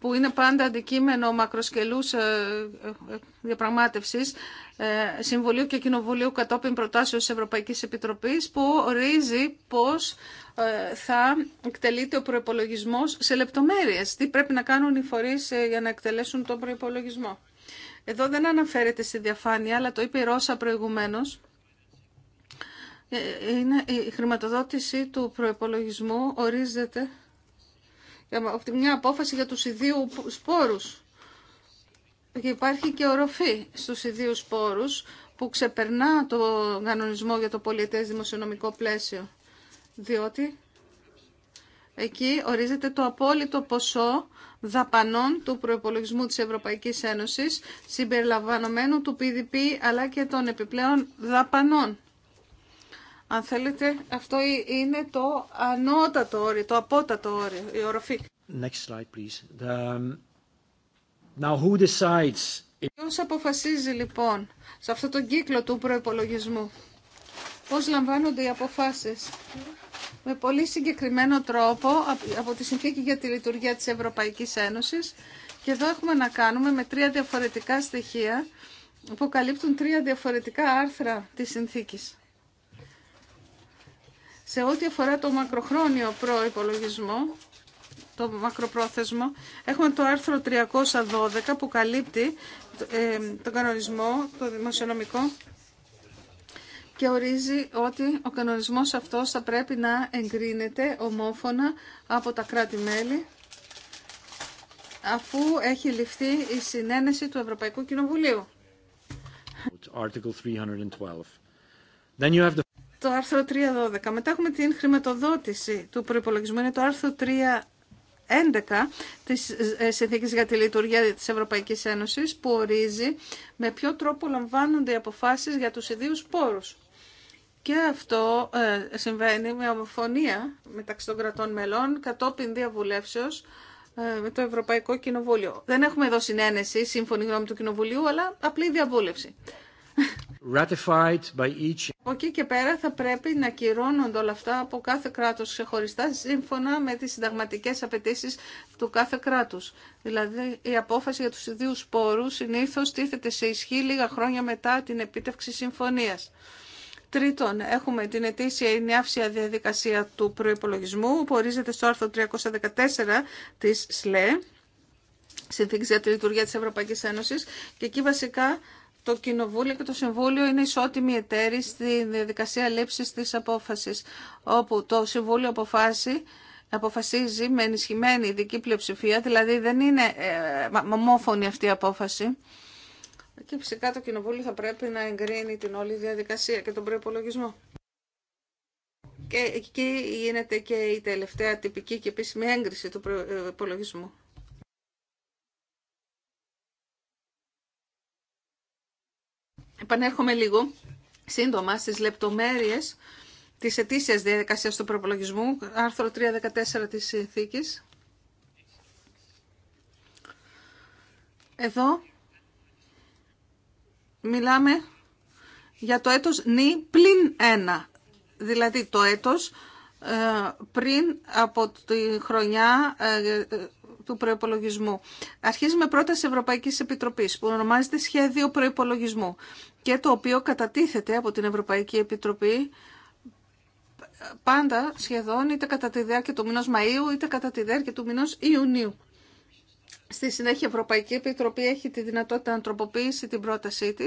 που είναι πάντα αντικείμενο μακροσκελούς ε, ε, διαπραγμάτευσης ε, Συμβουλίου και Κοινοβουλίου κατόπιν προτάσεως της Ευρωπαϊκής Επιτροπής που ορίζει πώς θα εκτελείται ο προϋπολογισμός σε λεπτομέρειες. Τι πρέπει να κάνουν οι φορείς για να εκτελέσουν τον προϋπολογισμό. Εδώ δεν αναφέρεται στη διαφάνεια, αλλά το είπε η Ρώσα προηγουμένως. η χρηματοδότηση του προϋπολογισμού ορίζεται ε, μια απόφαση για τους ιδίου σπόρους. Και υπάρχει και οροφή στους ιδίου σπόρους που ξεπερνά το κανονισμό για το πολιτεύσιο δημοσιονομικό πλαίσιο. Διότι εκεί ορίζεται το απόλυτο ποσό δαπανών του προϋπολογισμού της Ευρωπαϊκής Ένωσης συμπεριλαμβανομένου του PDP αλλά και των επιπλέον δαπανών αν θέλετε, αυτό είναι το ανώτατο όριο, το απότατο όριο, η οροφή. Next slide, please. Um, now who decides... Ποιος αποφασίζει λοιπόν σε αυτόν τον κύκλο του προϋπολογισμού. Πώς λαμβάνονται οι αποφάσεις. Με πολύ συγκεκριμένο τρόπο από τη Συνθήκη για τη Λειτουργία της Ευρωπαϊκής Ένωσης. Και εδώ έχουμε να κάνουμε με τρία διαφορετικά στοιχεία που καλύπτουν τρία διαφορετικά άρθρα της Συνθήκης. Σε ό,τι αφορά το μακροχρόνιο προϋπολογισμό, το μακροπρόθεσμο, έχουμε το άρθρο 312 που καλύπτει ε, τον κανονισμό, το δημοσιονομικό και ορίζει ότι ο κανονισμός αυτός θα πρέπει να εγκρίνεται ομόφωνα από τα κράτη-μέλη αφού έχει ληφθεί η συνένεση του Ευρωπαϊκού Κοινοβουλίου. Article 312 το άρθρο 3.12. Μετά έχουμε την χρηματοδότηση του προπολογισμού, Είναι το άρθρο 3.11 της ε, Συνθήκης για τη Λειτουργία της Ευρωπαϊκής Ένωσης που ορίζει με ποιο τρόπο λαμβάνονται οι αποφάσεις για τους ιδίους πόρους. Και αυτό ε, συμβαίνει με ομοφωνία μεταξύ των κρατών μελών κατόπιν διαβουλεύσεως ε, με το Ευρωπαϊκό Κοινοβούλιο. Δεν έχουμε εδώ συνένεση, σύμφωνη γνώμη του Κοινοβουλίου, αλλά απλή διαβούλευση ratified by each. Από εκεί και πέρα θα πρέπει να κυρώνονται όλα αυτά από κάθε κράτος ξεχωριστά σύμφωνα με τις συνταγματικές απαιτήσεις του κάθε κράτους. Δηλαδή η απόφαση για τους ιδίους πόρους συνήθως τίθεται σε ισχύ λίγα χρόνια μετά την επίτευξη συμφωνίας. Τρίτον, έχουμε την ετήσια ενιάυσια διαδικασία του προϋπολογισμού που ορίζεται στο άρθρο 314 της ΣΛΕ, Συνθήκης για τη Λειτουργία της Ευρωπαϊκής Ένωσης και εκεί βασικά το Κοινοβούλιο και το Συμβούλιο είναι ισότιμοι εταίροι στη διαδικασία λήψης της απόφασης, όπου το Συμβούλιο αποφάσει αποφασίζει με ενισχυμένη ειδική πλειοψηφία, δηλαδή δεν είναι ε, μομόφωνη αυτή η απόφαση. Και φυσικά το Κοινοβούλιο θα πρέπει να εγκρίνει την όλη διαδικασία και τον προπολογισμό. Και εκεί γίνεται και η τελευταία τυπική και επίσημη έγκριση του προπολογισμού. επανέρχομαι λίγο σύντομα στις λεπτομέρειες της ετήσιας διαδικασίας του προπολογισμού, άρθρο 3.14 της συνθήκης. Εδώ μιλάμε για το έτος νη πλην ένα. δηλαδή το έτος ε, πριν από τη χρονιά ε, του προπολογισμού. Αρχίζει με πρόταση Ευρωπαϊκή Επιτροπή, που ονομάζεται σχέδιο Προπολογισμού και το οποίο κατατίθεται από την Ευρωπαϊκή Επιτροπή πάντα σχεδόν είτε κατά τη διάρκεια του μηνό Μαΐου είτε κατά τη διάρκεια του μηνό Ιουνίου. Στη συνέχεια η Ευρωπαϊκή Επιτροπή έχει τη δυνατότητα να τροποποιήσει την πρότασή τη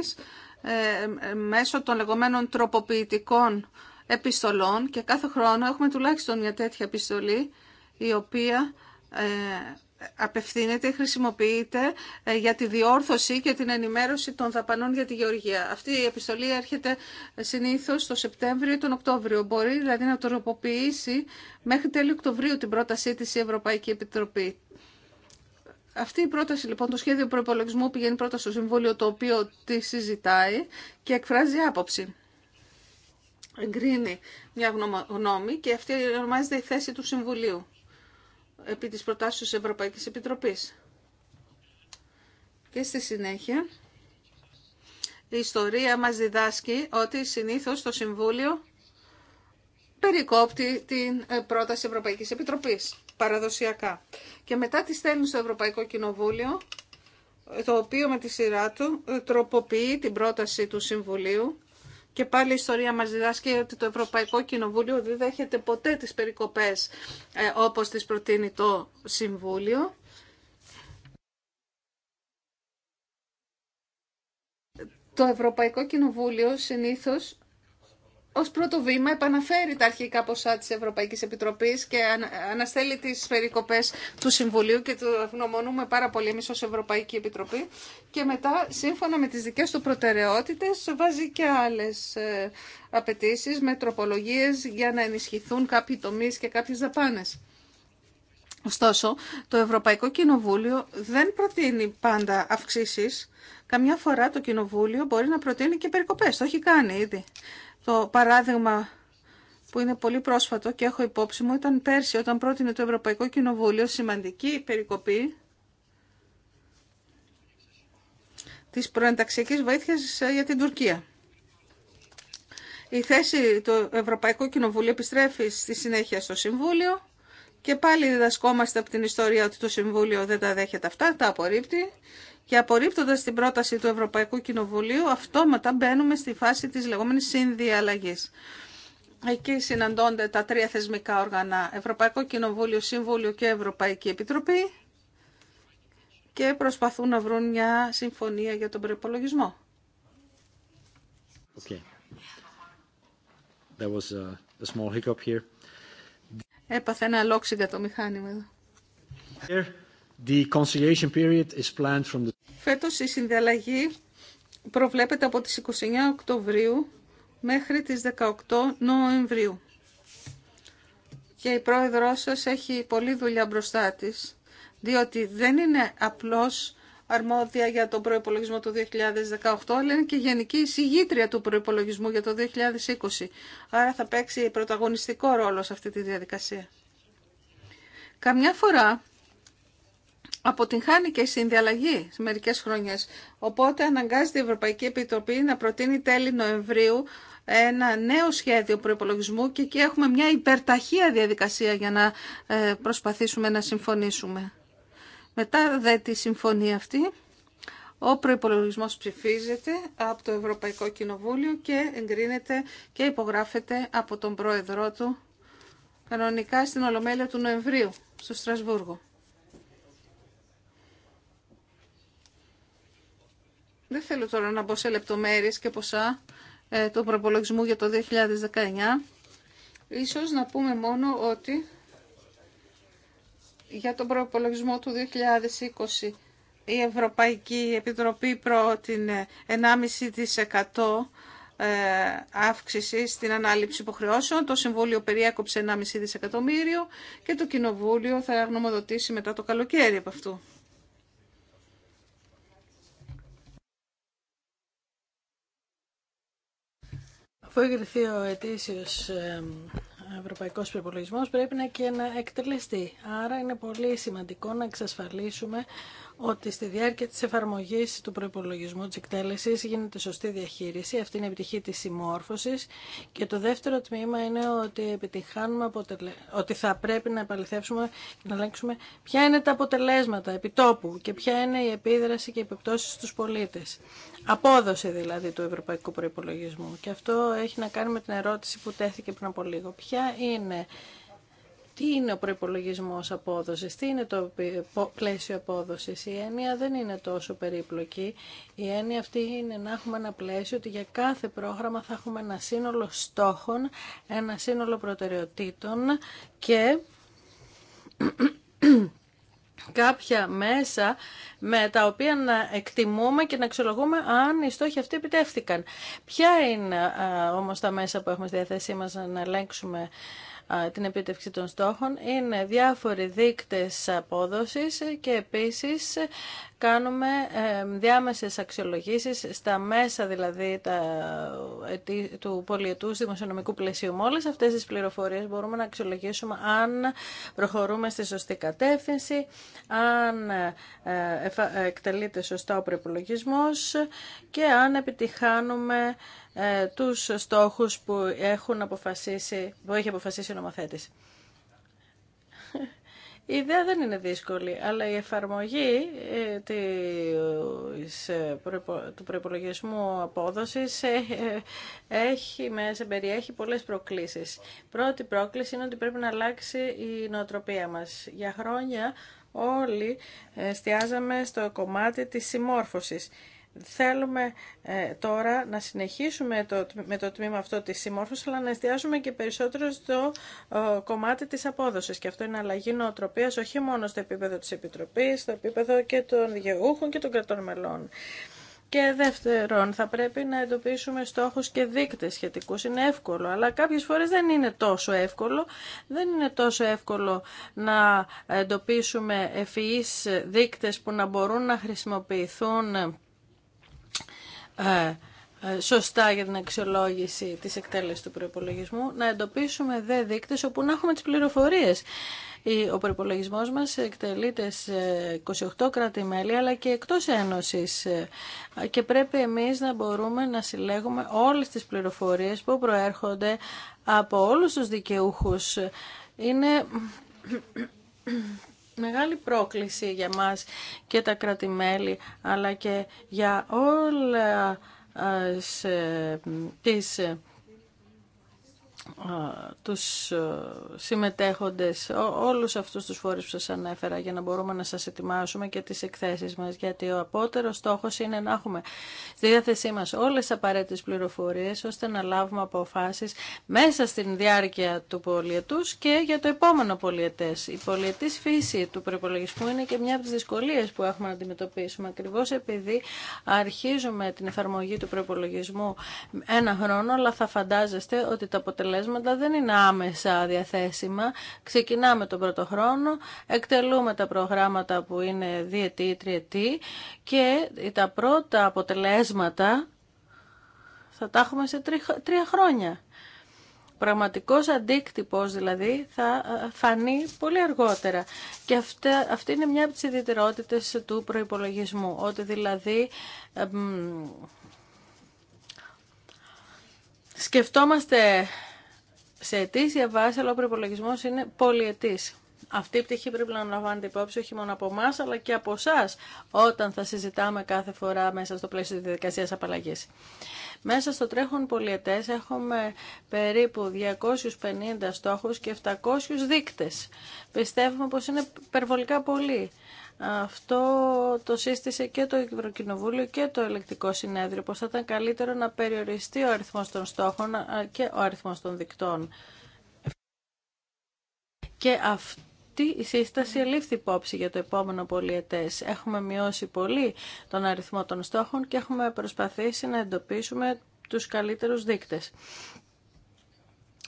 ε, μέσω των λεγόμενων τροποποιητικών επιστολών και κάθε χρόνο έχουμε τουλάχιστον μια τέτοια επιστολή η οποία ε, απευθύνεται, χρησιμοποιείται ε, για τη διόρθωση και την ενημέρωση των δαπανών για τη γεωργία. Αυτή η επιστολή έρχεται ε, συνήθως το Σεπτέμβριο ή τον Οκτώβριο. Μπορεί δηλαδή να τροποποιήσει μέχρι τέλειο Οκτωβρίου την πρότασή της η Ευρωπαϊκή Επιτροπή. Αυτή η πρόταση λοιπόν, το σχέδιο προπολογισμού πηγαίνει πρώτα στο Συμβούλιο το οποίο τη συζητάει και εκφράζει άποψη. Εγκρίνει μια γνώμη και αυτή ονομάζεται η θέση του Συμβουλίου επί της προτάσεως της Ευρωπαϊκής Επιτροπής. Και στη συνέχεια, η ιστορία μας διδάσκει ότι συνήθως το Συμβούλιο περικόπτει την ε, πρόταση Ευρωπαϊκής Επιτροπής, παραδοσιακά. Και μετά τη στέλνει στο Ευρωπαϊκό Κοινοβούλιο, το οποίο με τη σειρά του ε, τροποποιεί την πρόταση του Συμβουλίου και πάλι η ιστορία μας διδάσκει ότι το Ευρωπαϊκό Κοινοβούλιο δεν δέχεται ποτέ τις περικοπές ε, όπως τις προτείνει το Συμβούλιο. Το Ευρωπαϊκό Κοινοβούλιο συνήθως Ω πρώτο βήμα επαναφέρει τα αρχικά ποσά τη Ευρωπαϊκή Επιτροπής και αναστέλει τι περικοπέ του Συμβουλίου και του ευγνωμονούμε πάρα πολύ εμεί ως Ευρωπαϊκή Επιτροπή και μετά σύμφωνα με τι δικέ του προτεραιότητες βάζει και άλλε απαιτήσει με τροπολογίε για να ενισχυθούν κάποιοι τομεί και κάποιε δαπάνε. Ωστόσο, το Ευρωπαϊκό Κοινοβούλιο δεν προτείνει πάντα αυξήσεις. Καμιά φορά το Κοινοβούλιο μπορεί να προτείνει και περικοπές. Το έχει κάνει ήδη. Το παράδειγμα που είναι πολύ πρόσφατο και έχω υπόψη μου ήταν πέρσι όταν πρότεινε το Ευρωπαϊκό Κοινοβούλιο σημαντική περικοπή της προενταξιακής βοήθειας ε, για την Τουρκία. Η θέση του Ευρωπαϊκού Κοινοβουλίου επιστρέφει στη συνέχεια στο Συμβούλιο και πάλι διδασκόμαστε από την ιστορία ότι το Συμβούλιο δεν τα δέχεται αυτά, τα απορρίπτει και απορρίπτοντας την πρόταση του Ευρωπαϊκού Κοινοβουλίου αυτόματα μπαίνουμε στη φάση της λεγόμενης συνδιαλλαγή. Εκεί συναντώνται τα τρία θεσμικά όργανα, Ευρωπαϊκό Κοινοβούλιο, Συμβούλιο και Ευρωπαϊκή Επιτροπή και προσπαθούν να βρουν μια συμφωνία για τον προπολογισμό. Okay. There was a, small hiccup here. Έπαθε ένα λόξι το μηχάνημα εδώ. Here. The Φέτος η συνδιαλλαγή προβλέπεται από τις 29 Οκτωβρίου μέχρι τις 18 Νοεμβρίου. Και η πρόεδρός σας έχει πολλή δουλειά μπροστά της, διότι δεν είναι απλώς αρμόδια για τον προϋπολογισμό του 2018, αλλά είναι και γενική εισηγήτρια του προϋπολογισμού για το 2020. Άρα θα παίξει πρωταγωνιστικό ρόλο σε αυτή τη διαδικασία. Καμιά φορά αποτυγχάνει και η συνδιαλλαγή σε μερικέ χρόνια. Οπότε αναγκάζεται η Ευρωπαϊκή Επιτροπή να προτείνει τέλη Νοεμβρίου ένα νέο σχέδιο προϋπολογισμού και εκεί έχουμε μια υπερταχεία διαδικασία για να ε, προσπαθήσουμε να συμφωνήσουμε. Μετά δε τη συμφωνία αυτή, ο προϋπολογισμός ψηφίζεται από το Ευρωπαϊκό Κοινοβούλιο και εγκρίνεται και υπογράφεται από τον πρόεδρό του κανονικά στην Ολομέλεια του Νοεμβρίου στο Στρασβούργο. Δεν θέλω τώρα να μπω σε λεπτομέρειες και ποσά ε, του προπολογισμού για το 2019. Ίσως να πούμε μόνο ότι για τον προπολογισμό του 2020 η Ευρωπαϊκή Επιτροπή πρότεινε 1,5% ε, αύξηση στην ανάληψη υποχρεώσεων. Το Συμβούλιο περιέκοψε 1,5 δισεκατομμύριο και το Κοινοβούλιο θα γνωμοδοτήσει μετά το καλοκαίρι από αυτού. Αφού εγκριθεί ο ετήσιος ευρωπαϊκό προπολογισμό πρέπει να και να εκτελεστεί. Άρα είναι πολύ σημαντικό να εξασφαλίσουμε ότι στη διάρκεια της εφαρμογής του προϋπολογισμού της εκτέλεσης γίνεται σωστή διαχείριση, αυτή είναι η επιτυχή της συμμόρφωσης και το δεύτερο τμήμα είναι ότι, επιτυχάνουμε ότι θα πρέπει να επαληθεύσουμε και να ελέγξουμε ποια είναι τα αποτελέσματα επιτόπου και ποια είναι η επίδραση και οι επιπτώσεις στους πολίτες. Απόδοση δηλαδή του ευρωπαϊκού προϋπολογισμού και αυτό έχει να κάνει με την ερώτηση που τέθηκε πριν από λίγο. Ποια είναι τι είναι ο προπολογισμό απόδοση, τι είναι το πλαίσιο απόδοση. Η έννοια δεν είναι τόσο περίπλοκη. Η έννοια αυτή είναι να έχουμε ένα πλαίσιο ότι για κάθε πρόγραμμα θα έχουμε ένα σύνολο στόχων, ένα σύνολο προτεραιοτήτων και (clears throat) κάποια μέσα με τα οποία να εκτιμούμε και να αξιολογούμε αν οι στόχοι αυτοί επιτεύχθηκαν. Ποια είναι ε, όμως τα μέσα που έχουμε στη διαθέσή μας να ελέγξουμε την επίτευξη των στόχων είναι διάφοροι δείκτες απόδοσης και επίσης κάνουμε διάμεσες αξιολογήσεις στα μέσα δηλαδή τα, του πολιετούς δημοσιονομικού πλαισίου. Με όλες αυτές τις πληροφορίες μπορούμε να αξιολογήσουμε αν προχωρούμε στη σωστή κατεύθυνση, αν ε, ε, εκτελείται σωστά ο προπολογισμό και αν επιτυχάνουμε ε, τους στόχους που, έχουν αποφασίσει, που έχει αποφασίσει ο νομοθέτης. Η ιδέα δεν είναι δύσκολη, αλλά η εφαρμογή ε, ε, του προπολογισμού απόδοσης ε, έχει, μέσα, περιέχει πολλές προκλήσεις. Πρώτη πρόκληση είναι ότι πρέπει να αλλάξει η νοοτροπία μας. Για χρόνια όλοι εστιάζαμε στο κομμάτι της συμμόρφωσης. Θέλουμε ε, τώρα να συνεχίσουμε το, με το τμήμα αυτό της συμμόρφωσης, αλλά να εστιάσουμε και περισσότερο στο ε, κομμάτι της απόδοσης. Και αυτό είναι αλλαγή νοοτροπίας όχι μόνο στο επίπεδο της Επιτροπής, στο επίπεδο και των διεγούχων και των κρατών μελών. Και δεύτερον, θα πρέπει να εντοπίσουμε στόχους και δείκτες σχετικούς. Είναι εύκολο, αλλά κάποιες φορές δεν είναι τόσο εύκολο. Δεν είναι τόσο εύκολο να εντοπίσουμε ευφυείς δείκτες που να μπορούν να χρησιμοποιηθούν ε, ε, σωστά για την αξιολόγηση της εκτέλεσης του προϋπολογισμού, να εντοπίσουμε δε δείκτες όπου να έχουμε τις πληροφορίες. Ο προπολογισμό μα εκτελείται σε 28 κράτη-μέλη αλλά και εκτός Ένωσης ε, και πρέπει εμείς να μπορούμε να συλλέγουμε όλες τις πληροφορίες που προέρχονται από όλους τους δικαιούχου. Είναι μεγάλη πρόκληση για μας και τα κρατημέλη, αλλά και για όλα ε, τις τους ε, συμμετέχοντες, όλους αυτούς τους φορείς που σας ανέφερα για να μπορούμε να σας ετοιμάσουμε και τις εκθέσεις μας γιατί ο απότερος στόχος είναι να έχουμε στη διάθεσή μας όλες τις απαραίτητες πληροφορίες ώστε να λάβουμε αποφάσεις μέσα στην διάρκεια του πολιετούς και για το επόμενο πολιετές. Η πολιετής φύση του προπολογισμού είναι και μια από τις δυσκολίες που έχουμε να αντιμετωπίσουμε ακριβώς επειδή αρχίζουμε την εφαρμογή του προπολογισμού ένα χρόνο αλλά θα φαντάζεστε ότι τα αποτελέσματα αποτελέσματα δεν είναι άμεσα διαθέσιμα. Ξεκινάμε τον πρώτο χρόνο, εκτελούμε τα προγράμματα που είναι διετή ή τριετή και τα πρώτα αποτελέσματα θα τα έχουμε σε τρία χρόνια. Πραγματικός αντίκτυπος δηλαδή θα ε, φανεί πολύ αργότερα. Και αυτή είναι μια από τις ιδιαιτερότητες του προϋπολογισμού, ότι δηλαδή... σκεφτόμαστε σε αιτήσια βάση, αλλά ο προπολογισμό είναι πολυετή. Αυτή η πτυχή πρέπει να λαμβάνετε υπόψη όχι μόνο από εμά, αλλά και από εσά, όταν θα συζητάμε κάθε φορά μέσα στο πλαίσιο τη διαδικασία απαλλαγή. Μέσα στο τρέχον πολιετέ έχουμε περίπου 250 στόχους και 700 δείκτε. Πιστεύουμε πως είναι υπερβολικά πολλοί. Αυτό το σύστησε και το Ευρωκοινοβούλιο και το Ελεκτικό Συνέδριο, πως θα ήταν καλύτερο να περιοριστεί ο αριθμός των στόχων και ο αριθμός των δικτών. Και αυτή η σύσταση ελήφθη υπόψη για το επόμενο πολιετές. Έχουμε μειώσει πολύ τον αριθμό των στόχων και έχουμε προσπαθήσει να εντοπίσουμε τους καλύτερους δείκτες.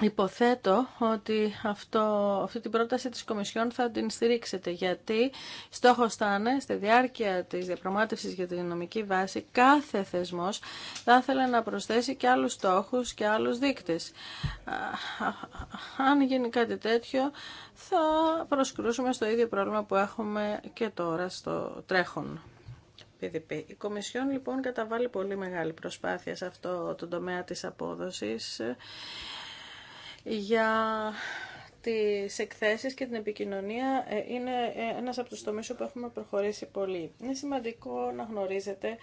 Υποθέτω ότι αυτό, αυτή την πρόταση της Κομισιόν θα την στηρίξετε, γιατί στόχος θα είναι, στη διάρκεια της διαπραγμάτευσης για την νομική βάση, κάθε θεσμός θα ήθελε να προσθέσει και άλλους στόχους και άλλους δείκτες. Αν γίνει κάτι τέτοιο, θα προσκρούσουμε στο ίδιο πρόβλημα που έχουμε και τώρα στο τρέχον. PDP. Η Κομισιόν λοιπόν καταβάλει πολύ μεγάλη προσπάθεια σε αυτό το τομέα της απόδοσης για τις εκθέσεις και την επικοινωνία ε, είναι ε, ένας από τους τομείς που έχουμε προχωρήσει πολύ. Είναι σημαντικό να γνωρίζετε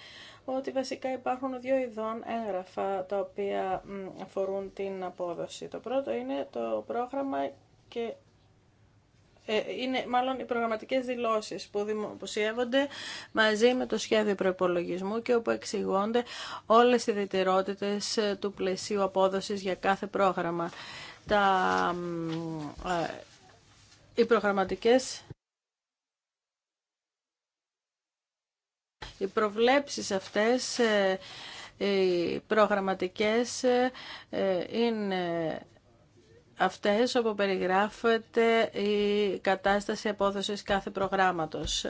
ότι βασικά υπάρχουν δύο ειδών έγγραφα τα οποία αφορούν την απόδοση. Το πρώτο είναι το πρόγραμμα και ε, είναι μάλλον οι προγραμματικές δηλώσεις που δημοσιεύονται μαζί με το σχέδιο προϋπολογισμού και όπου εξηγώνται όλες οι ιδιαιτερότητες του πλαισίου απόδοσης για κάθε πρόγραμμα τα, ε, οι προγραμματικές οι προβλέψεις αυτές ε, οι προγραμματικές ε, είναι αυτές όπου περιγράφεται η κατάσταση απόδοσης κάθε προγράμματος.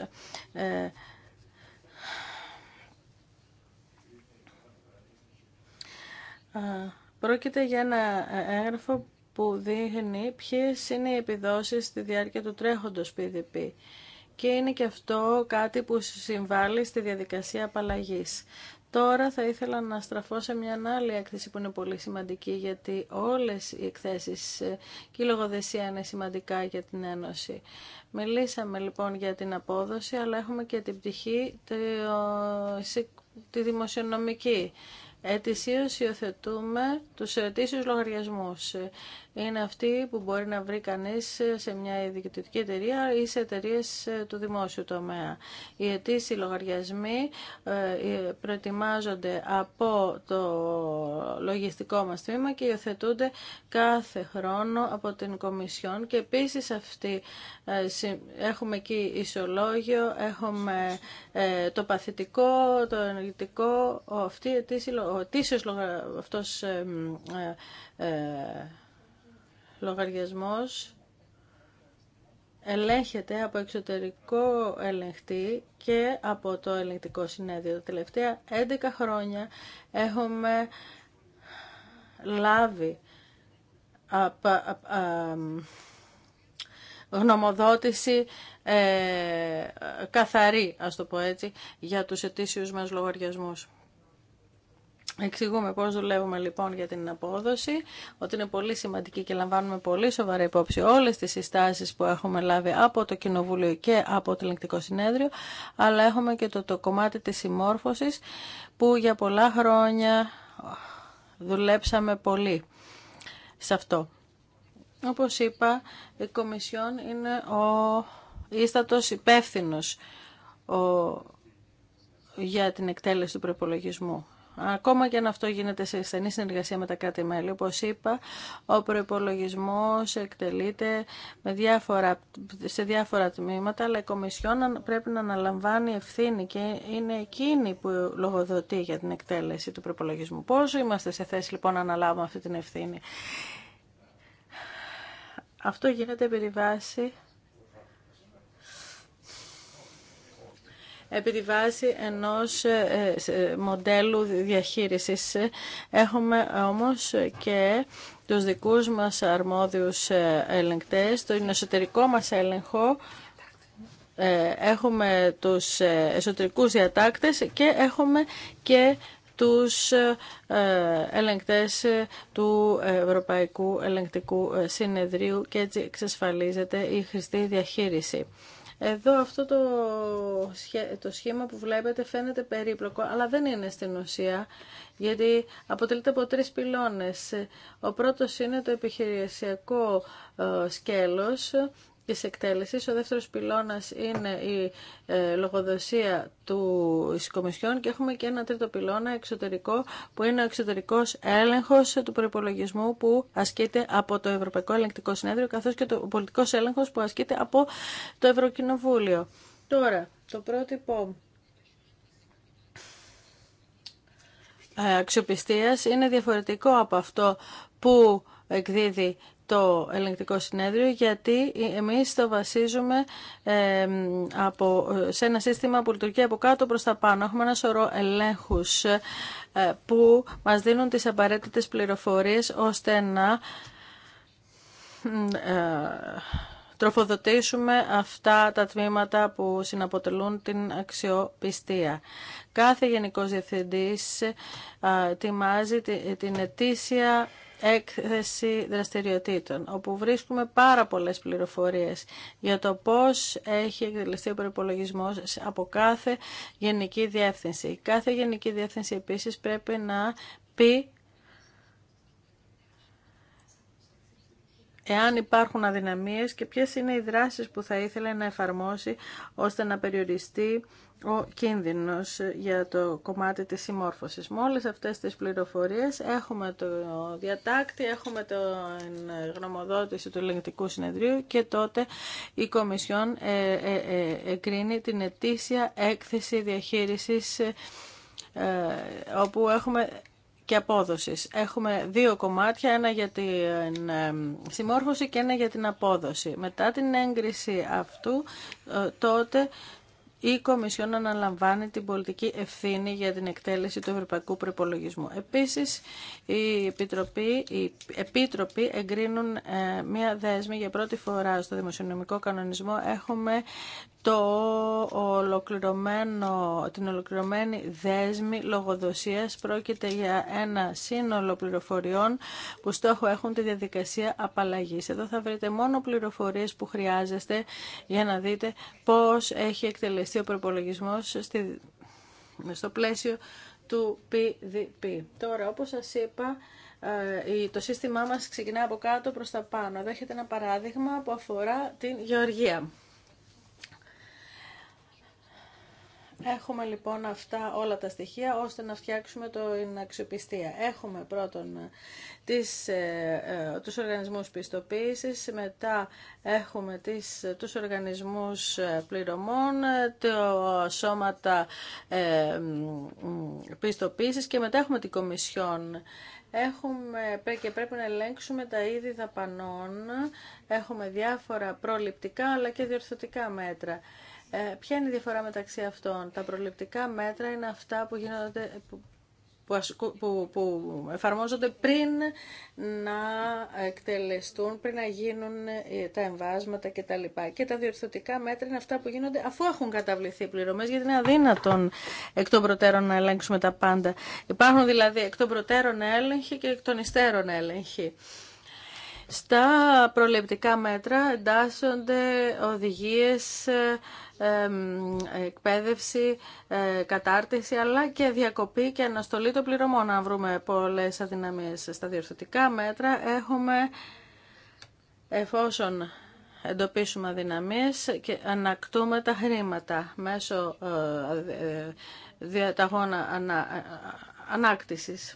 Πρόκειται για ένα έγγραφο που δείχνει ποιες είναι οι επιδόσεις στη διάρκεια του τρέχοντος PDP και είναι και αυτό κάτι που συμβάλλει στη διαδικασία απαλλαγής. Τώρα θα ήθελα να στραφώ σε μια άλλη έκθεση που είναι πολύ σημαντική γιατί όλες οι εκθέσεις ε, και η λογοδεσία είναι σημαντικά για την Ένωση. Μιλήσαμε λοιπόν για την απόδοση αλλά έχουμε και την πτυχή τη δημοσιονομική. Ετησίως υιοθετούμε τους αιτήσιους λογαριασμούς είναι αυτή που μπορεί να βρει κανείς σε μια ιδιωτική εταιρεία ή σε εταιρείε ε, του δημόσιου τομέα. Οι αιτήσιοι λογαριασμοί ε, ε, προετοιμάζονται από το λογιστικό μας τμήμα και υιοθετούνται κάθε χρόνο από την Κομισιόν και επίσης αυτή έχουμε εκεί ισολόγιο, έχουμε το παθητικό, το ενεργητικό, αυτή, ο αιτήσιος αυτός λογαριασμός ελέγχεται από εξωτερικό ελεγχτή και από το ελεγκτικό συνέδριο. Τα τελευταία 11 χρόνια έχουμε λάβει γνωμοδότηση ε, καθαρή, ας το πω έτσι, για τους ετήσιους μας λογαριασμούς. Εξηγούμε πώς δουλεύουμε λοιπόν για την απόδοση, ότι είναι πολύ σημαντική και λαμβάνουμε πολύ σοβαρά υπόψη όλες τις συστάσεις που έχουμε λάβει από το Κοινοβούλιο και από το Ελεγκτικό Συνέδριο, αλλά έχουμε και το, το κομμάτι της συμμόρφωσης που για πολλά χρόνια δουλέψαμε πολύ σε αυτό. Όπως είπα, η Κομισιόν είναι ο ίστατος υπεύθυνο για την εκτέλεση του προπολογισμού. Ακόμα και αν αυτό γίνεται σε στενή συνεργασία με τα κράτη-μέλη, Όπω είπα, ο προπολογισμό εκτελείται με διάφορα, σε διάφορα τμήματα, αλλά η Κομισιόν πρέπει να αναλαμβάνει ευθύνη και είναι εκείνη που λογοδοτεί για την εκτέλεση του προπολογισμού. Πώς είμαστε σε θέση λοιπόν να αναλάβουμε αυτή την ευθύνη. Αυτό γίνεται τη βάση επί τη βάση ενός ε, μοντέλου διαχείρισης. Έχουμε όμως και τους δικούς μας αρμόδιους ε, ελεγκτές, το εσωτερικό μας έλεγχο, ε, έχουμε τους εσωτερικούς διατάκτες και έχουμε και τους ελεγκτές του Ευρωπαϊκού Ελεγκτικού Συνεδρίου και έτσι εξασφαλίζεται η χρηστή διαχείριση. Εδώ αυτό το, το σχήμα που βλέπετε φαίνεται περίπλοκο, αλλά δεν είναι στην ουσία, γιατί αποτελείται από τρεις πυλώνες. Ο πρώτος είναι το επιχειρησιακό ε, σκέλος, της Ο δεύτερος πυλώνας είναι η ε, λογοδοσία του Κομισιόν και έχουμε και ένα τρίτο πυλώνα εξωτερικό που είναι ο εξωτερικός έλεγχος του προπολογισμού που ασκείται από το Ευρωπαϊκό Ελεγκτικό Συνέδριο καθώς και το πολιτικός έλεγχος που ασκείται από το Ευρωκοινοβούλιο. Τώρα, το πρότυπο ε, αξιοπιστίας είναι διαφορετικό από αυτό που εκδίδει το ελεγκτικό συνέδριο γιατί εμείς το βασίζουμε από, σε ένα σύστημα που λειτουργεί από κάτω προς τα πάνω. Έχουμε ένα σωρό ελέγχους ε, που μας δίνουν τις απαραίτητες πληροφορίες ώστε να ε, τροφοδοτήσουμε αυτά τα τμήματα που συναποτελούν την αξιοπιστία. Κάθε Γενικός Διευθυντής ε, ετοιμάζει την ετήσια έκθεση δραστηριοτήτων, όπου βρίσκουμε πάρα πολλές πληροφορίες για το πώς έχει εκτελεστεί ο προπολογισμό από κάθε γενική διεύθυνση. Κάθε γενική διεύθυνση επίσης πρέπει να πει εάν υπάρχουν αδυναμίες και ποιες είναι οι δράσεις που θα ήθελε να εφαρμόσει ώστε να περιοριστεί ο κίνδυνος για το κομμάτι της συμμόρφωσης. Με όλες αυτές τις πληροφορίες έχουμε το διατάκτη, έχουμε το γνωμοδότηση του ελεγκτικού συνεδρίου και τότε η Κομισιόν ε, ε, ε, εγκρίνει την ετήσια έκθεση διαχείρισης όπου έχουμε και απόδοσης. Έχουμε δύο κομμάτια, ένα για την συμμόρφωση και ένα για την απόδοση. Μετά την έγκριση αυτού, ε, τότε η Κομισιόν αναλαμβάνει την πολιτική ευθύνη για την εκτέλεση του Ευρωπαϊκού Προπολογισμού. Επίσης, οι Επιτροποί, εγκρίνουν ε, μία δέσμη για πρώτη φορά στο Δημοσιονομικό Κανονισμό. Έχουμε το ολοκληρωμένο, την ολοκληρωμένη δέσμη λογοδοσίας. Πρόκειται για ένα σύνολο πληροφοριών που στόχο έχουν τη διαδικασία απαλλαγής. Εδώ θα βρείτε μόνο πληροφορίες που χρειάζεστε για να δείτε πώς έχει εκτελεστεί ο προπολογισμό στο πλαίσιο του PDP. Τώρα, όπως σας είπα, ε, το σύστημά μας ξεκινά από κάτω προς τα πάνω. Εδώ έχετε ένα παράδειγμα που αφορά την γεωργία. Έχουμε λοιπόν αυτά όλα τα στοιχεία ώστε να φτιάξουμε το αξιοπιστία. Έχουμε πρώτον τις, ε, ε, τους οργανισμούς πιστοποίησης, μετά έχουμε τις, τους οργανισμούς πληρωμών, το σώματα ε, πιστοποίησης και μετά έχουμε την Κομισιόν. Έχουμε και πρέπει να ελέγξουμε τα είδη δαπανών, έχουμε διάφορα προληπτικά αλλά και διορθωτικά μέτρα. Ε, ποια είναι η διαφορά μεταξύ αυτών. Τα προληπτικά μέτρα είναι αυτά που, γίνονται, που, που εφαρμόζονται πριν να εκτελεστούν, πριν να γίνουν ε, τα εμβάσματα κτλ. Και τα διορθωτικά μέτρα είναι αυτά που γίνονται αφού έχουν καταβληθεί οι πληρωμές, γιατί είναι αδύνατον εκ των προτέρων να ελέγξουμε τα πάντα. Υπάρχουν δηλαδή εκ των προτέρων έλεγχοι και εκ των υστέρων έλεγχοι. Στα προληπτικά μέτρα εντάσσονται οδηγίες, εκπαίδευση, ε, κατάρτιση, αλλά και διακοπή και αναστολή των πληρωμών, αν βρούμε πολλές αδυναμίες. Στα διορθωτικά μέτρα έχουμε, εφόσον εντοπίσουμε αδυναμίες και ανακτούμε τα χρήματα μέσω ε, ε, διαταγών ανάκτησης.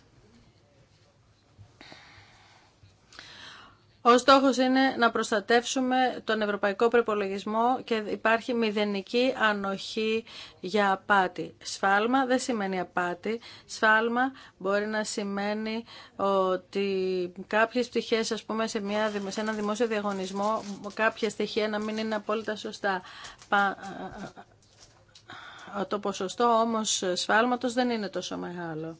Ο στόχο είναι να προστατεύσουμε τον ευρωπαϊκό προπολογισμό και υπάρχει μηδενική ανοχή για απάτη. Σφάλμα δεν σημαίνει απάτη. Σφάλμα μπορεί να σημαίνει ότι κάποιες πτυχέ, ας πούμε, σε, μια, σε ένα δημόσιο διαγωνισμό, κάποια στοιχεία να μην είναι απόλυτα σωστά. Το ποσοστό όμως σφάλματος δεν είναι τόσο μεγάλο.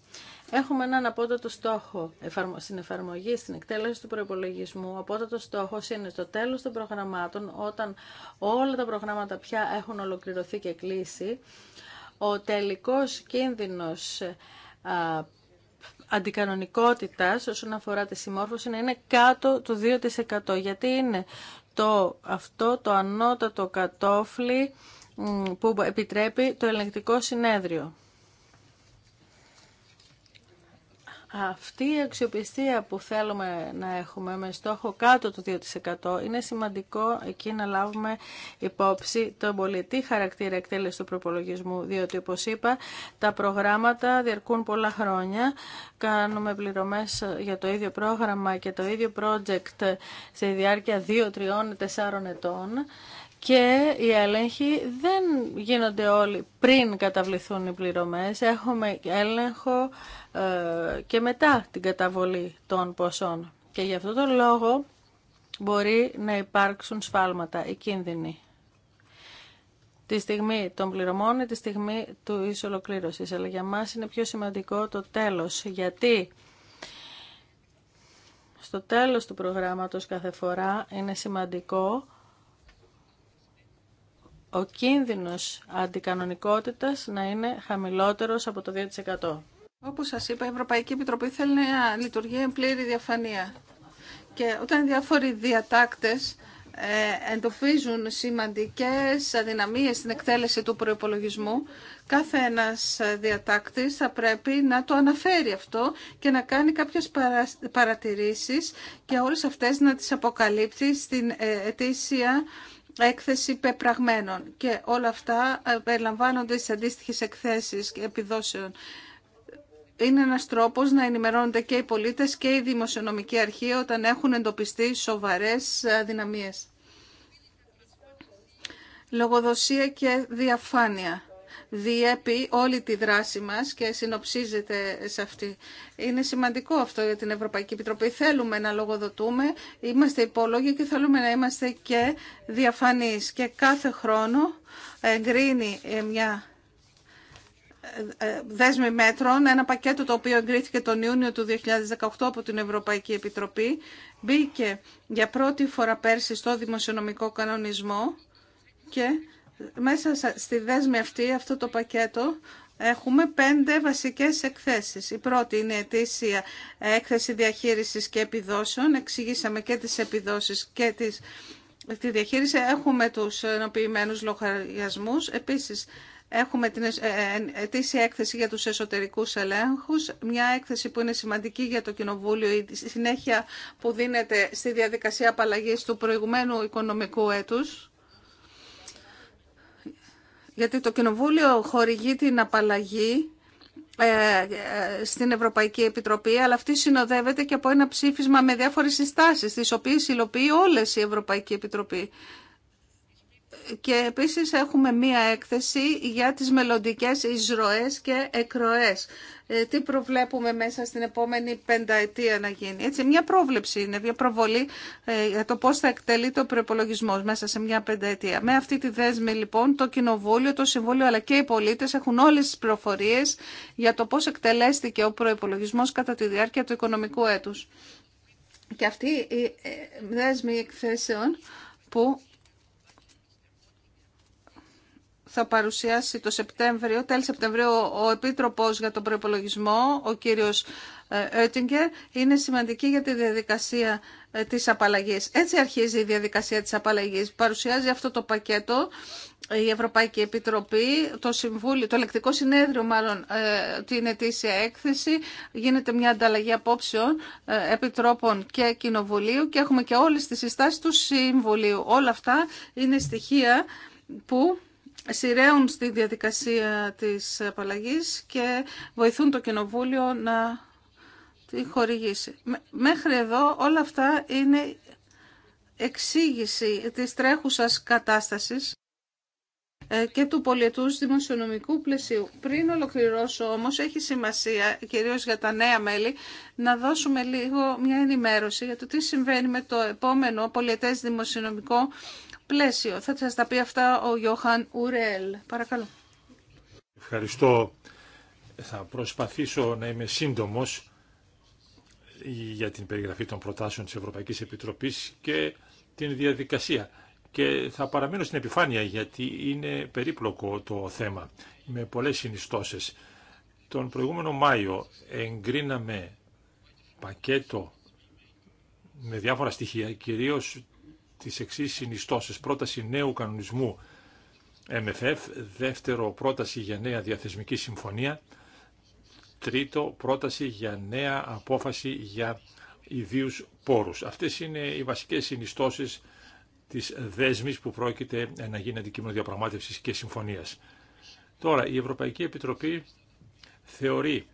Έχουμε έναν απότατο στόχο στην εφαρμογή, στην εκτέλεση του προπολογισμού. Ο απότατο στόχο είναι στο τέλο των προγραμμάτων, όταν όλα τα προγράμματα πια έχουν ολοκληρωθεί και κλείσει, ο τελικός κίνδυνος αντικανονικότητα αντικανονικότητας όσον αφορά τη συμμόρφωση είναι κάτω του 2% γιατί είναι το, αυτό το ανώτατο κατόφλι που επιτρέπει το ελεγκτικό συνέδριο. Αυτή η αξιοπιστία που θέλουμε να έχουμε με στόχο κάτω του 2% είναι σημαντικό εκεί να λάβουμε υπόψη τον πολιτή χαρακτήρα εκτέλεση του προπολογισμού, διότι όπως είπα τα προγράμματα διαρκούν πολλά χρόνια, κάνουμε πληρωμές για το ίδιο πρόγραμμα και το ίδιο project σε διάρκεια 2, 3, 4 ετών και οι έλεγχοι δεν γίνονται όλοι πριν καταβληθούν οι πληρωμές. Έχουμε έλεγχο ε, και μετά την καταβολή των ποσών. Και γι' αυτό τον λόγο μπορεί να υπάρξουν σφάλματα ή κίνδυνοι. Τη στιγμή των πληρωμών ή τη στιγμή του ολοκλήρωσης. Αλλά για μας είναι πιο σημαντικό το τέλος. Γιατί στο τέλος του προγράμματος κάθε φορά είναι σημαντικό ο κίνδυνος αντικανονικότητας να είναι χαμηλότερος από το 2%. Όπως σας είπα, η Ευρωπαϊκή Επιτροπή θέλει να λειτουργεί εν πλήρη διαφανεία. Και όταν διάφοροι διατάκτες ε, εντοφίζουν σημαντικές αδυναμίες στην εκτέλεση του προϋπολογισμού, κάθε ένας διατάκτης θα πρέπει να το αναφέρει αυτό και να κάνει κάποιες παρατηρήσεις και όλες αυτές να τις αποκαλύπτει στην ε, ετήσια έκθεση πεπραγμένων και όλα αυτά ε, περιλαμβάνονται στις αντίστοιχες εκθέσεις και επιδόσεων. Είναι ένας τρόπος να ενημερώνονται και οι πολίτες και η δημοσιονομική αρχή όταν έχουν εντοπιστεί σοβαρές αδυναμίες. Λογοδοσία και διαφάνεια διέπει όλη τη δράση μας και συνοψίζεται σε αυτή. Είναι σημαντικό αυτό για την Ευρωπαϊκή Επιτροπή. Θέλουμε να λογοδοτούμε, είμαστε υπόλογοι και θέλουμε να είμαστε και διαφανείς. Και κάθε χρόνο εγκρίνει ε, μια ε, ε, δέσμη μέτρων, ένα πακέτο το οποίο εγκρίθηκε τον Ιούνιο του 2018 από την Ευρωπαϊκή Επιτροπή, μπήκε για πρώτη φορά πέρσι στο δημοσιονομικό κανονισμό και μέσα στη δέσμη αυτή, αυτό το πακέτο, έχουμε πέντε βασικές εκθέσεις. Η πρώτη είναι η αιτήσια έκθεση διαχείρισης και επιδόσεων. Εξηγήσαμε και τις επιδόσεις και τις, τη διαχείριση. Έχουμε τους ενοποιημένους λογαριασμούς. Επίσης, Έχουμε την αιτήσια ε, ε, έκθεση για τους εσωτερικούς ελέγχους, μια έκθεση που είναι σημαντική για το Κοινοβούλιο, η συνέχεια που δίνεται στη διαδικασία απαλλαγής του προηγουμένου οικονομικού έτους γιατί το Κοινοβούλιο χορηγεί την απαλλαγή ε, ε, στην Ευρωπαϊκή Επιτροπή, αλλά αυτή συνοδεύεται και από ένα ψήφισμα με διάφορες συστάσεις, τις οποίες υλοποιεί όλες η Ευρωπαϊκή Επιτροπή και επίσης έχουμε μία έκθεση για τις μελλοντικέ εισρωές και εκροές. Ε, τι προβλέπουμε μέσα στην επόμενη πενταετία να γίνει. Έτσι, μια πρόβλεψη είναι, μια προβολή ε, για το πώς θα εκτελεί το προπολογισμό μέσα σε μια πενταετία. Με αυτή τη δέσμη λοιπόν το Κοινοβούλιο, το Συμβούλιο αλλά και οι πολίτες έχουν όλες τις προφορίες για το πώς εκτελέστηκε ο προπολογισμό κατά τη διάρκεια του οικονομικού έτους. Και αυτή η ε, δέσμη εκθέσεων που θα παρουσιάσει το Σεπτέμβριο, τέλη Σεπτεμβρίου, ο Επίτροπος για τον Προϋπολογισμό, ο κύριος Έτιγκερ, είναι σημαντική για τη διαδικασία ε, της απαλλαγής. Έτσι αρχίζει η διαδικασία της απαλλαγής. Παρουσιάζει αυτό το πακέτο η Ευρωπαϊκή Επιτροπή, το Συμβούλιο, το Ελεκτικό Συνέδριο μάλλον ε, την ετήσια έκθεση, γίνεται μια ανταλλαγή απόψεων ε, επιτρόπων και κοινοβουλίου και έχουμε και όλες τις συστάσεις του Συμβουλίου. Όλα αυτά είναι στοιχεία που σειραίουν στη διαδικασία της απαλλαγής και βοηθούν το Κοινοβούλιο να τη χορηγήσει. Μέχρι εδώ όλα αυτά είναι εξήγηση της τρέχουσας κατάστασης ε, και του πολιετούς δημοσιονομικού πλαισίου. Πριν ολοκληρώσω όμως έχει σημασία, κυρίως για τα νέα μέλη, να δώσουμε λίγο μια ενημέρωση για το τι συμβαίνει με το επόμενο πολιετές δημοσιονομικό πλαίσιο. Θα σας τα πει αυτά ο Γιώχαν Ουρέλ. Παρακαλώ. Ευχαριστώ. Θα προσπαθήσω να είμαι σύντομος για την περιγραφή των προτάσεων της Ευρωπαϊκής Επιτροπής και την διαδικασία. Και θα παραμείνω στην επιφάνεια γιατί είναι περίπλοκο το θέμα με πολλές συνιστώσεις. Τον προηγούμενο Μάιο εγκρίναμε πακέτο με διάφορα στοιχεία, κυρίως τις εξής συνιστώσεις. Πρόταση νέου κανονισμού MFF, δεύτερο πρόταση για νέα διαθεσμική συμφωνία, τρίτο πρόταση για νέα απόφαση για ιδίους πόρους. Αυτές είναι οι βασικές συνιστώσεις της δέσμης που πρόκειται να γίνει αντικείμενο διαπραγμάτευσης και συμφωνίας. Τώρα, η Ευρωπαϊκή Επιτροπή θεωρεί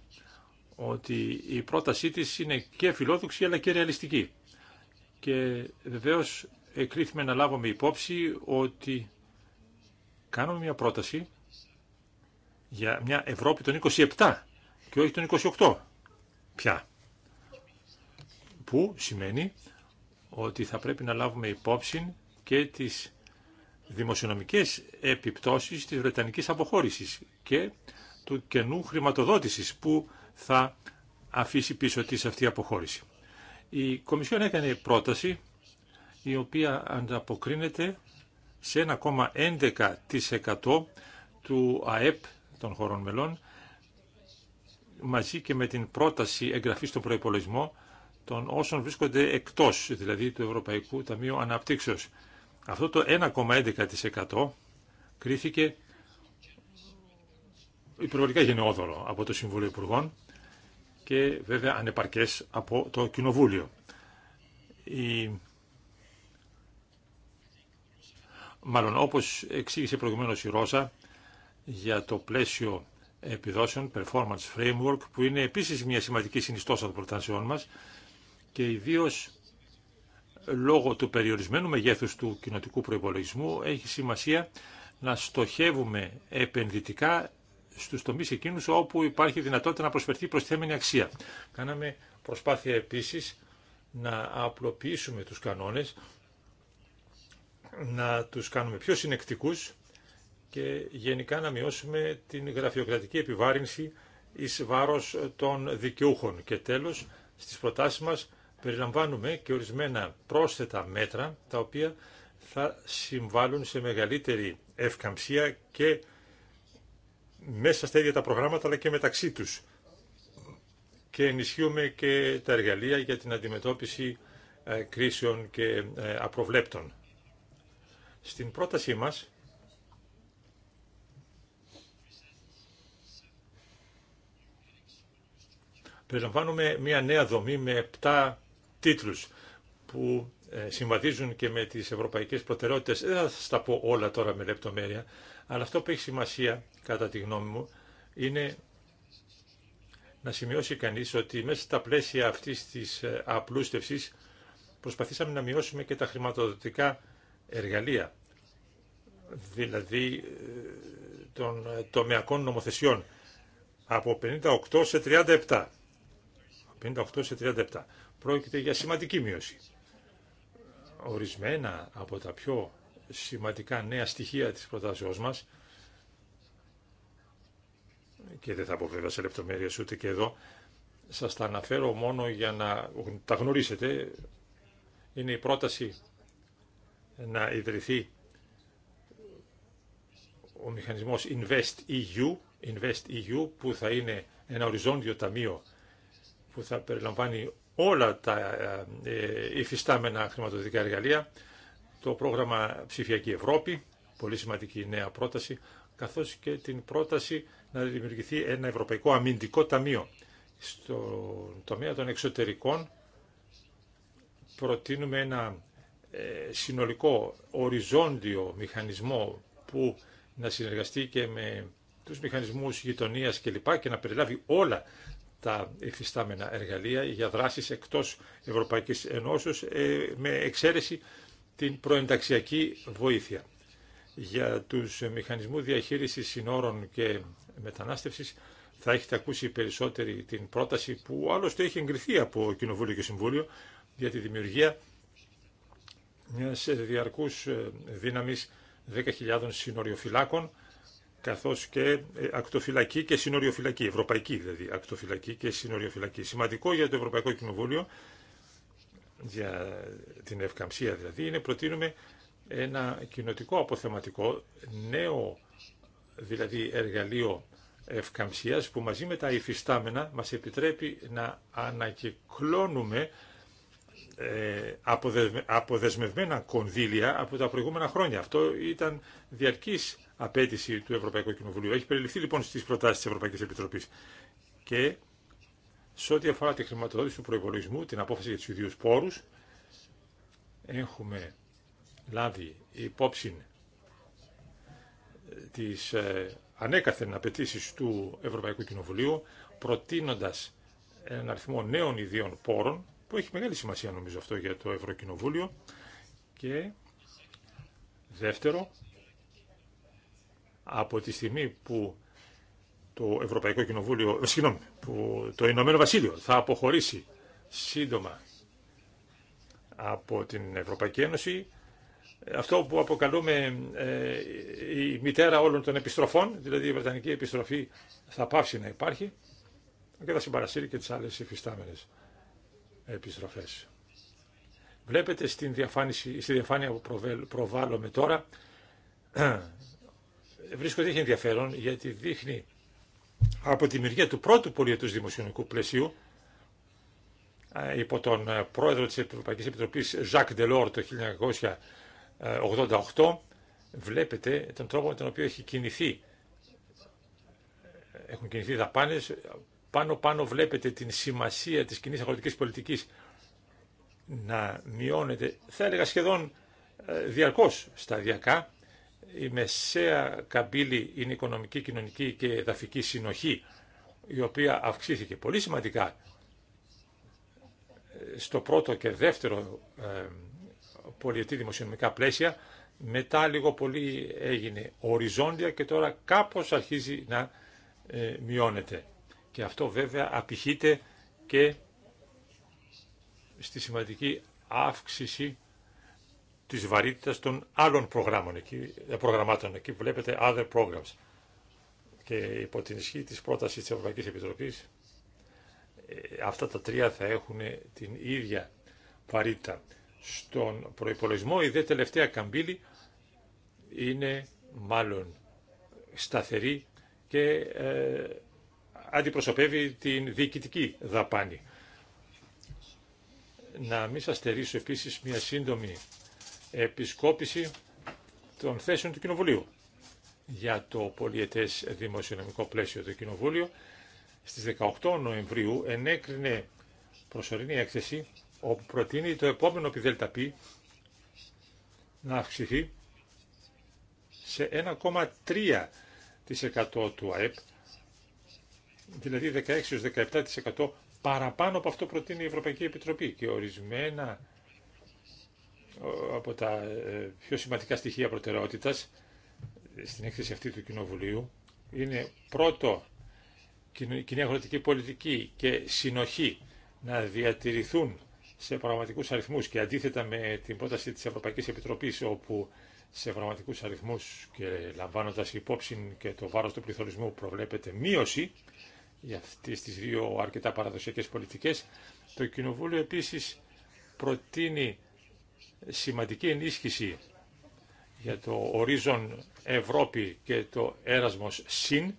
ότι η πρότασή της είναι και φιλόδοξη αλλά και ρεαλιστική. Και βεβαίως εκλήθημε να λάβουμε υπόψη ότι κάνουμε μια πρόταση για μια Ευρώπη των 27 και όχι των 28 πια. Που σημαίνει ότι θα πρέπει να λάβουμε υπόψη και τις δημοσιονομικές επιπτώσεις της Βρετανικής αποχώρησης και του κενού χρηματοδότησης που θα αφήσει πίσω της αυτή η αποχώρηση. Η Κομισιόν έκανε πρόταση η οποία ανταποκρίνεται σε 1,11% του ΑΕΠ των χωρών μελών, μαζί και με την πρόταση εγγραφή στον προπολογισμό των όσων βρίσκονται εκτός, δηλαδή του Ευρωπαϊκού Ταμείου Αναπτύξεως. Αυτό το 1,11% κρίθηκε υπερβολικά γενναιόδωρο από το Συμβούλιο Υπουργών και βέβαια ανεπαρκές από το Κοινοβούλιο. Η μάλλον όπως εξήγησε προηγουμένως η Ρώσα για το πλαίσιο επιδόσεων, performance framework, που είναι επίσης μια σημαντική συνιστόσα των προτάσεών μας και ιδίω λόγω του περιορισμένου μεγέθους του κοινοτικού προϋπολογισμού έχει σημασία να στοχεύουμε επενδυτικά στους τομείς εκείνους όπου υπάρχει δυνατότητα να προσφερθεί προσθέμενη αξία. Κάναμε προσπάθεια επίσης να απλοποιήσουμε τους κανόνες να τους κάνουμε πιο συνεκτικούς και γενικά να μειώσουμε την γραφειοκρατική επιβάρυνση εις βάρος των δικαιούχων. Και τέλος, στις προτάσεις μας περιλαμβάνουμε και ορισμένα πρόσθετα μέτρα, τα οποία θα συμβάλλουν σε μεγαλύτερη ευκαμψία και μέσα στα ίδια τα προγράμματα, αλλά και μεταξύ τους. Και ενισχύουμε και τα εργαλεία για την αντιμετώπιση ε, κρίσεων και ε, απροβλέπτων. Στην πρότασή μας περιλαμβάνουμε μια νέα δομή με 7 τίτλους που ε, συμβαδίζουν και με τις ευρωπαϊκές προτεραιότητες. Δεν θα σας τα πω όλα τώρα με λεπτομέρεια, αλλά αυτό που έχει σημασία, κατά τη γνώμη μου, είναι να σημειώσει κανείς ότι μέσα στα πλαίσια αυτής της ε, απλούστευσης προσπαθήσαμε να μειώσουμε και τα χρηματοδοτικά εργαλεία, δηλαδή ε, των τομεακών νομοθεσιών, από 58 σε 37. 58 σε 37. Πρόκειται για σημαντική μείωση. Ορισμένα από τα πιο σημαντικά νέα στοιχεία της προτάσεώς μας και δεν θα πω βέβαια σε λεπτομέρειες ούτε και εδώ σας τα αναφέρω μόνο για να τα γνωρίσετε είναι η πρόταση να ιδρυθεί ο μηχανισμός Invest EU, Invest EU που θα είναι ένα οριζόντιο ταμείο που θα περιλαμβάνει όλα τα ε, υφιστάμενα χρηματοδοτικά εργαλεία, το πρόγραμμα Ψηφιακή Ευρώπη, πολύ σημαντική νέα πρόταση, καθώς και την πρόταση να δημιουργηθεί ένα Ευρωπαϊκό Αμυντικό Ταμείο. Στο τομέα των εξωτερικών προτείνουμε ένα ε, συνολικό οριζόντιο μηχανισμό που να συνεργαστεί και με τους μηχανισμούς γειτονίας κλπ. και να περιλάβει όλα τα εφιστάμενα εργαλεία για δράσεις εκτός Ευρωπαϊκής Ενώσεως ε, με εξαίρεση την προενταξιακή βοήθεια. Για τους μηχανισμούς διαχείρισης συνόρων και μετανάστευσης θα έχετε ακούσει περισσότερη την πρόταση που άλλωστε έχει εγκριθεί από Κοινοβούλιο και Συμβούλιο για τη δημιουργία μιας ε, διαρκούς ε, δύναμης 10.000 συνοριοφυλάκων, καθώς και ε, ακτοφυλακή και συνοριοφυλακή, ευρωπαϊκή δηλαδή ακτοφυλακή και συνοριοφυλακή. Σημαντικό για το Ευρωπαϊκό Κοινοβούλιο, για την ευκαμψία δηλαδή, είναι προτείνουμε ένα κοινοτικό αποθεματικό, νέο δηλαδή εργαλείο ευκαμψίας που μαζί με τα υφιστάμενα μας επιτρέπει να ανακυκλώνουμε ε, αποδεσμευμένα κονδύλια από τα προηγούμενα χρόνια. Αυτό ήταν διαρκής απέτηση του Ευρωπαϊκού Κοινοβουλίου. Έχει περιληφθεί λοιπόν στις προτάσεις της Ευρωπαϊκής Επιτροπής. Και σε ό,τι αφορά τη χρηματοδότηση του προπολογισμού, την απόφαση για τους ιδίους πόρους, έχουμε λάβει υπόψη ε, τις ε, ανέκαθεν απαιτήσει του Ευρωπαϊκού Κοινοβουλίου, προτείνοντας έναν αριθμό νέων ιδίων πόρων, που έχει μεγάλη σημασία νομίζω αυτό για το Ευρωκοινοβούλιο και δεύτερο, από τη στιγμή που το Ευρωπαϊκό Κοινοβούλιο, ε, συγγνώμη, που το Ηνωμένο Βασίλειο θα αποχωρήσει σύντομα από την Ευρωπαϊκή Ένωση, αυτό που αποκαλούμε ε, η μητέρα όλων των επιστροφών, δηλαδή η Βρετανική επιστροφή θα πάψει να υπάρχει και θα συμπαρασύρει και τις άλλες υφιστάμενες επιστροφές. Βλέπετε στην στη διαφάνεια που προβάλλομαι τώρα, (clears throat) βρίσκω ότι έχει ενδιαφέρον γιατί δείχνει από τη μεριά του πρώτου πολιετούς δημοσιονομικού πλαισίου υπό τον ε, πρόεδρο της Ευρωπαϊκής Επιτροπής Jacques Delors το 1988 βλέπετε τον τρόπο με τον οποίο έχει κινηθεί έχουν κινηθεί δαπάνες πάνω-πάνω βλέπετε την σημασία της κοινή αγροτικής πολιτικής να μειώνεται, θα έλεγα σχεδόν ε, διαρκώς σταδιακά. Η μεσαία καμπύλη είναι οικονομική, κοινωνική και εδαφική συνοχή, η οποία αυξήθηκε πολύ σημαντικά ε, στο πρώτο και δεύτερο ε, πολιετή δημοσιονομικά πλαίσια, μετά λίγο πολύ έγινε οριζόντια και τώρα κάπως αρχίζει να μειώνεται. Και αυτό βέβαια απηχείται και στη σημαντική αύξηση της βαρύτητας των άλλων προγράμμων, εκεί, ε, προγραμμάτων. Εκεί βλέπετε other programs. Και υπό την ισχύ της πρότασης της Ευρωπαϊκής Επιτροπής, ε, αυτά τα τρία θα έχουν την ίδια βαρύτητα. Στον προϋπολογισμό η δε τελευταία καμπύλη είναι μάλλον σταθερή και ε, αντιπροσωπεύει την διοικητική δαπάνη. Να μην σας στερήσω επίσης μια σύντομη επισκόπηση των θέσεων του Κοινοβουλίου για το πολιετές δημοσιονομικό πλαίσιο του Κοινοβούλιο. Στις 18 Νοεμβρίου ενέκρινε προσωρινή έκθεση όπου προτείνει το επόμενο πι να αυξηθεί σε 1,3% του ΑΕΠ δηλαδή 16-17% παραπάνω από αυτό προτείνει η Ευρωπαϊκή Επιτροπή και ορισμένα από τα ε, πιο σημαντικά στοιχεία προτεραιότητας στην έκθεση αυτή του Κοινοβουλίου είναι πρώτο κοινή αγροτική πολιτική και συνοχή να διατηρηθούν σε πραγματικούς αριθμούς και αντίθετα με την πρόταση της Ευρωπαϊκής Επιτροπής όπου σε πραγματικούς αριθμούς και λαμβάνοντας υπόψη και το βάρος του πληθωρισμού προβλέπεται μείωση για αυτές τις δύο αρκετά παραδοσιακές πολιτικές. Το Κοινοβούλιο επίση προτείνει σημαντική ενίσχυση για το ορίζον Ευρώπη και το έρασμος ΣΥΝ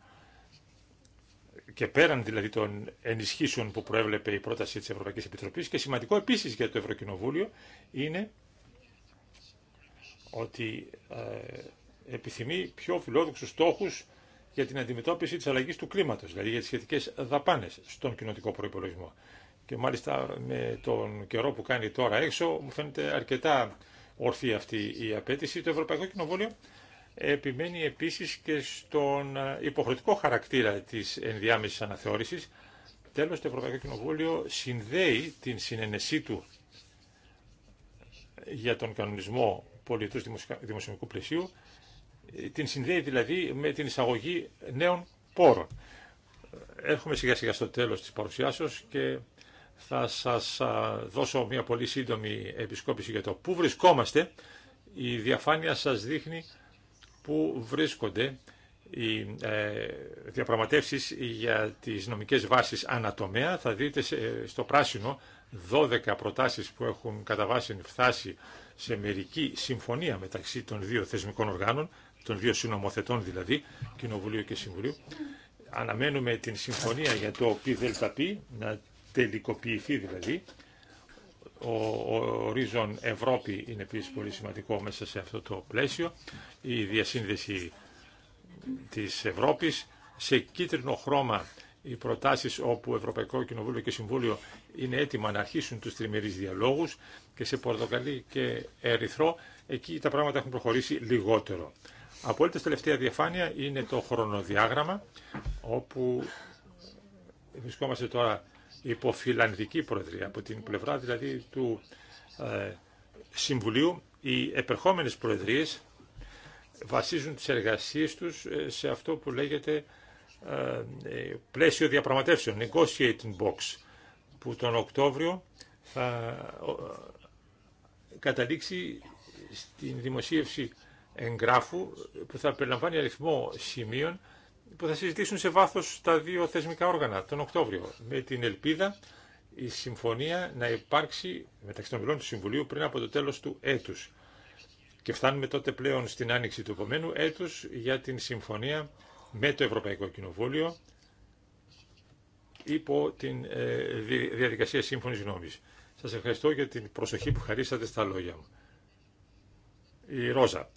και πέραν δηλαδή των ενισχύσεων που προέβλεπε η πρόταση της Ευρωπαϊκής Επιτροπής και σημαντικό επίσης για το Ευρωκοινοβούλιο είναι ότι ε, επιθυμεί πιο φιλόδοξους στόχους για την αντιμετώπιση της αλλαγής του κλίματος, δηλαδή για τι σχετικέ δαπάνες στον κοινοτικό προϋπολογισμό. Και μάλιστα με τον καιρό που κάνει τώρα έξω, μου φαίνεται αρκετά ορθή αυτή η απέτηση. Το Ευρωπαϊκό Κοινοβούλιο επιμένει επίσης και στον υποχρεωτικό χαρακτήρα της ενδιάμεσης αναθεώρησης. Τέλος, το Ευρωπαϊκό Κοινοβούλιο συνδέει την συνενεσή του για τον κανονισμό πολιτού δημοσιονομικού πλαισίου την συνδέει δηλαδή με την εισαγωγή νέων πόρων. Έρχομαι σιγά σιγά στο τέλος της παρουσιάσεως και θα σας δώσω μια πολύ σύντομη επισκόπηση για το πού βρισκόμαστε. Η διαφάνεια σας δείχνει πού βρίσκονται οι ε, διαπραγματεύσεις για τις νομικές βάσεις ανατομέα. Θα δείτε στο πράσινο 12 προτάσεις που έχουν κατά βάση φτάσει σε μερική συμφωνία μεταξύ των δύο θεσμικών οργάνων των δύο συνομοθετών δηλαδή, Κοινοβουλίου και Συμβουλίου. Αναμένουμε την συμφωνία για το ΠΔΠ να τελικοποιηθεί δηλαδή. Ο, ο ορίζον Ευρώπη είναι επίση πολύ σημαντικό μέσα σε αυτό το πλαίσιο. Η διασύνδεση της Ευρώπης σε κίτρινο χρώμα οι προτάσεις όπου Ευρωπαϊκό Κοινοβούλιο και Συμβούλιο είναι έτοιμα να αρχίσουν τους τριμερείς διαλόγους και σε πορτοκαλί και ερυθρό, εκεί τα πράγματα έχουν προχωρήσει λιγότερο. Απόλυτα τελευταία διαφάνεια είναι το χρονοδιάγραμμα, όπου βρισκόμαστε τώρα υπό φιλανδική προεδρία, από την πλευρά δηλαδή του ε, Συμβουλίου. Οι επερχόμενες προεδρίες βασίζουν τις εργασίες τους ε, σε αυτό που λέγεται ε, πλαίσιο διαπραγματεύσεων, negotiating box, που τον Οκτώβριο θα καταλήξει στην δημοσίευση εγγράφου που θα περιλαμβάνει αριθμό σημείων που θα συζητήσουν σε βάθος τα δύο θεσμικά όργανα τον Οκτώβριο με την ελπίδα η συμφωνία να υπάρξει μεταξύ των μελών του Συμβουλίου πριν από το τέλος του έτους. Και φτάνουμε τότε πλέον στην άνοιξη του επομένου έτους για την συμφωνία με το Ευρωπαϊκό Κοινοβούλιο υπό την ε, διαδικασία σύμφωνης γνώμης. Σας ευχαριστώ για την προσοχή που χαρίσατε στα λόγια μου. Η Ρόζα.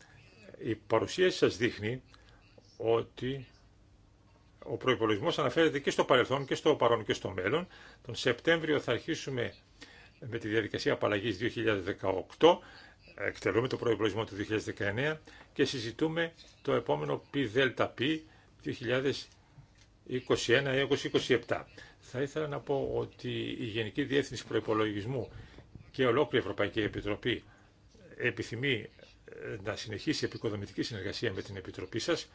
Η παρουσίαση σας δείχνει ότι ο προπολογισμό αναφέρεται και στο παρελθόν και στο παρόν και στο μέλλον. Τον Σεπτέμβριο θα αρχίσουμε με τη διαδικασία απαλλαγή 2018, εκτελούμε το προπολογισμό του 2019 και συζητούμε το επόμενο ΠΔΠ 2021 2027. Θα ήθελα να πω ότι η Γενική Διεύθυνση Προϋπολογισμού και ολόκληρη η Ευρωπαϊκή Επιτροπή επιθυμεί να συνεχίσει η επικοδομητική συνεργασία με την Επιτροπή σας.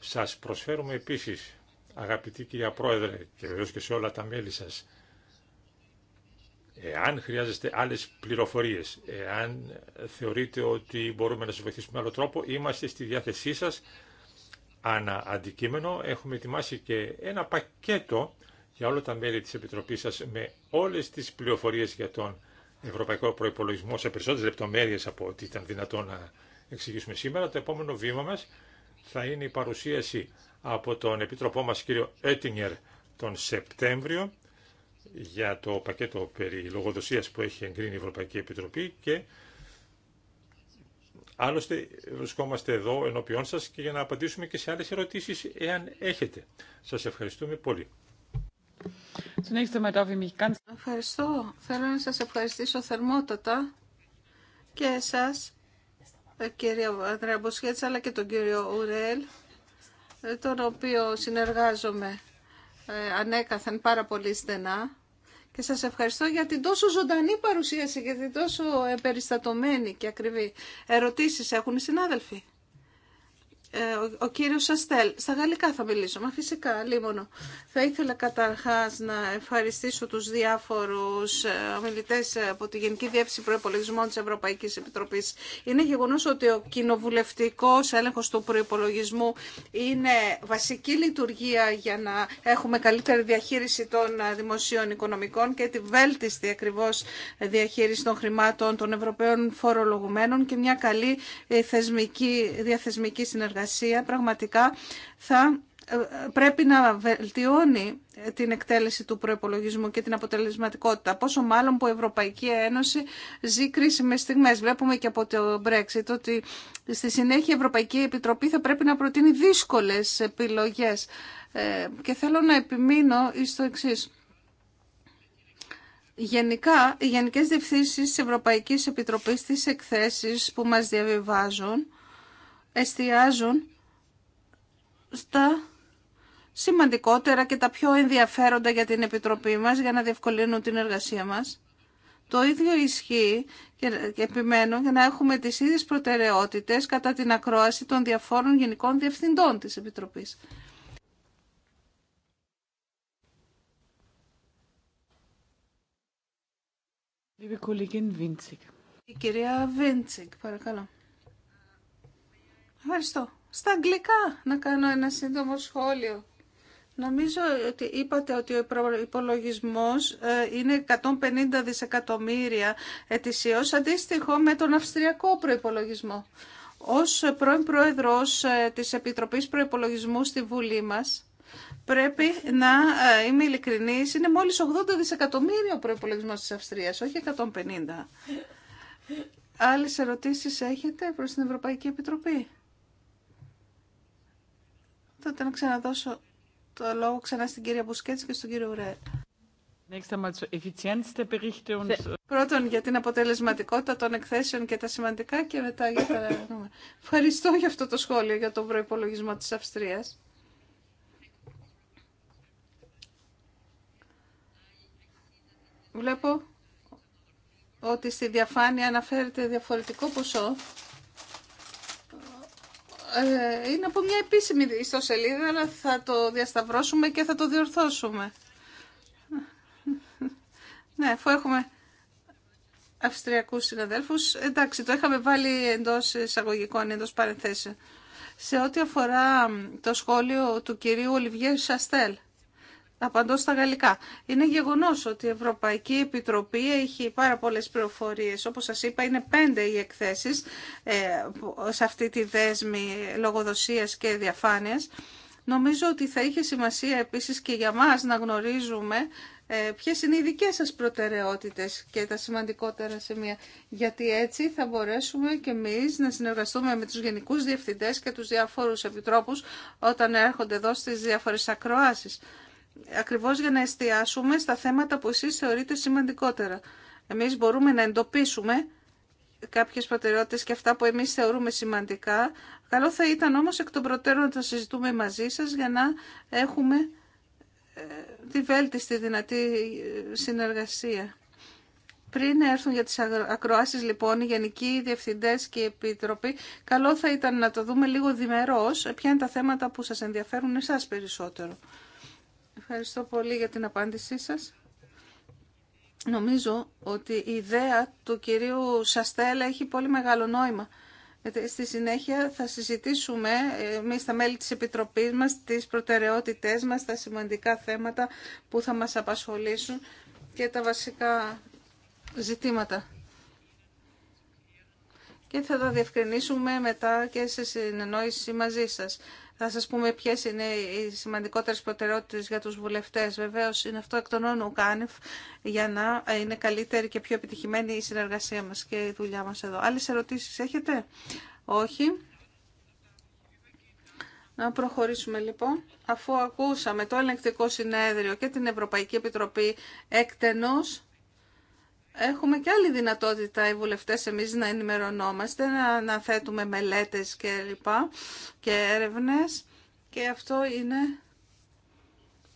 Σας προσφέρουμε επίσης, αγαπητή κυρία Πρόεδρε και βεβαίω και σε όλα τα μέλη σας, εάν χρειάζεστε άλλες πληροφορίες, εάν θεωρείτε ότι μπορούμε να σας βοηθήσουμε με άλλο τρόπο, είμαστε στη διάθεσή σας ανά αντικείμενο. Έχουμε ετοιμάσει και ένα πακέτο για όλα τα μέλη της Επιτροπής σας με όλες τις πληροφορίες για τον ευρωπαϊκό προϋπολογισμό σε περισσότερε λεπτομέρειε από ό,τι ήταν δυνατό να εξηγήσουμε σήμερα. Το επόμενο βήμα μας θα είναι η παρουσίαση από τον Επίτροπό μας κύριο Έτινγκερ τον Σεπτέμβριο για το πακέτο περί λογοδοσίας που έχει εγκρίνει η Ευρωπαϊκή Επιτροπή και άλλωστε βρισκόμαστε εδώ ενώπιόν σας και για να απαντήσουμε και σε άλλες ερωτήσεις εάν έχετε. Σας ευχαριστούμε πολύ. Ευχαριστώ. Θέλω να σας ευχαριστήσω θερμότατα και εσάς, ε, κύριε Μποσχέτσα, αλλά και τον κύριο Ουρέλ, ε, τον οποίο συνεργάζομαι ε, ανέκαθεν πάρα πολύ στενά. Και σας ευχαριστώ για την τόσο ζωντανή παρουσίαση και την τόσο περιστατωμένη και ακριβή. Ερωτήσεις έχουν οι συνάδελφοι. Ε, ο κύριος Σαστέλ. Στα γαλλικά θα μιλήσω, μα φυσικά, λίμωνο. Θα ήθελα καταρχάς να ευχαριστήσω τους διάφορους ε, ομιλητές από τη Γενική Διεύθυνση Προϋπολογισμών της Ευρωπαϊκής Επιτροπής. Είναι γεγονός ότι ο κοινοβουλευτικός έλεγχος του προϋπολογισμού είναι βασική λειτουργία για να έχουμε καλύτερη διαχείριση των ε, δημοσίων οικονομικών και τη βέλτιστη ακριβώς διαχείριση των χρημάτων των Ευρωπαίων φορολογουμένων και μια καλή θεσμική, διαθεσμική συνεργασία. Ασία πραγματικά θα ε, πρέπει να βελτιώνει την εκτέλεση του προϋπολογισμού και την αποτελεσματικότητα. Πόσο μάλλον που η Ευρωπαϊκή Ένωση ζει κρίσιμε στιγμές. Βλέπουμε και από το Brexit ότι στη συνέχεια η Ευρωπαϊκή Επιτροπή θα πρέπει να προτείνει δύσκολες επιλογές. Ε, και θέλω να επιμείνω το εξή. Γενικά, οι Γενικές Διευθύνσεις της Ευρωπαϊκής Επιτροπής στις εκθέσεις που μας διαβιβάζουν εστιάζουν στα σημαντικότερα και τα πιο ενδιαφέροντα για την Επιτροπή μας για να διευκολύνουν την εργασία μας. Το ίδιο ισχύει και επιμένω για να έχουμε τις ίδιες προτεραιότητες κατά την ακρόαση των διαφόρων γενικών διευθυντών της Επιτροπής. Η κυρία Βίντσικ, παρακαλώ. Ευχαριστώ. Στα αγγλικά να κάνω ένα σύντομο σχόλιο. Νομίζω ότι είπατε ότι ο υπολογισμό ε, είναι 150 δισεκατομμύρια ετησίως, αντίστοιχο με τον αυστριακό προπολογισμό. Ω πρώην πρόεδρος ε, της Επιτροπής Προπολογισμού στη Βουλή μας, πρέπει να ε, είμαι ειλικρινή, είναι μόλις 80 δισεκατομμύρια ο προπολογισμό τη Αυστρίας, όχι 150. Άλλε ερωτήσει έχετε προ την Ευρωπαϊκή Επιτροπή. Τότε να ξαναδώσω το λόγο ξανά στην κυρία Μπουσκέτση και στον κύριο Ουρέλ. Πρώτον για την αποτελεσματικότητα των εκθέσεων και τα σημαντικά και μετά για τα νούμερα. Ευχαριστώ για αυτό το σχόλιο για τον προϋπολογισμό της Αυστρίας. Βλέπω ότι στη διαφάνεια αναφέρεται διαφορετικό ποσό ε, είναι από μια επίσημη ιστοσελίδα, αλλά θα το διασταυρώσουμε και θα το διορθώσουμε. ναι, αφού έχουμε αυστριακούς συναδέλφους, εντάξει, το είχαμε βάλει εντός εισαγωγικών, εντός παρενθέσεων. Σε ό,τι αφορά το σχόλιο του κυρίου Ολιβιέ Σαστέλ, Απαντώ στα γαλλικά. Είναι γεγονός ότι η Ευρωπαϊκή Επιτροπή έχει πάρα πολλές πληροφορίες. Όπως σας είπα, είναι πέντε οι εκθέσεις ε, σε αυτή τη δέσμη λογοδοσίας και διαφάνειας. Νομίζω ότι θα είχε σημασία επίσης και για μας να γνωρίζουμε ε, ποιες είναι οι δικές σας προτεραιότητες και τα σημαντικότερα σημεία. Γιατί έτσι θα μπορέσουμε και εμείς να συνεργαστούμε με τους γενικούς διευθυντές και τους διαφόρους επιτρόπους όταν έρχονται εδώ στις διάφορες ακροάσεις ακριβώς για να εστιάσουμε στα θέματα που εσείς θεωρείτε σημαντικότερα. Εμείς μπορούμε να εντοπίσουμε κάποιες προτεραιότητες και αυτά που εμείς θεωρούμε σημαντικά. Καλό θα ήταν όμως εκ των προτέρων να τα συζητούμε μαζί σας για να έχουμε ε, τη βέλτιστη δυνατή ε, συνεργασία. Πριν έρθουν για τις ακροάσεις λοιπόν οι γενικοί διευθυντές και οι επίτροποι, καλό θα ήταν να το δούμε λίγο διμερώς, ε, ποια είναι τα θέματα που σας ενδιαφέρουν εσάς περισσότερο. Ευχαριστώ πολύ για την απάντησή σας. Νομίζω ότι η ιδέα του κυρίου Σαστέλα έχει πολύ μεγάλο νόημα. Στη συνέχεια θα συζητήσουμε ε, εμεί τα μέλη της Επιτροπής μας, τις προτεραιότητές μας, τα σημαντικά θέματα που θα μας απασχολήσουν και τα βασικά ζητήματα. Και θα τα διευκρινίσουμε μετά και σε συνεννόηση μαζί σας. Θα σας πούμε ποιες είναι οι σημαντικότερες προτεραιότητες για τους βουλευτές. Βεβαίως είναι αυτό εκ των όνων για να είναι καλύτερη και πιο επιτυχημένη η συνεργασία μας και η δουλειά μας εδώ. Άλλες ερωτήσεις έχετε? Όχι. Να προχωρήσουμε λοιπόν. Αφού ακούσαμε το ελεγκτικό συνέδριο και την Ευρωπαϊκή Επιτροπή εκτενώς, έχουμε και άλλη δυνατότητα οι βουλευτές εμείς να ενημερωνόμαστε, να αναθέτουμε μελέτες και λοιπά και έρευνες και αυτό είναι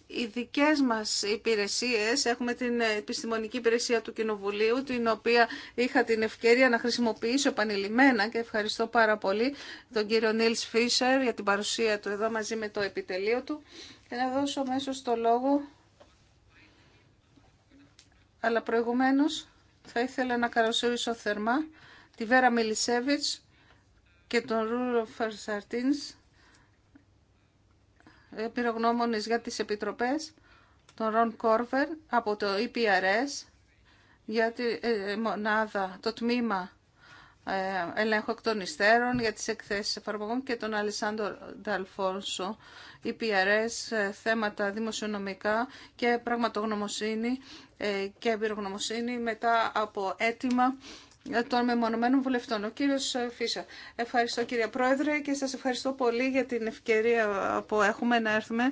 οι δικές μας υπηρεσίες. Έχουμε την επιστημονική υπηρεσία του Κοινοβουλίου, την οποία είχα την ευκαιρία να χρησιμοποιήσω επανειλημμένα και ευχαριστώ πάρα πολύ τον κύριο Νίλς Φίσερ για την παρουσία του εδώ μαζί με το επιτελείο του και να δώσω μέσω το λόγο αλλά προηγουμένως θα ήθελα να καλωσορίσω θερμά τη Βέρα Μιλισέβιτς και τον Ρούρο Φαρσαρτίνς, πυρογνώμονες για τις επιτροπές, τον Ρον Κόρβερ από το EPRS για τη ε, ε, μονάδα, το τμήμα ε, ελέγχο εκ των υστέρων για τις εκθέσεις εφαρμογών και τον Αλισάντο Νταλφόνσο, EPRS, ε, θέματα δημοσιονομικά και πραγματογνωμοσύνη ε, και εμπειρογνωμοσύνη μετά από αίτημα των μεμονωμένων βουλευτών. Ο κύριος Φίσα. Ευχαριστώ κύριε Πρόεδρε και σας ευχαριστώ πολύ για την ευκαιρία που έχουμε να έρθουμε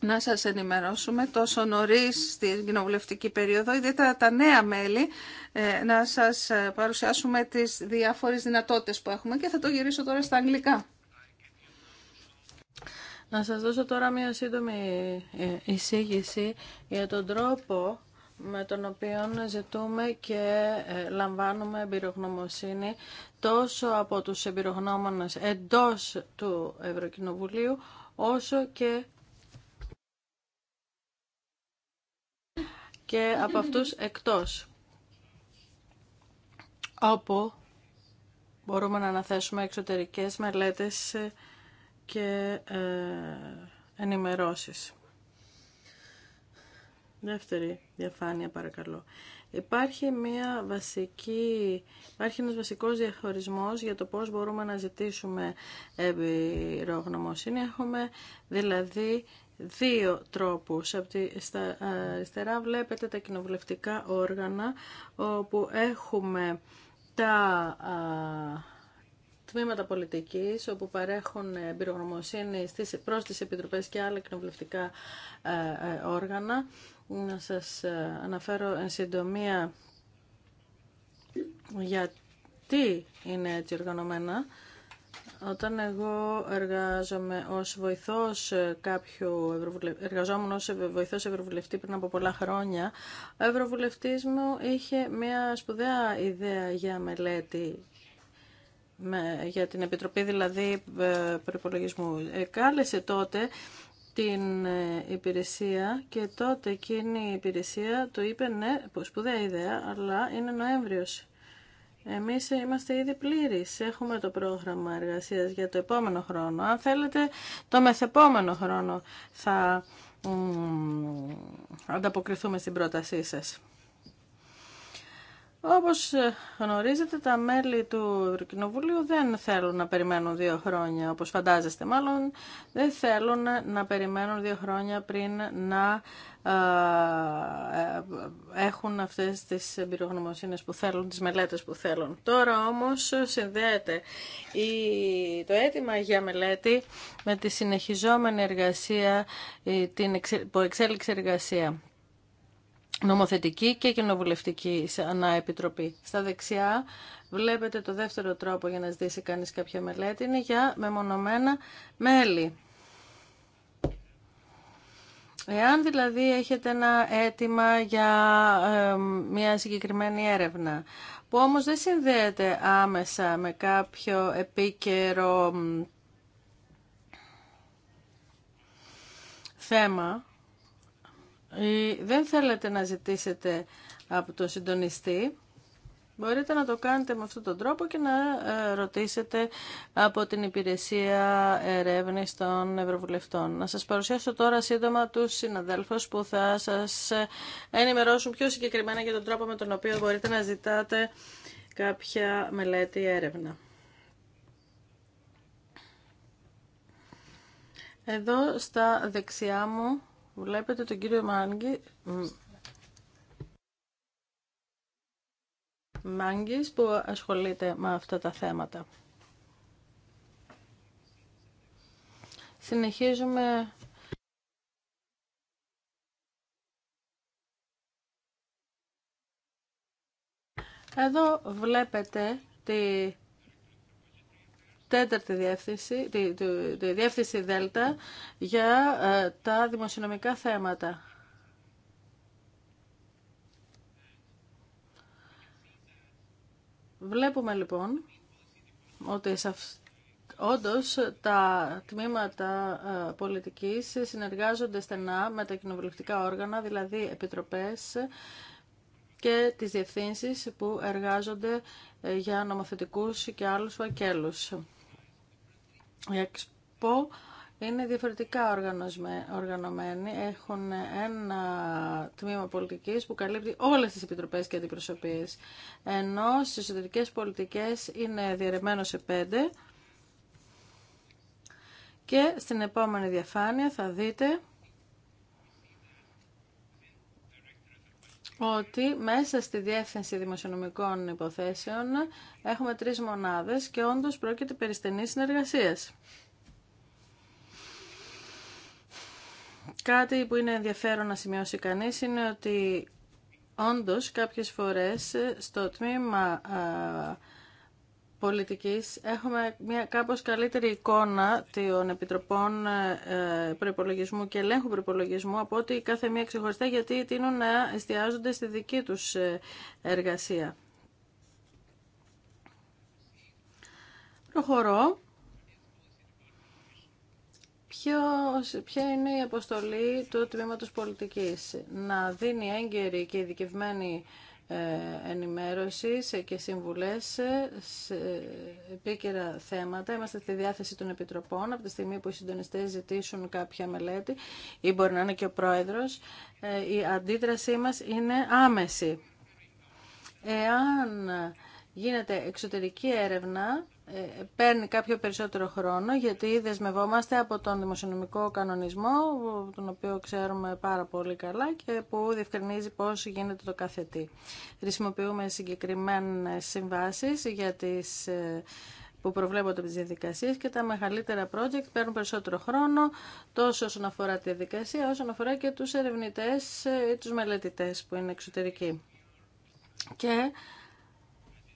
να σας ενημερώσουμε τόσο νωρίς στην κοινοβουλευτική περίοδο, ιδιαίτερα τα νέα μέλη, ε, να σας ε, παρουσιάσουμε τις διάφορες δυνατότητες που έχουμε και θα το γυρίσω τώρα στα αγγλικά. Να σας δώσω τώρα μια σύντομη ε, εισήγηση για τον τρόπο με τον οποίο ζητούμε και λαμβάνουμε εμπειρογνωμοσύνη τόσο από τους εμπειρογνώμονες εντός του Ευρωκοινοβουλίου όσο και και από αυτούς εκτός. Όπου μπορούμε να αναθέσουμε εξωτερικές μελέτες και ε, ενημερώσεις. Δεύτερη διαφάνεια παρακαλώ. Υπάρχει, μια βασική, υπάρχει ένας βασικός διαχωρισμός για το πώς μπορούμε να ζητήσουμε εμπειρογνωμοσύνη. Έχουμε δηλαδή δύο τρόπους. Από τη, στα ε, αριστερά βλέπετε τα κοινοβουλευτικά όργανα όπου έχουμε τα ε, τμήματα πολιτικής όπου παρέχουν εμπειρογνωμοσύνη στις, προς τις επιτροπές και άλλα κοινοβουλευτικά ε, όργανα. Να σας αναφέρω εν συντομία γιατί είναι έτσι οργανωμένα. Όταν εγώ εργάζομαι ως βοηθός κάποιο ευρωβουλευτή, εργαζόμουν ως βοηθός ευρωβουλευτή πριν από πολλά χρόνια, ο ευρωβουλευτής μου είχε μια σπουδαία ιδέα για μελέτη για την Επιτροπή δηλαδή ε, προπολογισμού. Ε, κάλεσε τότε την ε, υπηρεσία και τότε εκείνη η υπηρεσία του είπε ναι, σπουδαία ιδέα, αλλά είναι Νοέμβριος. Εμείς είμαστε ήδη πλήρεις. Έχουμε το πρόγραμμα εργασίας για το επόμενο χρόνο. Αν θέλετε, το μεθεπόμενο χρόνο θα ανταποκριθούμε στην πρότασή σας. Όπως ε, γνωρίζετε, τα μέλη του Ευρωκοινοβουλίου δεν θέλουν να περιμένουν δύο χρόνια, όπως φαντάζεστε μάλλον, δεν θέλουν να περιμένουν δύο χρόνια πριν να ε, ε, έχουν αυτές τις εμπειρογνωμοσύνες που θέλουν, τις μελέτες που θέλουν. Τώρα όμως συνδέεται η, το αίτημα για μελέτη με τη συνεχιζόμενη εργασία, την εξε, υποεξέλιξη εργασία νομοθετική και κοινοβουλευτική επιτροπή. Στα δεξιά βλέπετε το δεύτερο τρόπο για να ζητήσει κανείς κάποια μελέτη είναι για μεμονωμένα μέλη. Εάν δηλαδή έχετε ένα αίτημα για μια συγκεκριμένη έρευνα, που όμως δεν συνδέεται άμεσα με κάποιο επίκαιρο θέμα, ε, δεν θέλετε να ζητήσετε από τον συντονιστή, μπορείτε να το κάνετε με αυτόν τον τρόπο και να ε, ρωτήσετε από την υπηρεσία ερεύνης των Ευρωβουλευτών. Να σας παρουσιάσω τώρα σύντομα τους συναδέλφους που θα σας ε, ενημερώσουν πιο συγκεκριμένα για τον τρόπο με τον οποίο μπορείτε να ζητάτε κάποια μελέτη έρευνα. Εδώ στα δεξιά μου Βλέπετε τον κύριο Μάγκη, που ασχολείται με αυτά τα θέματα. Συνεχίζουμε Εδώ βλέπετε τη τέταρτη διεύθυνση, τη, τη, διεύθυνση ΔΕΛΤΑ για ε, τα δημοσιονομικά θέματα. Βλέπουμε λοιπόν ότι όντως τα τμήματα ε, πολιτικής συνεργάζονται στενά με τα κοινοβουλευτικά όργανα, δηλαδή επιτροπές και τις διευθύνσεις που εργάζονται ε, για νομοθετικούς και άλλους φακέλους. Η ΕΞΠΟ είναι διαφορετικά οργανωμένοι. Έχουν ένα τμήμα πολιτικής που καλύπτει όλες τις επιτροπές και αντιπροσωπείες. Ενώ στις εσωτερικές πολιτικές είναι διαρρεμένο σε πέντε. Και στην επόμενη διαφάνεια θα δείτε ότι μέσα στη Διεύθυνση Δημοσιονομικών Υποθέσεων έχουμε τρεις μονάδες και όντως πρόκειται περί στενής συνεργασίας. Κάτι που είναι ενδιαφέρον να σημειώσει κανείς είναι ότι όντως κάποιες φορές στο τμήμα πολιτικής έχουμε μια κάπως καλύτερη εικόνα των επιτροπών ε, ε, προπολογισμού και ελέγχου προπολογισμού από ότι κάθε μία ξεχωριστά γιατί τείνουν να εστιάζονται στη δική τους ε, εργασία. Προχωρώ. ποια είναι η αποστολή του Τμήματος Πολιτικής. Να δίνει έγκαιρη και ειδικευμένη ε, ενημέρωσης και συμβουλές σε επίκαιρα θέματα. Είμαστε στη διάθεση των επιτροπών από τη στιγμή που οι συντονιστές ζητήσουν κάποια μελέτη ή μπορεί να είναι και ο πρόεδρος. Ε, η αντίδρασή μας είναι άμεση. Εάν γίνεται εξωτερική έρευνα, ε, παίρνει κάποιο περισσότερο χρόνο γιατί δεσμευόμαστε από τον δημοσιονομικό κανονισμό τον οποίο ξέρουμε πάρα πολύ καλά και που διευκρινίζει πώς γίνεται το καθετί. Χρησιμοποιούμε συγκεκριμένες συμβάσεις για τις ε, που προβλέπονται από τις διαδικασίες και τα μεγαλύτερα project παίρνουν περισσότερο χρόνο τόσο όσον αφορά τη διαδικασία όσον αφορά και τους ερευνητές ε, ή τους μελετητές που είναι εξωτερικοί. Και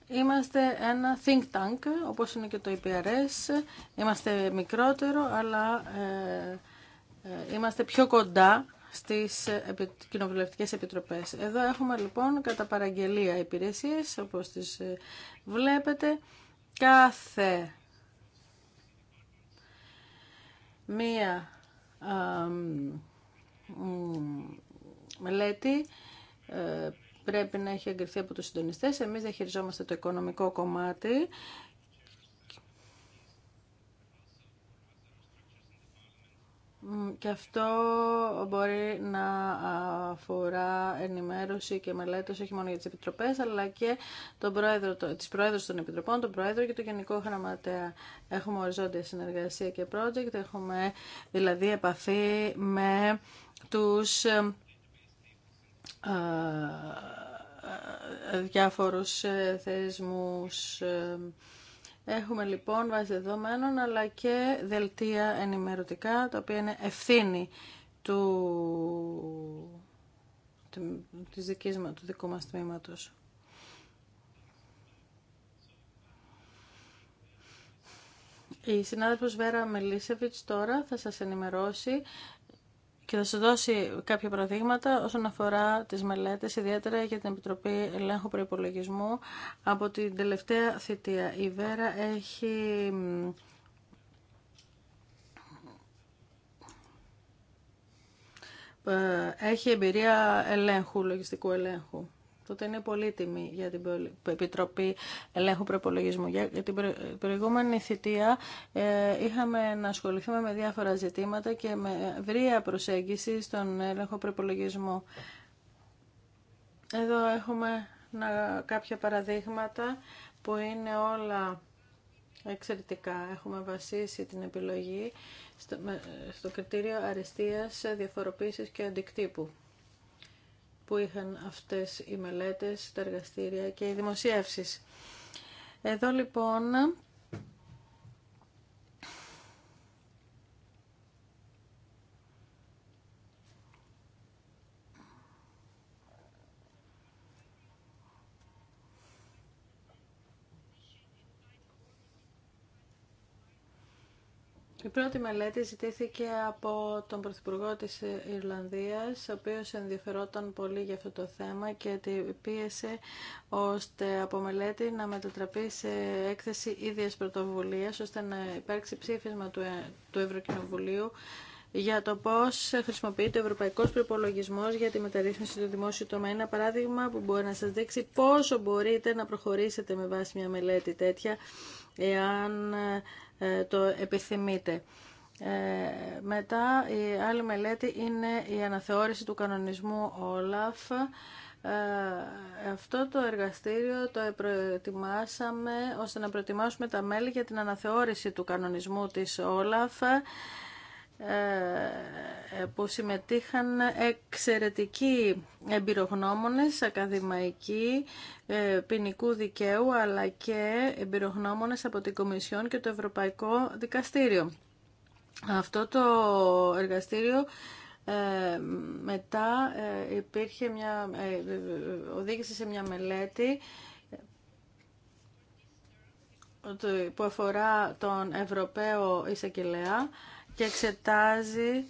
Είμαστε ένα think tank, όπως είναι και το EPRS. Είμαστε μικρότερο, αλλά ε, ε, είμαστε πιο κοντά στις κοινοβουλευτικές επιτροπές. Εδώ έχουμε λοιπόν κατά παραγγελία υπηρεσίες, όπως τις ε, βλέπετε, κάθε μία μελέτη πρέπει να έχει εγκριθεί από τους συντονιστές. Εμείς διαχειριζόμαστε το οικονομικό κομμάτι Και αυτό μπορεί να αφορά ενημέρωση και μελέτε όχι μόνο για τις επιτροπές αλλά και τον πρόεδρο, τις των επιτροπών, τον πρόεδρο και τον γενικό γραμματέα. Έχουμε οριζόντια συνεργασία και project, έχουμε δηλαδή επαφή με τους ε, διάφορους ε, θεσμούς. Ε, έχουμε λοιπόν βάση δεδομένων αλλά και δελτία ενημερωτικά τα οποία είναι ευθύνη του, της δικής, του δικού μας τμήματος. Η συνάδελφος Βέρα Μελίσεβιτς τώρα θα σας ενημερώσει και θα σα δώσει κάποια παραδείγματα όσον αφορά τις μελέτες, ιδιαίτερα για την Επιτροπή Ελέγχου Προϋπολογισμού. Από την τελευταία θητεία η Βέρα έχει ε, έχει εμπειρία ελέγχου, λογιστικού ελέγχου. Τότε είναι πολύτιμη για την Επιτροπή Ελέγχου Προπολογισμού. Για την προηγούμενη θητεία ε, είχαμε να ασχοληθούμε με διάφορα ζητήματα και με βρία προσέγγιση στον έλεγχο προπολογισμού. Εδώ έχουμε κάποια παραδείγματα που είναι όλα εξαιρετικά. Έχουμε βασίσει την επιλογή στο, κριτήριο αριστείας, διαφοροποίησης και αντικτύπου που είχαν αυτές οι μελέτες, τα εργαστήρια και οι δημοσιεύσεις. Εδώ λοιπόν πρώτη μελέτη ζητήθηκε από τον Πρωθυπουργό της Ιρλανδίας, ο οποίος ενδιαφερόταν πολύ για αυτό το θέμα και πίεσε ώστε από μελέτη να μετατραπεί σε έκθεση ίδιας πρωτοβουλίας, ώστε να υπάρξει ψήφισμα του, ε, του Ευρωκοινοβουλίου για το πώς χρησιμοποιείται ο ευρωπαϊκός προπολογισμό για τη μεταρρύθμιση του δημόσιου τομέα. Ένα παράδειγμα που μπορεί να σας δείξει πόσο μπορείτε να προχωρήσετε με βάση μια μελέτη τέτοια εάν ε, το επιθυμείτε. Ε, μετά η άλλη μελέτη είναι η αναθεώρηση του κανονισμού Όλαφ. Ε, αυτό το εργαστήριο το προετοιμάσαμε ώστε να προετοιμάσουμε τα μέλη για την αναθεώρηση του κανονισμού της Όλαφ ε, που συμμετείχαν εξαιρετικοί εμπειρογνώμονες, ακαδημαϊκοί, ε, ποινικού δικαίου, αλλά και εμπειρογνώμονες από την Κομισιόν και το Ευρωπαϊκό Δικαστήριο. Αυτό το εργαστήριο ε, μετά υπήρχε μια, οδήγησε σε μια μελέτη που αφορά τον Ευρωπαίο Ισαγγελέα και εξετάζει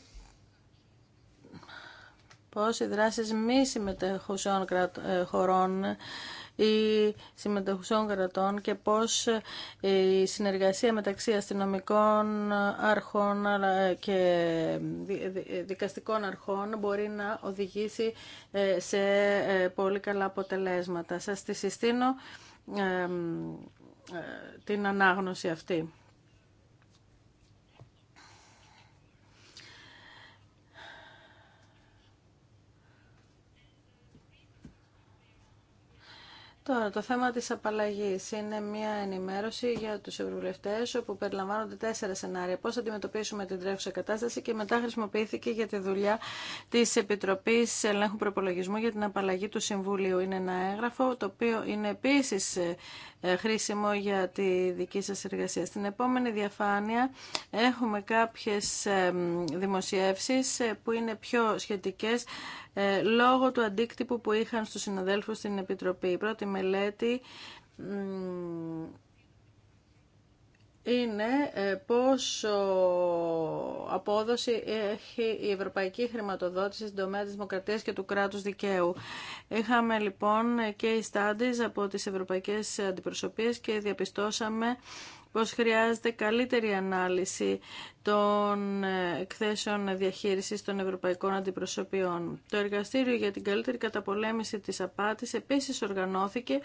πώς οι δράσεις μη συμμετεχουσών ε, χωρών ή συμμετεχουσών κρατών και πώς η συνεργασία μεταξύ αστυνομικών αρχών ε, και ε, δικαστικών αρχών μπορεί να οδηγήσει σε πολύ καλά αποτελέσματα. Σας τη συστήνω την ανάγνωση αυτή. Τώρα, το θέμα της απαλλαγής είναι μια ενημέρωση για τους ευρωβουλευτές όπου περιλαμβάνονται τέσσερα σενάρια. Πώς αντιμετωπίσουμε την τρέχουσα κατάσταση και μετά χρησιμοποιήθηκε για τη δουλειά της Επιτροπής Ελέγχου Προπολογισμού για την απαλλαγή του Συμβουλίου. Είναι ένα έγγραφο το οποίο είναι επίσης ε, ε, χρήσιμο για τη δική σας εργασία. Στην επόμενη διαφάνεια έχουμε κάποιες δημοσιεύσεις ε, που είναι πιο σχετικές ε, λόγω του αντίκτυπου που είχαν στους συναδέλφους στην Επιτροπή. Η πρώτη μελέτη είναι ε, πόσο απόδοση έχει η ευρωπαϊκή χρηματοδότηση στην τομέα της δημοκρατίας και του κράτους δικαίου. Είχαμε λοιπόν και studies από τις ευρωπαϊκές αντιπροσωπείες και διαπιστώσαμε πως χρειάζεται καλύτερη ανάλυση των ε, εκθέσεων διαχείρισης των ευρωπαϊκών αντιπροσωπιών. Το εργαστήριο για την καλύτερη καταπολέμηση της απάτης επίσης οργανώθηκε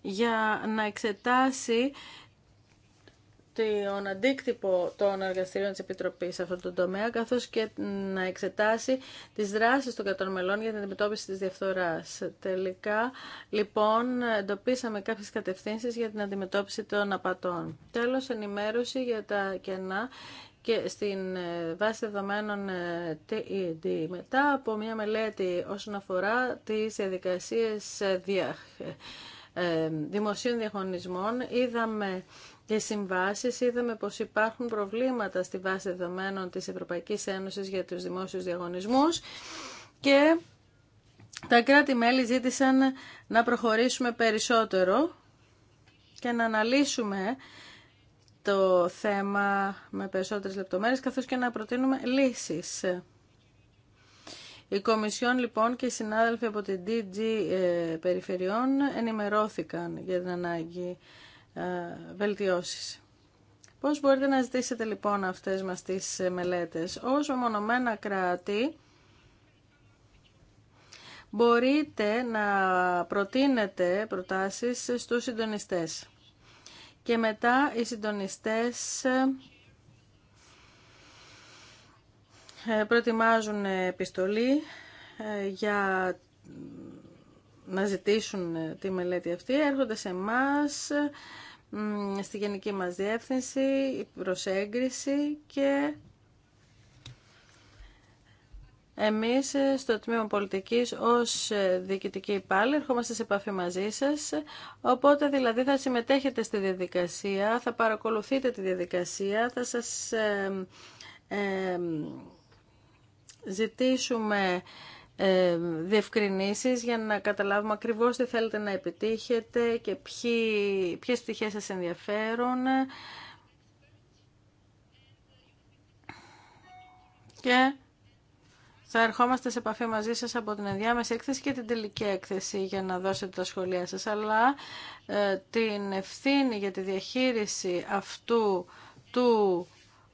για να εξετάσει τον αντίκτυπο των εργαστηρίων της Επιτροπής σε αυτόν τον τομέα, καθώς και να εξετάσει τις δράσεις των κατών για την αντιμετώπιση της διαφθοράς. Τελικά, λοιπόν, εντοπίσαμε κάποιες κατευθύνσεις για την αντιμετώπιση των απατών. Τέλος, ενημέρωση για τα κενά και στην ε, βάση δεδομένων ε, TED. Μετά από μια μελέτη όσον αφορά τις διαδικασίες ε, δημοσίων διαχωνισμών είδαμε και συμβάσεις είδαμε πως υπάρχουν προβλήματα στη βάση δεδομένων της Ευρωπαϊκής Ένωσης για τους δημόσιους διαγωνισμούς και τα κράτη-μέλη ζήτησαν να προχωρήσουμε περισσότερο και να αναλύσουμε το θέμα με περισσότερες λεπτομέρειες καθώς και να προτείνουμε λύσεις. Η Κομισιόν λοιπόν και οι συνάδελφοι από την DG ε, Περιφερειών ενημερώθηκαν για την ανάγκη ε, βελτιώσεις. Πώς μπορείτε να ζητήσετε λοιπόν αυτές μας τις μελέτες. Ως μονομένα κράτη μπορείτε να προτείνετε προτάσεις στους συντονιστές. Και μετά οι συντονιστές ε, προετοιμάζουν επιστολή ε, για να ζητήσουν ε, τη μελέτη αυτή έρχονται σε εμά στη γενική μας διεύθυνση η προσέγγιση και εμείς ε, στο Τμήμα Πολιτικής ως ε, διοικητική υπάλληλοι ερχόμαστε σε επαφή μαζί σας, οπότε δηλαδή θα συμμετέχετε στη διαδικασία, θα παρακολουθείτε τη διαδικασία, θα σας ζητήσουμε ε, διευκρινήσεις για να καταλάβουμε ακριβώς τι θέλετε να επιτύχετε και ποιοι, ποιες στοιχεία σας ενδιαφέρουν και θα ερχόμαστε σε επαφή μαζί σας από την ενδιάμεση έκθεση και την τελική έκθεση για να δώσετε τα σχολεία σας αλλά ε, την ευθύνη για τη διαχείριση αυτού του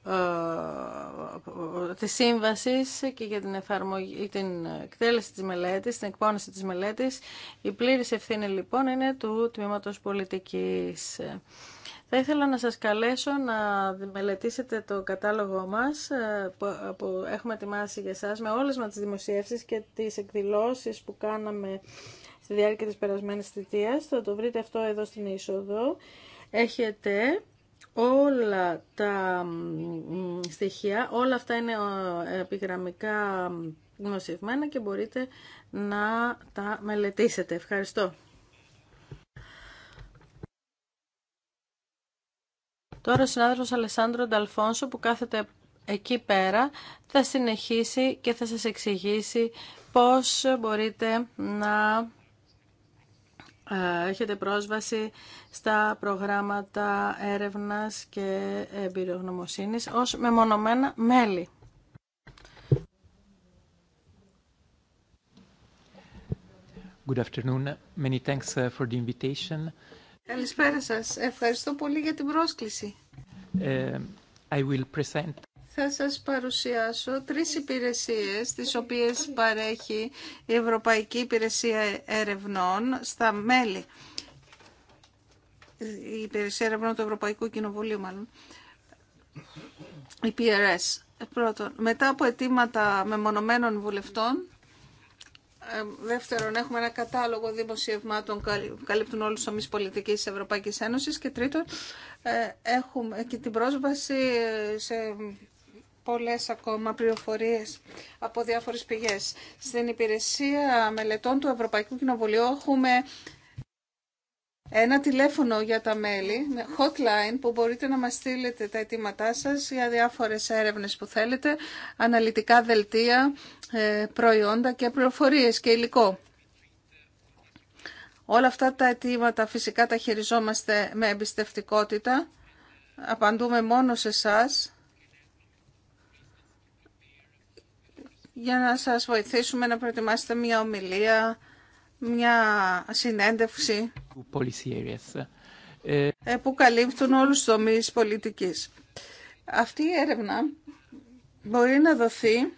ε, τη σύμβαση και για την, εφαρμογή, την εκτέλεση της μελέτης, την εκπόνηση της μελέτης. Η πλήρης ευθύνη λοιπόν είναι του Τμήματος Πολιτικής. Θα ήθελα να σας καλέσω να μελετήσετε το κατάλογο μας ε, ε, που έχουμε ετοιμάσει για σας με όλες μας τις δημοσιεύσεις και τις εκδηλώσεις που κάναμε στη διάρκεια της περασμένης θητείας. Θα το βρείτε αυτό εδώ στην είσοδο. Έχετε όλα τα στοιχεία, όλα αυτά είναι ε, επιγραμμικά γνωσιευμένα και μπορείτε να τα μελετήσετε. Ευχαριστώ. Τώρα ο συνάδελφος Αλεσάνδρο Νταλφόνσο που κάθεται εκεί πέρα θα συνεχίσει και θα σας εξηγήσει πώς μπορείτε να ε, έχετε πρόσβαση στα προγράμματα έρευνας και εμπειρογνωμοσύνης ως μεμονωμένα μέλη. Good afternoon. Many thanks uh, for the invitation. Καλησπέρα σας. Ευχαριστώ πολύ για την πρόσκληση. Ε, I will present θα σας παρουσιάσω τρεις υπηρεσίες τις οποίες παρέχει η Ευρωπαϊκή Υπηρεσία Ερευνών στα μέλη. Η Υπηρεσία Ερευνών του Ευρωπαϊκού Κοινοβουλίου μάλλον. Η PRS. Πρώτον, μετά από αιτήματα μεμονωμένων βουλευτών, ε, δεύτερον, έχουμε ένα κατάλογο δημοσιευμάτων που καλύπτουν όλους τους τομείς πολιτικής της Ευρωπαϊκής Ένωσης και τρίτον, ε, έχουμε και την πρόσβαση σε πολλές ακόμα πληροφορίες από διάφορες πηγές. Στην υπηρεσία μελετών του Ευρωπαϊκού Κοινοβουλίου έχουμε ένα τηλέφωνο για τα μέλη, hotline, που μπορείτε να μας στείλετε τα αιτήματά σας για διάφορες έρευνες που θέλετε, αναλυτικά δελτία, ε, προϊόντα και πληροφορίες και υλικό. Όλα αυτά τα αιτήματα φυσικά τα χειριζόμαστε με εμπιστευτικότητα. Απαντούμε μόνο σε σας για να σας βοηθήσουμε να προετοιμάσετε μια ομιλία, μια συνέντευξη ε, ε, που καλύπτουν όλους τους τομείς πολιτικής. Αυτή η έρευνα μπορεί να δοθεί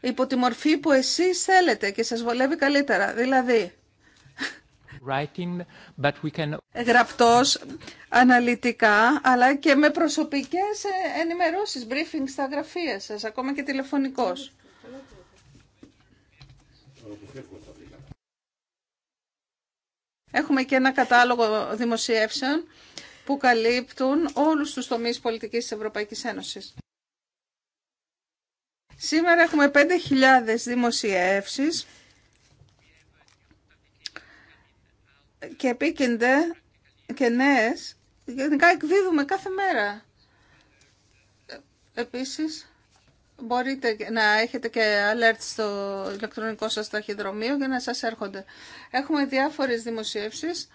υπό τη μορφή που εσείς θέλετε και σας βολεύει καλύτερα. Δηλαδή, Γραπτός, αναλυτικά, αλλά και με προσωπικές ε, ενημερώσεις, briefing στα γραφεία σας, ακόμα και τηλεφωνικός. Έχουμε και ένα κατάλογο δημοσιεύσεων που καλύπτουν όλους τους τομείς πολιτικής της Ευρωπαϊκής Ένωσης. Σήμερα έχουμε 5.000 δημοσιεύσεις και επίκενται και νέες. Γενικά εκδίδουμε κάθε μέρα. Επίσης, μπορείτε να έχετε και alert στο ηλεκτρονικό σας ταχυδρομείο για να σας έρχονται. Έχουμε διάφορες δημοσίευσεις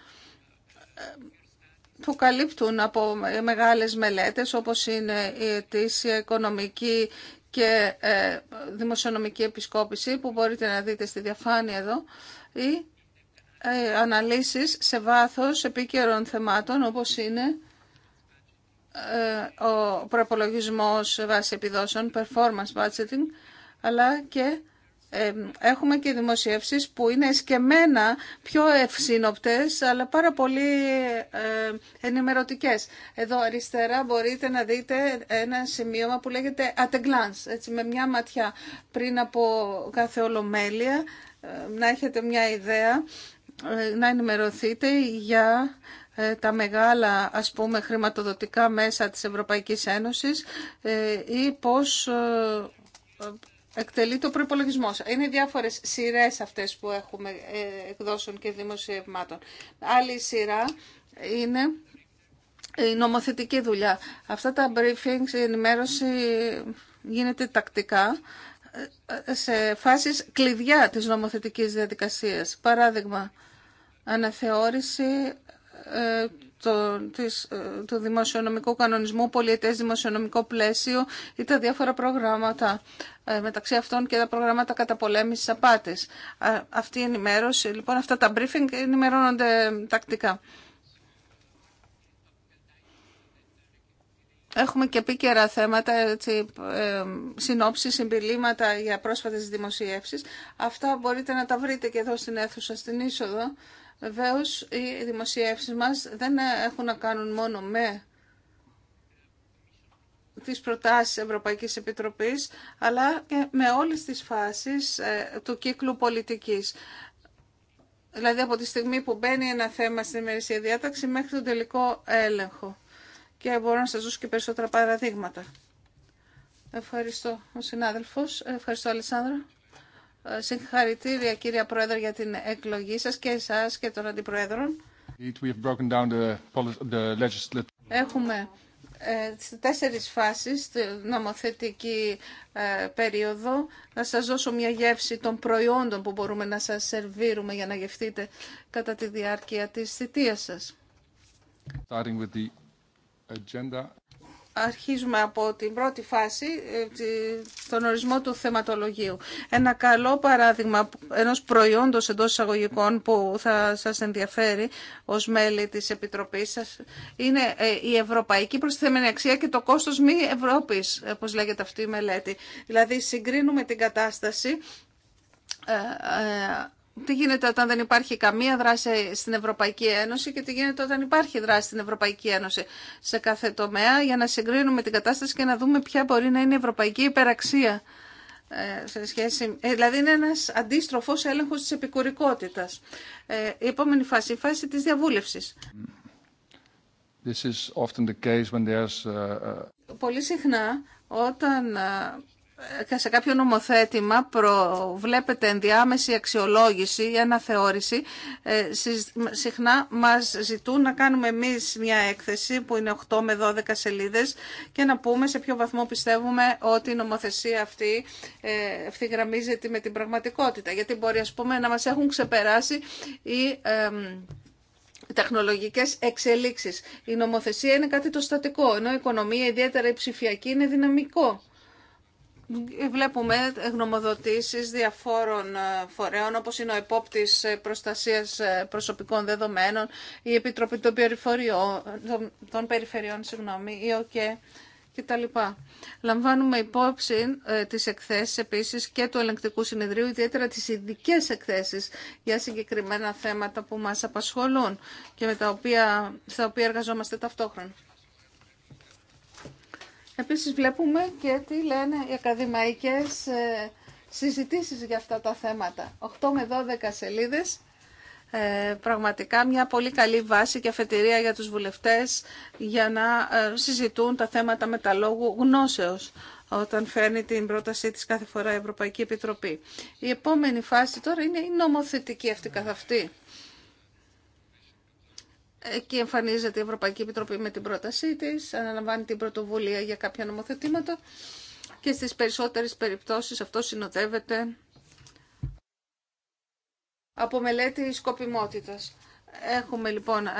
ε, που καλύπτουν από μεγάλες μελέτες όπως είναι η ετήσια οικονομική και ε, δημοσιονομική επισκόπηση που μπορείτε να δείτε στη διαφάνεια εδώ ή ε, αναλύσεις σε βάθος επίκαιρων θεμάτων όπως είναι ε, ο προπολογισμός βάσει επιδόσεων, performance budgeting, αλλά και ε, έχουμε και δημοσιεύσεις που είναι εσκεμένα πιο ευσύνοπτες αλλά πάρα πολύ ενημερωτικές. Εδώ αριστερά μπορείτε να δείτε ένα σημείωμα που λέγεται at a glance, έτσι, με μια ματιά πριν από κάθε ολομέλεια να έχετε μια ιδέα ε, να ενημερωθείτε για ε, τα μεγάλα ας πούμε χρηματοδοτικά μέσα της Ευρωπαϊκής Ένωσης ε, ή πώς εκτελεί το προπολογισμό. Είναι διάφορε σειρέ αυτέ που έχουμε εκδόσεων και δημοσιευμάτων. Άλλη σειρά είναι η πως εκτελει το προπολογισμο ειναι διαφορες σειρες αυτες που εχουμε εκδοσεων και δημοσιευματων αλλη Αυτά τα briefings, η ενημέρωση γίνεται τακτικά σε φάσεις κλειδιά της νομοθετικής διαδικασίας. Παράδειγμα, αναθεώρηση ε, το, της, ε, του δημοσιονομικού κανονισμού, πολιετές δημοσιονομικό πλαίσιο ή τα διάφορα προγράμματα, ε, μεταξύ αυτών και τα προγράμματα καταπολέμησης απάτης. αυτή η ενημέρωση, λοιπόν, αυτά τα briefing ενημερώνονται τακτικά. Έχουμε και επίκαιρα θέματα, έτσι, συνόψεις, συμπιλήματα για πρόσφατες δημοσιεύσεις. Αυτά μπορείτε να τα βρείτε και εδώ στην αίθουσα, στην είσοδο. Βεβαίω, οι δημοσιεύσεις μας δεν έχουν να κάνουν μόνο με τις προτάσεις Ευρωπαϊκής Επιτροπής, αλλά και με όλες τις φάσεις ε, του κύκλου πολιτικής. Δηλαδή από τη στιγμή που μπαίνει ένα θέμα στην ημερησία διάταξη μέχρι τον τελικό έλεγχο. Και μπορώ να σας δώσω και περισσότερα παραδείγματα. Ευχαριστώ ο συνάδελφος. Ευχαριστώ Αλεσάνδρα. Ε, συγχαρητήρια κύριε Πρόεδρε για την εκλογή σας και εσάς και των αντιπροέδρων. Έχουμε ε, σε τέσσερις φάσεις στη νομοθετική ε, περίοδο. Να σας δώσω μια γεύση των προϊόντων που μπορούμε να σας σερβίρουμε για να γευτείτε κατά τη διάρκεια της θητείας σας αρχίζουμε από την πρώτη φάση, ε, τον ορισμό του θεματολογίου. Ένα καλό παράδειγμα ενός προϊόντος εντός εισαγωγικών που θα σας ενδιαφέρει ως μέλη της Επιτροπής σας είναι ε, η ευρωπαϊκή προσθέμενη αξία και το κόστος μη Ευρώπης, ε, όπως λέγεται αυτή η μελέτη. Δηλαδή συγκρίνουμε την κατάσταση τι γίνεται όταν δεν υπάρχει καμία δράση στην Ευρωπαϊκή Ένωση και τι γίνεται όταν υπάρχει δράση στην Ευρωπαϊκή Ένωση σε κάθε τομέα για να συγκρίνουμε την κατάσταση και να δούμε ποια μπορεί να είναι η ευρωπαϊκή υπεραξία. Ε, σε σχέση, ε, δηλαδή είναι ένας αντίστροφος έλεγχος της επικουρικότητας. Ε, η επόμενη φάση, η φάση της διαβούλευσης. This is often the case when there's... Uh, uh, Πολύ συχνά όταν ε, σε κάποιο νομοθέτημα προβλέπεται ενδιάμεση αξιολόγηση ή αναθεώρηση, ε, συχνά μας ζητούν να κάνουμε εμείς μια έκθεση που είναι 8 με 12 σελίδες και να πούμε σε ποιο βαθμό πιστεύουμε ότι η νομοθεσία αυτή ε, ευθυγραμμίζεται με την πραγματικότητα. Γιατί μπορεί ας πούμε να μας έχουν ξεπεράσει οι τεχνολογικές εξελίξεις. Η νομοθεσία είναι κάτι το στατικό, ενώ η οικονομία, ιδιαίτερα η ψηφιακή, είναι δυναμικό. Βλέπουμε γνωμοδοτήσεις διαφόρων ε, φορέων όπως είναι ο επόπτης προστασίας ε, προσωπικών δεδομένων, η Επιτροπή των, των, Περιφερειών συγγνώμη, η ΟΚΕ λοιπά. Λαμβάνουμε υπόψη ε, τις εκθέσεις επίσης και του ελεγκτικού συνεδρίου, ιδιαίτερα τις ειδικέ εκθέσεις για συγκεκριμένα θέματα που μας απασχολούν και με τα οποία, στα οποία εργαζόμαστε ταυτόχρονα. Επίσης βλέπουμε και τι λένε οι ακαδημαϊκές ε, συζητήσεις για αυτά τα θέματα. 8 με 12 σελίδες, ε, πραγματικά μια πολύ καλή βάση και αφετηρία για τους βουλευτές για να ε, συζητούν τα θέματα μεταλόγου γνώσεως όταν φέρνει την πρότασή της κάθε φορά η Ευρωπαϊκή Επιτροπή. Η επόμενη φάση τώρα είναι η νομοθετική αυτή καθ' αυτή. Εκεί εμφανίζεται η Ευρωπαϊκή Επιτροπή με την πρότασή της, αναλαμβάνει την πρωτοβουλία για κάποια νομοθετήματα και στις περισσότερες περιπτώσεις αυτό συνοδεύεται από μελέτη σκοπιμότητας. Έχουμε λοιπόν ε,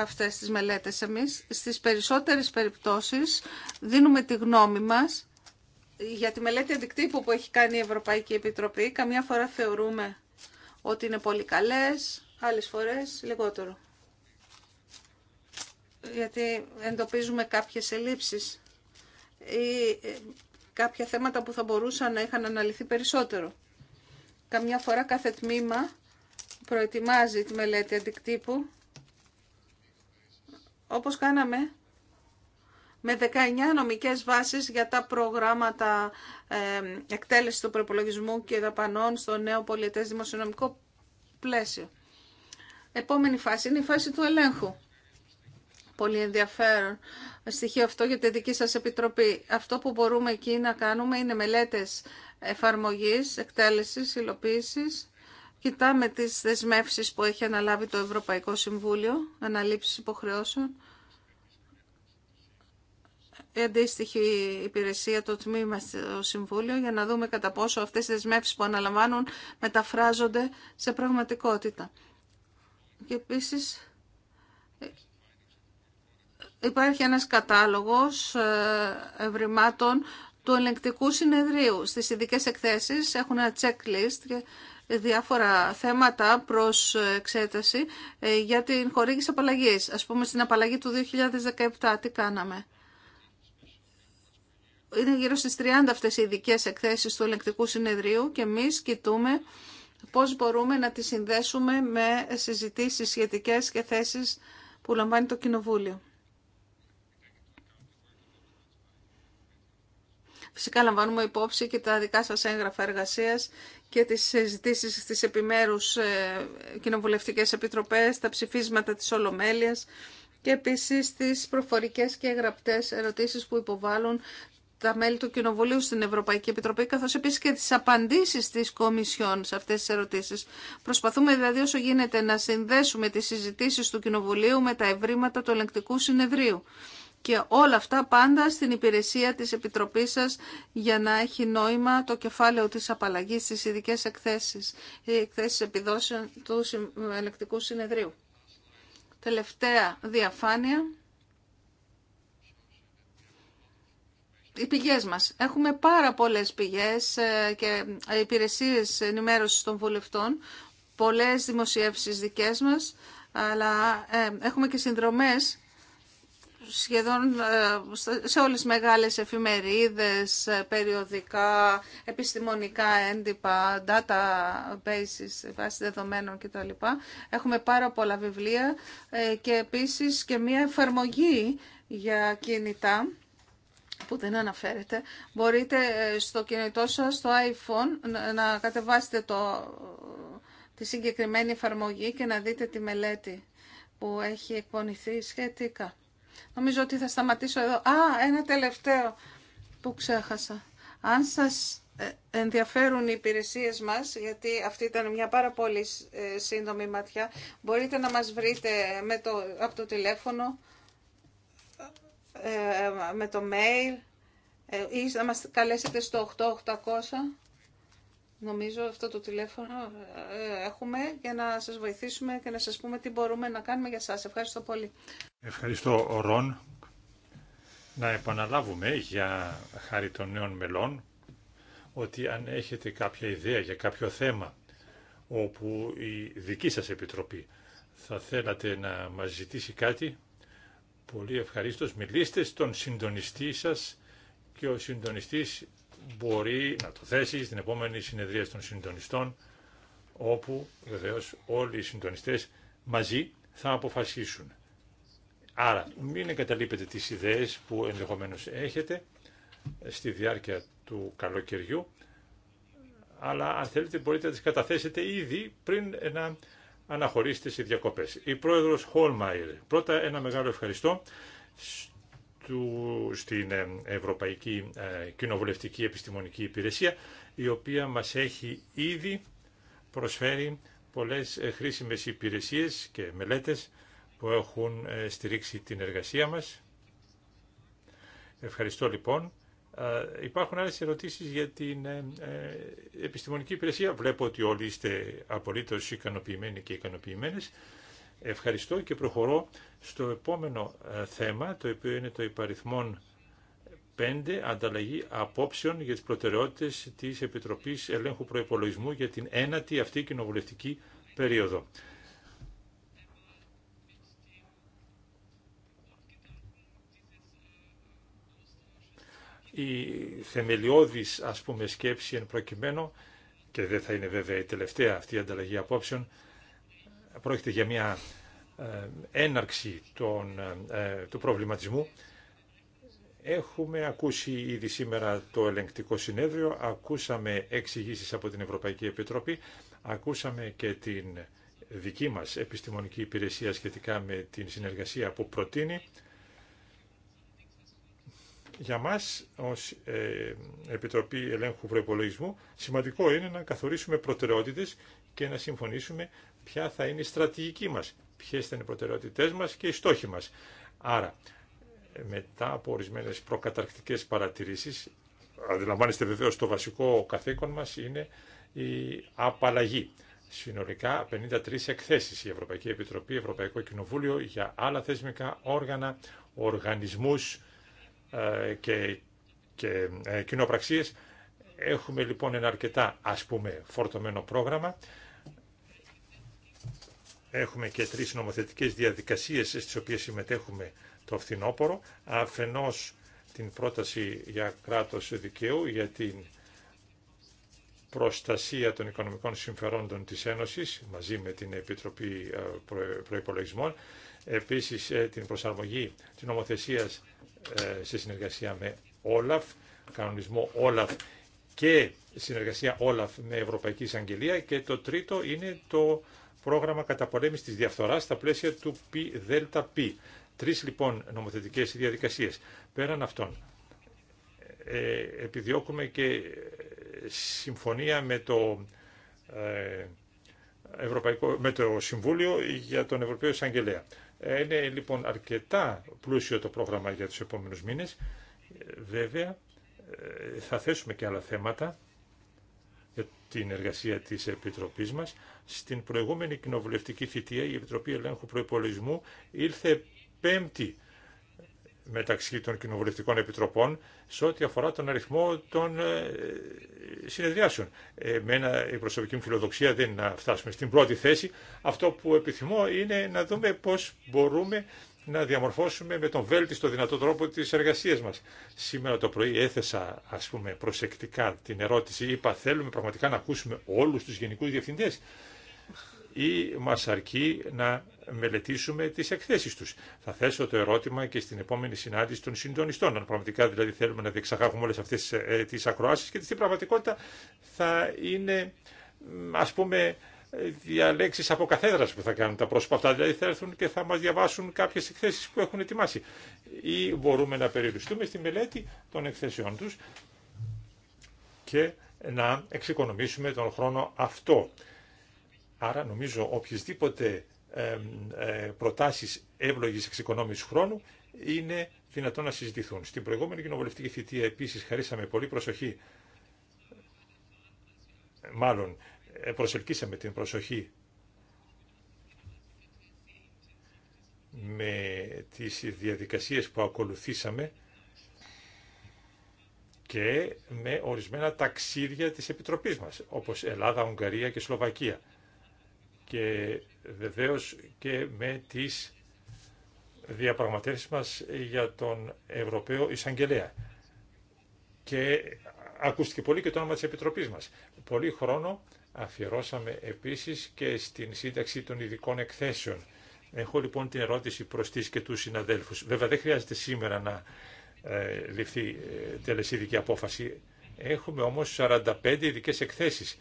αυτές τις μελέτες εμείς. Στις περισσότερες περιπτώσεις δίνουμε τη γνώμη μας για τη μελέτη αντικτύπου που έχει κάνει η Ευρωπαϊκή Επιτροπή. Καμιά φορά θεωρούμε ότι είναι πολύ καλές, άλλες φορές λιγότερο γιατί εντοπίζουμε κάποιες ελλείψεις ή ε, κάποια θέματα που θα μπορούσαν να είχαν αναλυθεί περισσότερο. Καμιά φορά κάθε τμήμα προετοιμάζει τη μελέτη αντικτύπου, όπως κάναμε με 19 νομικές βάσεις για τα προγράμματα ε, εκτέλεσης του προπολογισμού και δαπανών στο νέο πολιετές δημοσιονομικό πλαίσιο. Επόμενη φάση είναι η φάση του ελέγχου πολύ ενδιαφέρον στοιχείο αυτό για τη δική σας επιτροπή. Αυτό που μπορούμε εκεί να κάνουμε είναι μελέτες εφαρμογής, εκτέλεσης, υλοποίηση. Κοιτάμε τις δεσμεύσεις που έχει αναλάβει το Ευρωπαϊκό Συμβούλιο, αναλήψεις υποχρεώσεων. Η αντίστοιχη υπηρεσία, το τμήμα στο Συμβούλιο, για να δούμε κατά πόσο αυτές οι δεσμεύσεις που αναλαμβάνουν μεταφράζονται σε πραγματικότητα. Και επίσης υπάρχει ένας κατάλογος ε, ευρημάτων του ελεγκτικού συνεδρίου. Στις ειδικές εκθέσεις έχουν ένα checklist και διάφορα θέματα προς εξέταση ε, για την χορήγηση απαλλαγής. Ας πούμε στην απαλλαγή του 2017 τι κάναμε. Είναι γύρω στις 30 αυτές οι ειδικέ εκθέσεις του ελεγκτικού συνεδρίου και εμείς κοιτούμε πώς μπορούμε να τις συνδέσουμε με συζητήσεις σχετικές και θέσεις που λαμβάνει το Κοινοβούλιο. Φυσικά λαμβάνουμε υπόψη και τα δικά σας έγγραφα εργασίας και τις συζητήσεις στις επιμέρους ε, κοινοβουλευτικές επιτροπές, τα ψηφίσματα της Ολομέλειας και επίσης τις προφορικές και γραπτές ερωτήσεις που υποβάλλουν τα μέλη του Κοινοβουλίου στην Ευρωπαϊκή Επιτροπή, καθώς επίσης και τις απαντήσεις της Κομισιόν σε αυτές τις ερωτήσεις. Προσπαθούμε δηλαδή όσο γίνεται να συνδέσουμε τις συζητήσεις του Κοινοβουλίου με τα ευρήματα του ελεγκτικού συνεδρίου και όλα αυτά πάντα στην υπηρεσία της Επιτροπής σας για να έχει νόημα το κεφάλαιο της απαλλαγής στις ειδικέ εκθέσεις, οι εκθέσεις επιδόσεων του Ελεκτικού Συνεδρίου. Τελευταία διαφάνεια. Οι πηγές μας. Έχουμε πάρα πολλές πηγές ε, και ε, υπηρεσίες ενημέρωσης των βουλευτών, πολλές δημοσιεύσεις δικές μας, αλλά ε, έχουμε και συνδρομές σχεδόν ε, σε όλες τις μεγάλες εφημερίδες, ε, περιοδικά, επιστημονικά έντυπα, databases, ε, βάση δεδομένων κτλ. Έχουμε πάρα πολλά βιβλία και επίσης και μία εφαρμογή για κινητά που δεν αναφέρεται. Μπορείτε στο κινητό σας, στο iPhone, να κατεβάσετε το, τη συγκεκριμένη εφαρμογή και να δείτε τη μελέτη που έχει εκπονηθεί σχετικά. Νομίζω ότι θα σταματήσω εδώ. Α, ένα τελευταίο που ξέχασα. Αν σας ε, ενδιαφέρουν οι υπηρεσίες μας, γιατί αυτή ήταν μια πάρα πολύ ε, σύντομη ματιά, μπορείτε να μας βρείτε με το, από το τηλέφωνο, ε, με το mail, ή να μας καλέσετε στο 8800. Νομίζω αυτό το τηλέφωνο ε, έχουμε για να σας βοηθήσουμε και να σας πούμε τι μπορούμε να κάνουμε για σας. Ευχαριστώ πολύ. Ευχαριστώ, Ρον. Να επαναλάβουμε για χάρη των νέων μελών ότι αν έχετε κάποια ιδέα για κάποιο θέμα όπου η δική σας επιτροπή θα θέλατε να μας ζητήσει κάτι, πολύ ευχαριστώ μιλήστε στον συντονιστή σας και ο συντονιστής μπορεί να το θέσει στην επόμενη συνεδρία των συντονιστών, όπου βεβαίω όλοι οι συντονιστέ μαζί θα αποφασίσουν. Άρα, μην εγκαταλείπετε τις ιδέες που ενδεχομένως έχετε στη διάρκεια του καλοκαιριού, αλλά αν θέλετε μπορείτε να τις καταθέσετε ήδη πριν να αναχωρήσετε σε διακοπές. Η πρόεδρος Χόλμαϊρ, πρώτα ένα μεγάλο ευχαριστώ του, στην ε, Ευρωπαϊκή ε, Κοινοβουλευτική Επιστημονική Υπηρεσία, η οποία μας έχει ήδη προσφέρει πολλές ε, χρήσιμες υπηρεσίες και μελέτες που έχουν στηρίξει την εργασία μας. Ευχαριστώ λοιπόν. Υπάρχουν άλλες ερωτήσεις για την επιστημονική υπηρεσία. Βλέπω ότι όλοι είστε απολύτως ικανοποιημένοι και ικανοποιημένες. Ευχαριστώ και προχωρώ στο επόμενο ε, θέμα, το οποίο είναι το υπαριθμόν 5, ανταλλαγή απόψεων για τις προτεραιότητες της Επιτροπής Ελέγχου Προϋπολογισμού για την ένατη αυτή κοινοβουλευτική περίοδο. Η θεμελιώδης, ας πούμε, σκέψη εν προκειμένου, και δεν θα είναι βέβαια η τελευταία αυτή η ανταλλαγή απόψεων, πρόκειται για μια ε, έναρξη των, ε, του προβληματισμού. Έχουμε ακούσει ήδη σήμερα το ελεγκτικό συνέδριο, ακούσαμε εξηγήσεις από την Ευρωπαϊκή Επιτροπή, ακούσαμε και την δική μας επιστημονική υπηρεσία σχετικά με την συνεργασία που προτείνει. Για μας, ως ε, Επιτροπή Ελέγχου Προϋπολογισμού, σημαντικό είναι να καθορίσουμε προτεραιότητες και να συμφωνήσουμε ποια θα είναι η στρατηγική μας, ποιες θα είναι οι προτεραιότητές μας και οι στόχοι μας. Άρα, μετά από ορισμένε προκαταρκτικές παρατηρήσεις, αντιλαμβάνεστε βεβαίως το βασικό καθήκον μας είναι η απαλλαγή. Συνολικά 53 εκθέσεις η Ευρωπαϊκή Επιτροπή, Ευρωπαϊκό Κοινοβούλιο για άλλα θεσμικά όργανα, οργανισμούς ε, και, και ε, κοινοπραξίες. Έχουμε λοιπόν ένα αρκετά ας πούμε φορτωμένο πρόγραμμα έχουμε και τρεις νομοθετικές διαδικασίες στις οποίες συμμετέχουμε το φθινόπωρο. Αφενός την πρόταση για κράτος δικαίου για την προστασία των οικονομικών συμφερόντων της Ένωσης μαζί με την Επιτροπή ε, Προϋπολογισμών. Επίσης ε, την προσαρμογή της νομοθεσίας ε, σε συνεργασία με Όλαφ, κανονισμό Όλαφ και συνεργασία Όλαφ με Ευρωπαϊκή Εισαγγελία και το τρίτο είναι το πρόγραμμα καταπολέμησης τη διαφθοράς στα πλαίσια του ΠΔΠ. Τρει λοιπόν νομοθετικές διαδικασίες. Πέραν αυτών, ε, επιδιώκουμε και συμφωνία με το, ε, Ευρωπαϊκό, με το Συμβούλιο για τον Ευρωπαίο Εισαγγελέα. Ε, είναι λοιπόν αρκετά πλούσιο το πρόγραμμα για τους επόμενους μήνες. Ε, βέβαια, ε, θα θέσουμε και άλλα θέματα για την εργασία της Επιτροπής μας. Στην προηγούμενη κοινοβουλευτική θητεία η Επιτροπή Ελέγχου Προϋπολογισμού ήλθε πέμπτη μεταξύ των κοινοβουλευτικών επιτροπών σε ό,τι αφορά τον αριθμό των ε, συνεδριάσεων. Εμένα η προσωπική μου φιλοδοξία δεν είναι να φτάσουμε στην πρώτη θέση. Αυτό που επιθυμώ είναι να δούμε πώς μπορούμε να διαμορφώσουμε με τον βέλτιστο δυνατό τρόπο τις εργασίες μας. Σήμερα το πρωί έθεσα ας πούμε προσεκτικά την ερώτηση, είπα θέλουμε πραγματικά να ακούσουμε όλους τους γενικούς διευθυντέ ή μας αρκεί να μελετήσουμε τις εκθέσεις τους. Θα θέσω το ερώτημα και στην επόμενη συνάντηση των συντονιστών, αν πραγματικά δηλαδή θέλουμε να διεξαγάγουμε όλες αυτές ε, τις ακροάσεις και στην πραγματικότητα θα είναι ας πούμε Διαλέξει από καθέδρας που θα κάνουν τα πρόσωπα αυτά, δηλαδή θα έρθουν και θα μας διαβάσουν κάποιες εκθέσει που έχουν ετοιμάσει. Ή μπορούμε να περιοριστούμε στη μελέτη των εκθέσεών τους και να εξοικονομήσουμε τον χρόνο αυτό. Άρα νομίζω οποιασδήποτε ε, προτάσεις εύλογης εξοικονόμηση χρόνου είναι δυνατόν να συζητηθούν. Στην προηγούμενη κοινοβουλευτική θητεία επίσης χαρίσαμε πολύ προσοχή, μάλλον προσελκύσαμε την προσοχή με τις διαδικασίες που ακολουθήσαμε και με ορισμένα ταξίδια της Επιτροπής μας, όπως Ελλάδα, Ουγγαρία και Σλοβακία. Και βεβαίως και με τις διαπραγματεύσεις μας για τον Ευρωπαίο Ισαγγελέα. Και ακούστηκε πολύ και το όνομα της Επιτροπής μας. Πολύ χρόνο Αφιερώσαμε επίσης και στην σύνταξη των ειδικών εκθέσεων. Έχω λοιπόν την ερώτηση προς τις και τους συναδέλφους. Βέβαια δεν χρειάζεται σήμερα να ε, ληφθεί ε, τελεσίδικη απόφαση. Έχουμε όμως 45 ειδικέ εκθέσεις.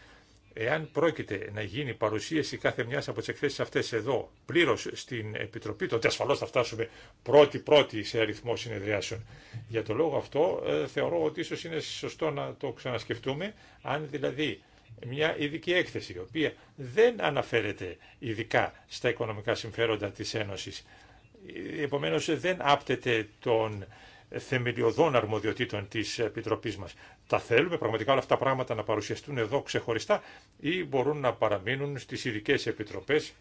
Εάν πρόκειται να γίνει παρουσίαση κάθε μια από τι εκθέσει αυτέ εδώ πλήρω στην Επιτροπή, τότε ασφαλώ θα φτάσουμε πρώτη-πρώτη σε αριθμό συνεδριάσεων. Για το λόγο αυτό, ε, θεωρώ ότι ίσω είναι σωστό να το ξανασκεφτούμε, αν δηλαδή μια ειδική έκθεση, η οποία δεν αναφέρεται ειδικά στα οικονομικά συμφέροντα της Ένωσης. Επομένως δεν άπτεται των θεμελιωδών αρμοδιοτήτων της Επιτροπής μας. Τα θέλουμε πραγματικά όλα αυτά τα πράγματα να παρουσιαστούν εδώ ξεχωριστά ή μπορούν να παραμείνουν στις ειδικέ επιτροπές.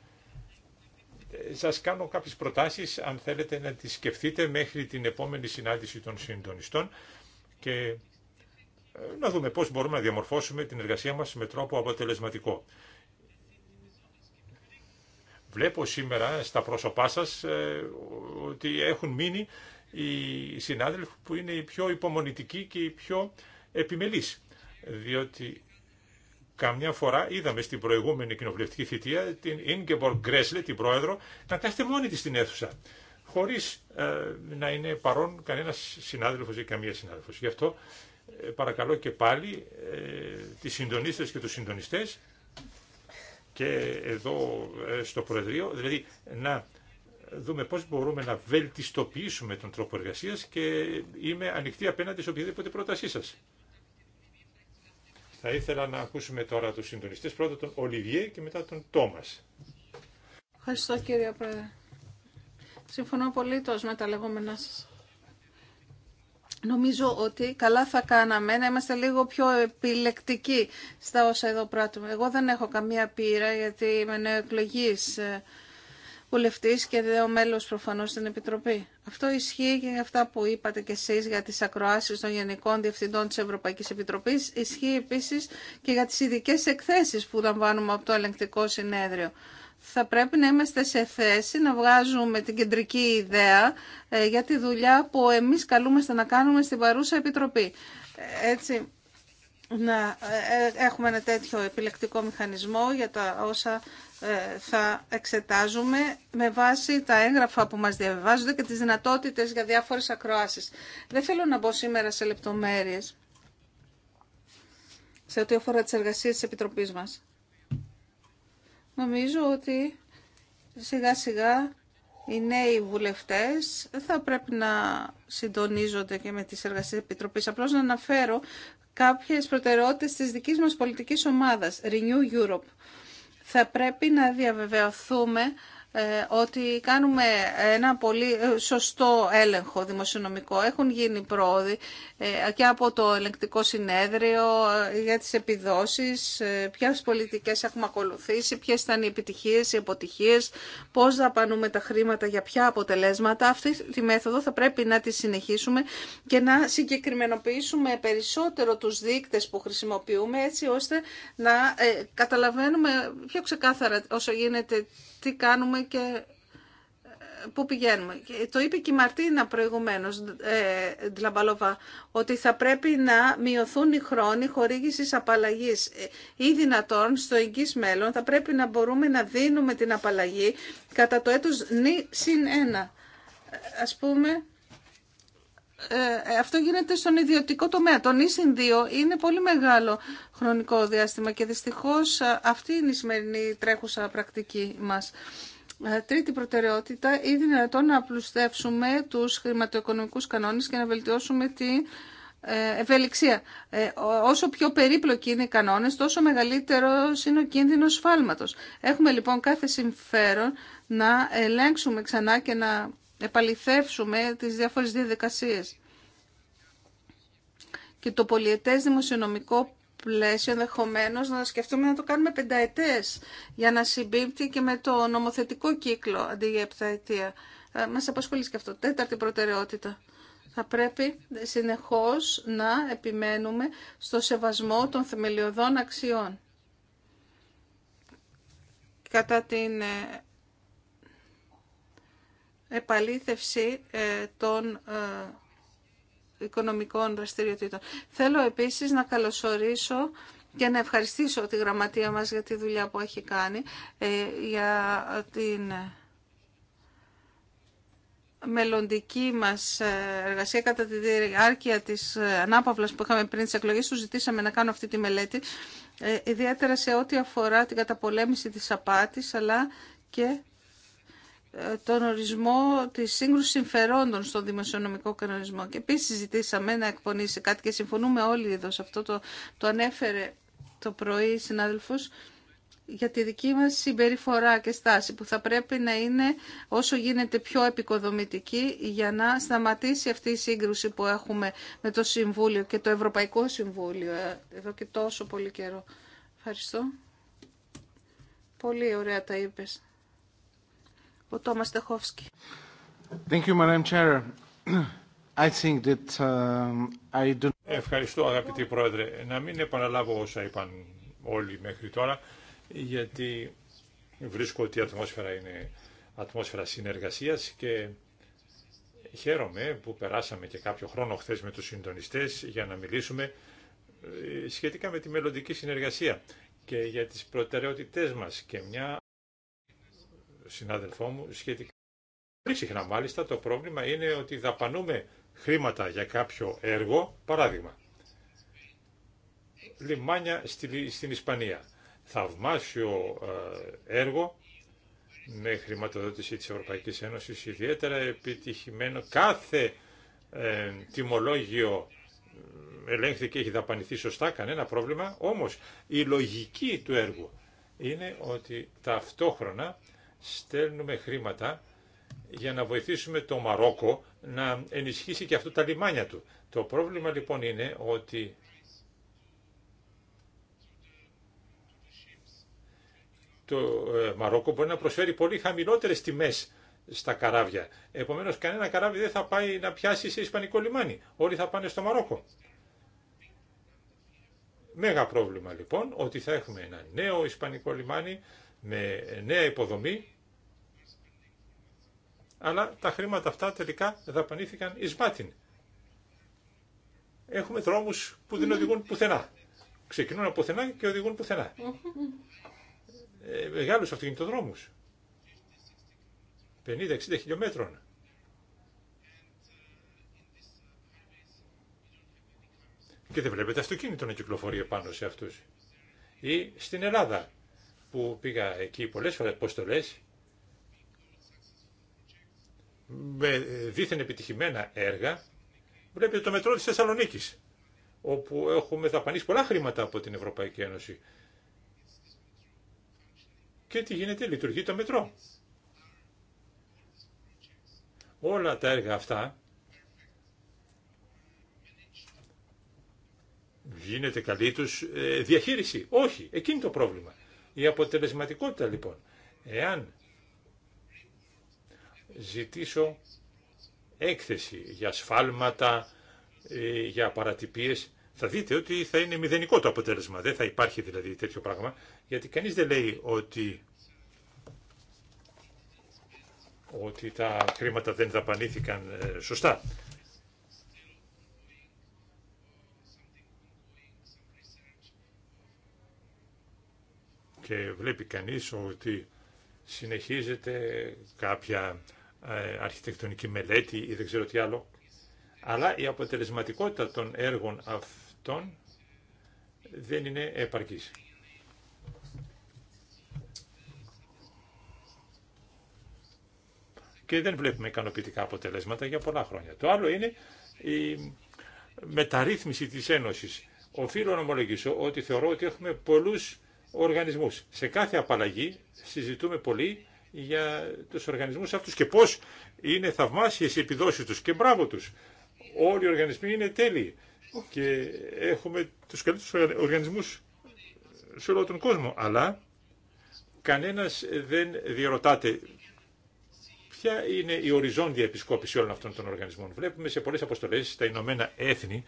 Σας κάνω κάποιες προτάσεις αν θέλετε να τις σκεφτείτε μέχρι την επόμενη συνάντηση των συντονιστών και να δούμε πώς μπορούμε να διαμορφώσουμε την εργασία μας με τρόπο αποτελεσματικό. Βλέπω σήμερα στα πρόσωπά σας ε, ότι έχουν μείνει οι συνάδελφοι που είναι οι πιο υπομονητικοί και οι πιο επιμελείς. Διότι καμιά φορά είδαμε στην προηγούμενη κοινοβουλευτική θητεία την Ingeborg Γκρέσλε, την πρόεδρο, να κάθεται μόνη της στην αίθουσα. Χωρίς ε, να είναι παρόν κανένας συνάδελφος ή καμία συνάδελφος. Γι' αυτό ε, παρακαλώ και πάλι ε, τις συντονίστες και τους συντονιστές και εδώ ε, στο Προεδρείο, δηλαδή να δούμε πώς μπορούμε να βελτιστοποιήσουμε τον τρόπο εργασίας και είμαι ανοιχτή απέναντι σε οποιαδήποτε πρότασή σας. Θα ήθελα να ακούσουμε τώρα τους συντονιστές, πρώτα τον Ολιβιέ και μετά τον Τόμας. Ευχαριστώ κύριε Πρόεδρε. Συμφωνώ απολύτως με τα λεγόμενά σας. Νομίζω ότι καλά θα κάναμε να είμαστε λίγο πιο επιλεκτικοί στα όσα εδώ πράττουμε. Εγώ δεν έχω καμία πείρα γιατί είμαι εκλογής ε, βουλευτής και δεν μέλος προφανώς στην Επιτροπή. Αυτό ισχύει και για αυτά που είπατε και εσείς για τις ακροάσεις των Γενικών Διευθυντών της Ευρωπαϊκής Επιτροπής. Ισχύει επίσης και για τις ειδικέ εκθέσεις που λαμβάνουμε από το ελεγκτικό συνέδριο θα πρέπει να είμαστε σε θέση να βγάζουμε την κεντρική ιδέα ε, για τη δουλειά που εμείς καλούμαστε να κάνουμε στην παρούσα Επιτροπή. Ε, έτσι, να ε, έχουμε ένα τέτοιο επιλεκτικό μηχανισμό για τα όσα θα εξετάζουμε με βάση τα έγγραφα που μας διαβάζονται και τις δυνατότητες για διάφορες ακροάσεις. Δεν θέλω να μπω σήμερα σε λεπτομέρειες σε ό,τι αφορά τις εργασίες της Επιτροπής μας. Νομίζω ότι σιγά σιγά οι νέοι βουλευτές θα πρέπει να συντονίζονται και με τις εργασίες Επιτροπής. Απλώς να αναφέρω κάποιες προτεραιότητες της δικής μας πολιτικής ομάδας, Renew Europe. Θα πρέπει να διαβεβαιωθούμε ε, ότι κάνουμε ένα πολύ ε, σωστό έλεγχο δημοσιονομικό. Έχουν γίνει πρόοδοι ε, και από το ελεγκτικό συνέδριο για τις επιδόσεις, ποιες πολιτικές έχουμε ακολουθήσει, ποιες ήταν οι επιτυχίες, οι αποτυχίες, πώς δαπανούμε τα χρήματα για ποια αποτελέσματα. Αυτή τη μέθοδο θα πρέπει να τη συνεχίσουμε και να συγκεκριμενοποιήσουμε περισσότερο τους δείκτες που χρησιμοποιούμε έτσι ώστε να καταλαβαίνουμε πιο ξεκάθαρα όσο γίνεται τι κάνουμε και ε, πού πηγαίνουμε. Το είπε και η Μαρτίνα προηγουμένως, ε, ότι θα πρέπει να μειωθούν οι χρόνοι χορήγησης απαλλαγής ε, ή δυνατόν στο εγγύς μέλλον θα πρέπει να μπορούμε να δίνουμε την απαλλαγή κατά το έτος νη συν ένα. Ε, ας πούμε, ε, αυτό γίνεται στον ιδιωτικό τομέα. Το νησιν 2 είναι πολύ μεγάλο χρονικό διάστημα και δυστυχώς ε, αυτή είναι η σημερινή τρέχουσα πρακτική μας. Ε, τρίτη προτεραιότητα, είναι δυνατόν να απλουστεύσουμε τους χρηματοοικονομικούς κανόνες και να βελτιώσουμε τη ευελιξία. όσο πιο περίπλοκοι είναι οι κανόνες, τόσο μεγαλύτερο είναι ο κίνδυνος φάλματος. Έχουμε λοιπόν κάθε συμφέρον να ελέγξουμε ξανά και να επαληθεύσουμε τις διάφορες διαδικασίες. Και το πολιετές δημοσιονομικό πλαίσιο ενδεχομένω να σκεφτούμε να το κάνουμε πενταετές για να συμπίπτει και με το νομοθετικό κύκλο αντί για επταετία. Ε, μας απασχολεί και αυτό. Τέταρτη προτεραιότητα. Θα πρέπει συνεχώς να επιμένουμε στο σεβασμό των θεμελιωδών αξιών κατά την ε, επαλήθευση ε, των ε, οικονομικών δραστηριοτήτων. Θέλω επίσης να καλωσορίσω και να ευχαριστήσω τη γραμματεία μας για τη δουλειά που έχει κάνει, ε, για την μελλοντική μας εργασία κατά τη διάρκεια της ανάπαυλας που είχαμε πριν τις εκλογές του ζητήσαμε να κάνω αυτή τη μελέτη ιδιαίτερα σε ό,τι αφορά την καταπολέμηση της απάτης αλλά και τον ορισμό της σύγκρουσης συμφερόντων στον δημοσιονομικό κανονισμό. Και επίσης ζητήσαμε να εκπονήσει κάτι και συμφωνούμε όλοι εδώ σε αυτό το, το ανέφερε το πρωί συνάδελφος για τη δική μας συμπεριφορά και στάση που θα πρέπει να είναι όσο γίνεται πιο επικοδομητική για να σταματήσει αυτή η σύγκρουση που έχουμε με το Συμβούλιο και το Ευρωπαϊκό Συμβούλιο ε, εδώ και τόσο πολύ καιρό. Ευχαριστώ. Πολύ ωραία τα είπες. Ευχαριστώ αγαπητή Πρόεδρε. Να μην επαναλάβω όσα είπαν όλοι μέχρι τώρα, γιατί βρίσκω ότι η ατμόσφαιρα είναι ατμόσφαιρα συνεργασίας και χαίρομαι που περάσαμε και κάποιο χρόνο χθες με τους συντονιστές για να μιλήσουμε ε, σχετικά με τη μελλοντική συνεργασία και για τις προτεραιότητές μας και μια συνάδελφό μου σχετικά. Πολύ συχνά μάλιστα το πρόβλημα είναι ότι δαπανούμε χρήματα για κάποιο έργο, παράδειγμα, λιμάνια στην Ισπανία. Θαυμάσιο ε, έργο με χρηματοδότηση της Ευρωπαϊκής Ένωσης, ιδιαίτερα επιτυχημένο. Κάθε ε, τιμολόγιο ε, ελέγχθηκε και έχει δαπανηθεί σωστά, κανένα πρόβλημα. Όμως η λογική του έργου είναι ότι ταυτόχρονα στέλνουμε χρήματα για να βοηθήσουμε το Μαρόκο να ενισχύσει και αυτό τα λιμάνια του. Το πρόβλημα λοιπόν είναι ότι το ε, Μαρόκο μπορεί να προσφέρει πολύ χαμηλότερες τιμές στα καράβια. Επομένως κανένα καράβι δεν θα πάει να πιάσει σε ισπανικό λιμάνι. Όλοι θα πάνε στο Μαρόκο. Μέγα πρόβλημα λοιπόν ότι θα έχουμε ένα νέο ισπανικό λιμάνι με νέα υποδομή αλλά τα χρήματα αυτά τελικά δαπανήθηκαν εις μάτιν. Έχουμε δρόμους που δεν οδηγούν πουθενά. Ξεκινούν από πουθενά και οδηγούν πουθενά. Ε, μεγάλους αυτοκινητοδρόμους. 50-60 χιλιόμετρων. Και δεν βλέπετε αυτοκίνητο να κυκλοφορεί πάνω σε αυτούς. Ή στην Ελλάδα που πήγα εκεί πολλές φορές αποστολές με δίθεν επιτυχημένα έργα. Βλέπετε το μετρό της Θεσσαλονίκη, όπου έχουμε δαπανίσει πολλά χρήματα από την Ευρωπαϊκή Ένωση. Και τι γίνεται, λειτουργεί το μετρό. Όλα τα έργα αυτά γίνεται καλή τους ε, διαχείριση. Όχι, εκείνη το πρόβλημα. Η αποτελεσματικότητα λοιπόν. Εάν ζητήσω έκθεση για σφάλματα, ε, για παρατυπίες. Θα δείτε ότι θα είναι μηδενικό το αποτέλεσμα. Δεν θα υπάρχει δηλαδή τέτοιο πράγμα, γιατί κανείς δεν λέει ότι ότι τα χρήματα δεν δαπανήθηκαν ε, σωστά. Και βλέπει κανείς ότι συνεχίζεται κάποια ε, αρχιτεκτονική μελέτη ή δεν ξέρω τι άλλο. Αλλά η αποτελεσματικότητα των έργων αυτών δεν είναι επαρκής. Και δεν βλέπουμε ικανοποιητικά αποτελέσματα για πολλά χρόνια. Το άλλο είναι η μεταρρύθμιση της Ένωσης. Οφείλω να ομολογήσω ότι θεωρώ ότι έχουμε πολλούς οργανισμούς. Σε κάθε απαλλαγή συζητούμε πολύ για τους οργανισμούς αυτούς και πώς είναι θαυμάσιες οι επιδόσεις τους και μπράβο τους. Όλοι οι οργανισμοί είναι τέλειοι και έχουμε τους καλύτερους οργανισμούς σε όλο τον κόσμο. Αλλά κανένας δεν διαρωτάται ποια είναι η οριζόντια επισκόπηση όλων αυτών των οργανισμών. Βλέπουμε σε πολλές αποστολές στα Ηνωμένα Έθνη,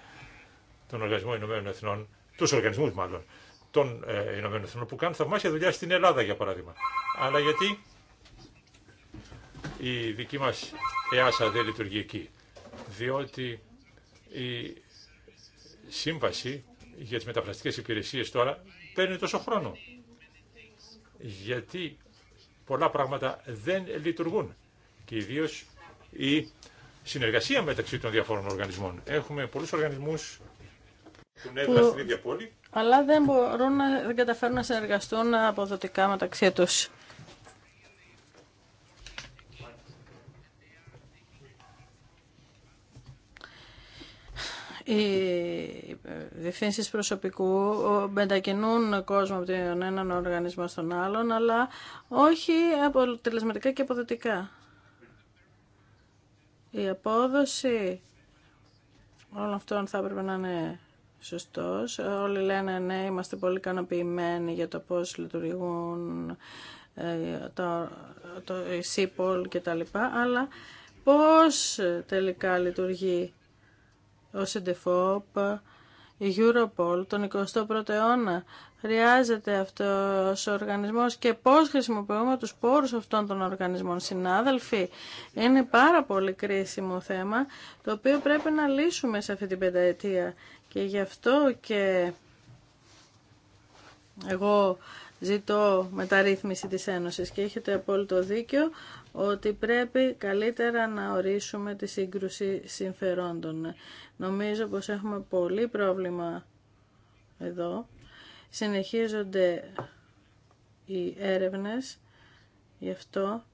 τον Οργανισμό Ηνωμένων Εθνών, τους οργανισμούς μάλλον, των ε, Ηνωμένων Εθνών που κάνουν θαυμάσια δουλειά στην Ελλάδα για παράδειγμα. Αλλά γιατί η δική μας ΕΑΣΑ δεν λειτουργεί εκεί, διότι η σύμβαση για τις μεταφραστικές υπηρεσίες τώρα παίρνει τόσο χρόνο, γιατί πολλά πράγματα δεν λειτουργούν και ιδίω η συνεργασία μεταξύ των διαφόρων οργανισμών. Έχουμε πολλούς οργανισμούς που που... στην ίδια πόλη. Αλλά δεν μπορούν να δεν καταφέρουν να συνεργαστούν αποδοτικά μεταξύ τους. οι ε, διευθύνσει προσωπικού μετακινούν κόσμο από τον έναν οργανισμό στον άλλον, αλλά όχι αποτελεσματικά και αποδοτικά. Η απόδοση όλων αυτών θα έπρεπε να είναι σωστός. Όλοι λένε ναι, είμαστε πολύ ικανοποιημένοι για το πώς λειτουργούν ε, το, το, ΣΥΠΟΛ και τα λοιπά, αλλά πώς τελικά λειτουργεί ο Σεντεφόπ, η Europol τον 21ο αιώνα. Χρειάζεται αυτός ο οργανισμός και πώς χρησιμοποιούμε τους πόρους αυτών των οργανισμών. Συνάδελφοι, είναι πάρα πολύ κρίσιμο θέμα το οποίο πρέπει να λύσουμε σε αυτή την πενταετία και γι' αυτό και εγώ ζητώ μεταρρύθμιση της Ένωσης και έχετε απόλυτο δίκιο ότι πρέπει καλύτερα να ορίσουμε τη σύγκρουση συμφερόντων. Νομίζω πως έχουμε πολύ πρόβλημα εδώ. Συνεχίζονται οι έρευνες γι' αυτό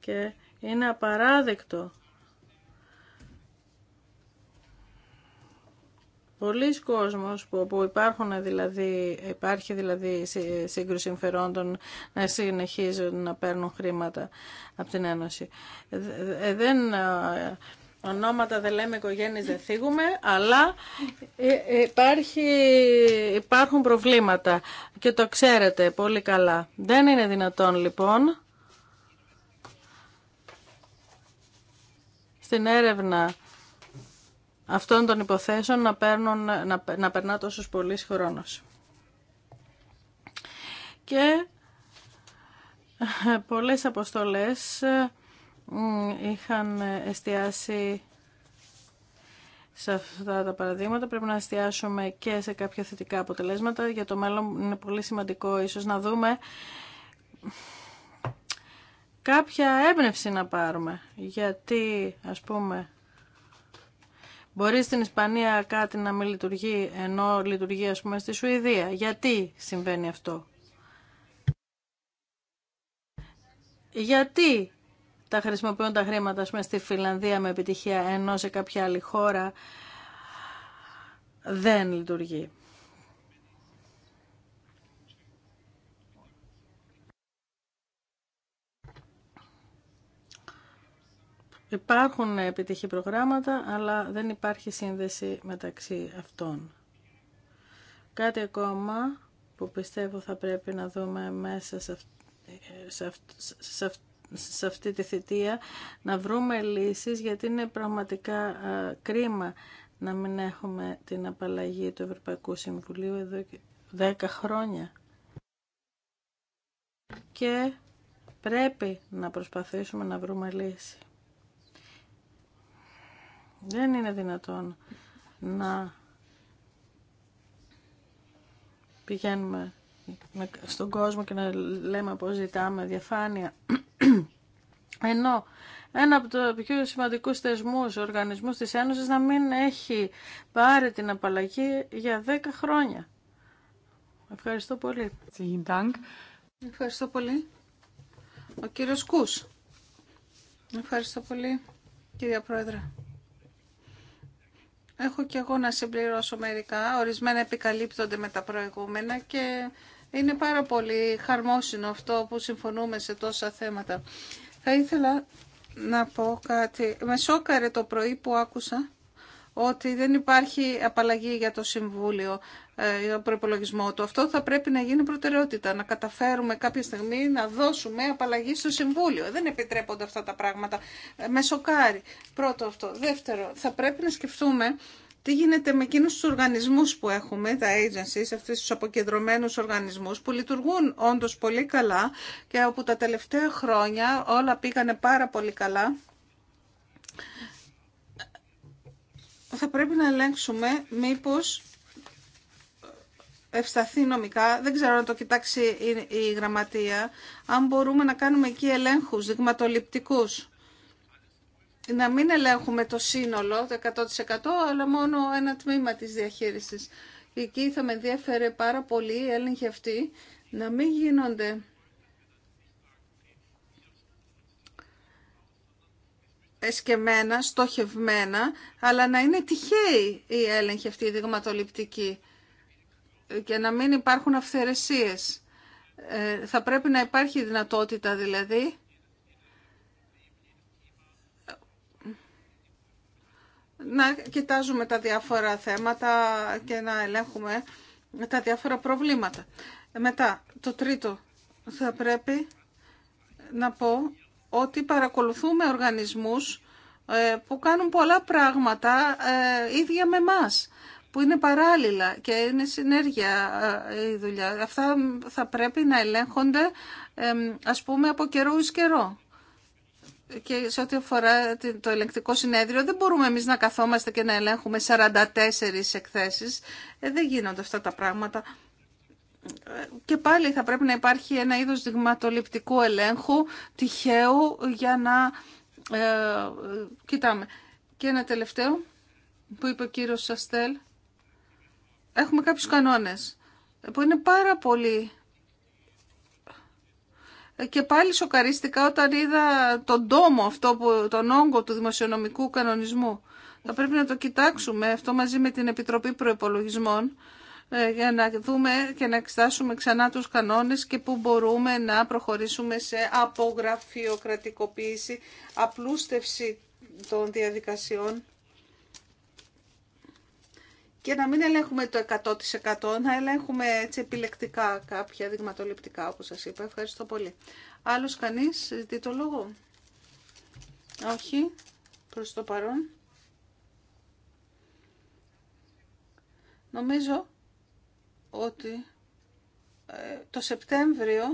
και είναι απαράδεκτο Πολλοί κόσμος που, που υπάρχουν δηλαδή, υπάρχει δηλαδή σύγκρουση συμφερόντων να συνεχίζουν να παίρνουν χρήματα από την Ένωση. Ε, ε, δεν, ε, ονόματα δεν λέμε, οικογένειε δεν θίγουμε, αλλά υπάρχει, υπάρχουν προβλήματα και το ξέρετε πολύ καλά. Δεν είναι δυνατόν λοιπόν στην έρευνα αυτών των υποθέσεων να, παίρνουν, να, να περνά τόσο πολύ χρόνο. Και ε, πολλές αποστολές ε, είχαν εστιάσει σε αυτά τα παραδείγματα. Πρέπει να εστιάσουμε και σε κάποια θετικά αποτελέσματα. Για το μέλλον είναι πολύ σημαντικό ίσως να δούμε κάποια έμπνευση να πάρουμε. Γιατί, ας πούμε, Μπορεί στην Ισπανία κάτι να μην λειτουργεί, ενώ λειτουργεί ας πούμε στη Σουηδία. Γιατί συμβαίνει αυτό. Γιατί τα χρησιμοποιούν τα χρήματα ας πούμε, στη Φιλανδία με επιτυχία, ενώ σε κάποια άλλη χώρα δεν λειτουργεί. Υπάρχουν επιτυχή προγράμματα, αλλά δεν υπάρχει σύνδεση μεταξύ αυτών. Κάτι ακόμα που πιστεύω θα πρέπει να δούμε μέσα σε, αυτή, τη θητεία, να βρούμε λύσεις γιατί είναι πραγματικά κρίμα να μην έχουμε την απαλλαγή του Ευρωπαϊκού Συμβουλίου εδώ και 10 χρόνια. Και πρέπει να προσπαθήσουμε να βρούμε λύση. Δεν είναι δυνατόν να πηγαίνουμε στον κόσμο και να λέμε πώς ζητάμε διαφάνεια. Ενώ ένα από τους πιο σημαντικούς θεσμού, οργανισμούς της Ένωσης να μην έχει πάρει την απαλλαγή για 10 χρόνια. Ευχαριστώ πολύ. Ευχαριστώ πολύ. Ο κύριος Κούς. Ευχαριστώ πολύ, κυρία Πρόεδρε. Έχω και εγώ να συμπληρώσω μερικά. Ορισμένα επικαλύπτονται με τα προηγούμενα και είναι πάρα πολύ χαρμόσυνο αυτό που συμφωνούμε σε τόσα θέματα. Θα ήθελα να πω κάτι. Με σόκαρε το πρωί που άκουσα ότι δεν υπάρχει απαλλαγή για το Συμβούλιο. Ε, ο προπολογισμό του. Αυτό θα πρέπει να γίνει προτεραιότητα. Να καταφέρουμε κάποια στιγμή να δώσουμε απαλλαγή στο Συμβούλιο. Δεν επιτρέπονται αυτά τα πράγματα. Ε, με σοκάρει. Πρώτο αυτό. Δεύτερο, θα πρέπει να σκεφτούμε τι γίνεται με εκείνους τους οργανισμούς που έχουμε, τα agencies, αυτού τους αποκεντρωμένους οργανισμούς που λειτουργούν όντως πολύ καλά και όπου τα τελευταία χρόνια όλα πήγανε πάρα πολύ καλά. Θα πρέπει να ελέγξουμε μήπως ευσταθεί νομικά, δεν ξέρω να το κοιτάξει η γραμματεία, αν μπορούμε να κάνουμε εκεί ελέγχους δειγματοληπτικούς. Να μην ελέγχουμε το σύνολο, το 100%, αλλά μόνο ένα τμήμα της διαχείρισης. Εκεί θα με ενδιαφέρει πάρα πολύ η έλεγχη αυτή να μην γίνονται εσκεμμένα, στοχευμένα, αλλά να είναι τυχαίοι οι έλεγχοι αυτοί οι δειγματοληπτικοί και να μην υπάρχουν αυθαιρεσίες. Ε, θα πρέπει να υπάρχει δυνατότητα δηλαδή να κοιτάζουμε τα διάφορα θέματα και να ελέγχουμε τα διάφορα προβλήματα. Μετά, το τρίτο, θα πρέπει να πω ότι παρακολουθούμε οργανισμούς ε, που κάνουν πολλά πράγματα ε, ίδια με μας που είναι παράλληλα και είναι συνέργεια ε, η δουλειά. Αυτά θα πρέπει να ελέγχονται ας πούμε από καιρό εις καιρό. Και σε ό,τι αφορά το ελεγκτικό συνέδριο δεν μπορούμε εμείς να καθόμαστε και να ελέγχουμε 44 εκθέσεις. Ε, δεν γίνονται αυτά τα πράγματα. Και πάλι θα πρέπει να υπάρχει ένα είδος δειγματοληπτικού ελέγχου, τυχαίου, για να ε, κοιτάμε. Και ένα τελευταίο που είπε ο κύριος Σαστέλ έχουμε κάποιους κανόνες ε, που είναι πάρα πολύ... Ε, και πάλι σοκαρίστηκα όταν είδα τον τόμο αυτό, που, τον όγκο του δημοσιονομικού κανονισμού. Θα πρέπει να το κοιτάξουμε αυτό μαζί με την Επιτροπή Προϋπολογισμών ε, για να δούμε και να εξετάσουμε ξανά τους κανόνες και πού μπορούμε να προχωρήσουμε σε απογραφειοκρατικοποίηση, απλούστευση των διαδικασιών και να μην ελέγχουμε το 100% να ελέγχουμε έτσι επιλεκτικά κάποια δειγματοληπτικά όπως σας είπα. Ευχαριστώ πολύ. Άλλος κανείς ζητεί το λόγο. Όχι. Προς το παρόν. Νομίζω ότι ε, το Σεπτέμβριο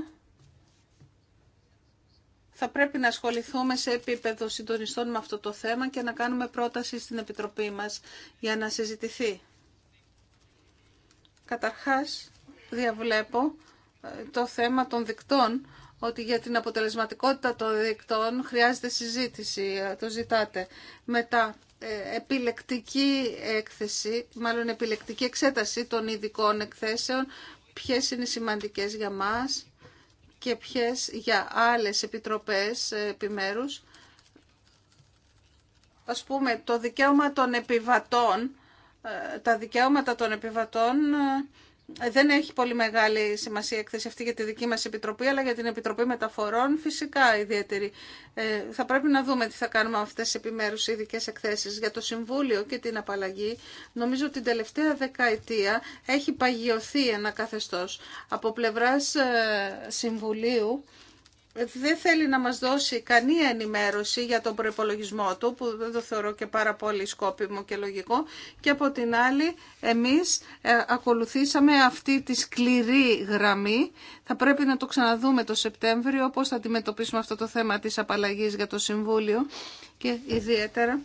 θα πρέπει να ασχοληθούμε σε επίπεδο συντονιστών με αυτό το θέμα και να κάνουμε πρόταση στην Επιτροπή μας για να συζητηθεί. Καταρχάς, διαβλέπω ε, το θέμα των δικτών, ότι για την αποτελεσματικότητα των δικτών χρειάζεται συζήτηση, ε, το ζητάτε. Μετά, ε, επιλεκτική έκθεση, μάλλον επιλεκτική εξέταση των ειδικών εκθέσεων, ποιες είναι σημαντικές για μας και ποιες για άλλες επιτροπές επιμέρους. Ας πούμε, το δικαίωμα των επιβατών ε, τα δικαιώματα των επιβατών ε, δεν έχει πολύ μεγάλη σημασία η εκθέση αυτή για τη δική μας Επιτροπή, αλλά για την Επιτροπή Μεταφορών φυσικά ιδιαίτερη. Ε, θα πρέπει να δούμε τι θα κάνουμε αυτές τις επιμέρους ειδικέ εκθέσεις. Για το Συμβούλιο και την απαλλαγή, νομίζω ότι την τελευταία δεκαετία έχει παγιωθεί ένα καθεστώς. Από πλευράς ε, Συμβουλίου, δεν θέλει να μας δώσει κανία ενημέρωση για τον προϋπολογισμό του, που δεν το θεωρώ και πάρα πολύ σκόπιμο και λογικό, και από την άλλη εμείς ε, ακολουθήσαμε αυτή τη σκληρή γραμμή. Θα πρέπει να το ξαναδούμε το Σεπτέμβριο, πώς θα αντιμετωπίσουμε αυτό το θέμα της απαλλαγής για το Συμβούλιο και ιδιαίτερα.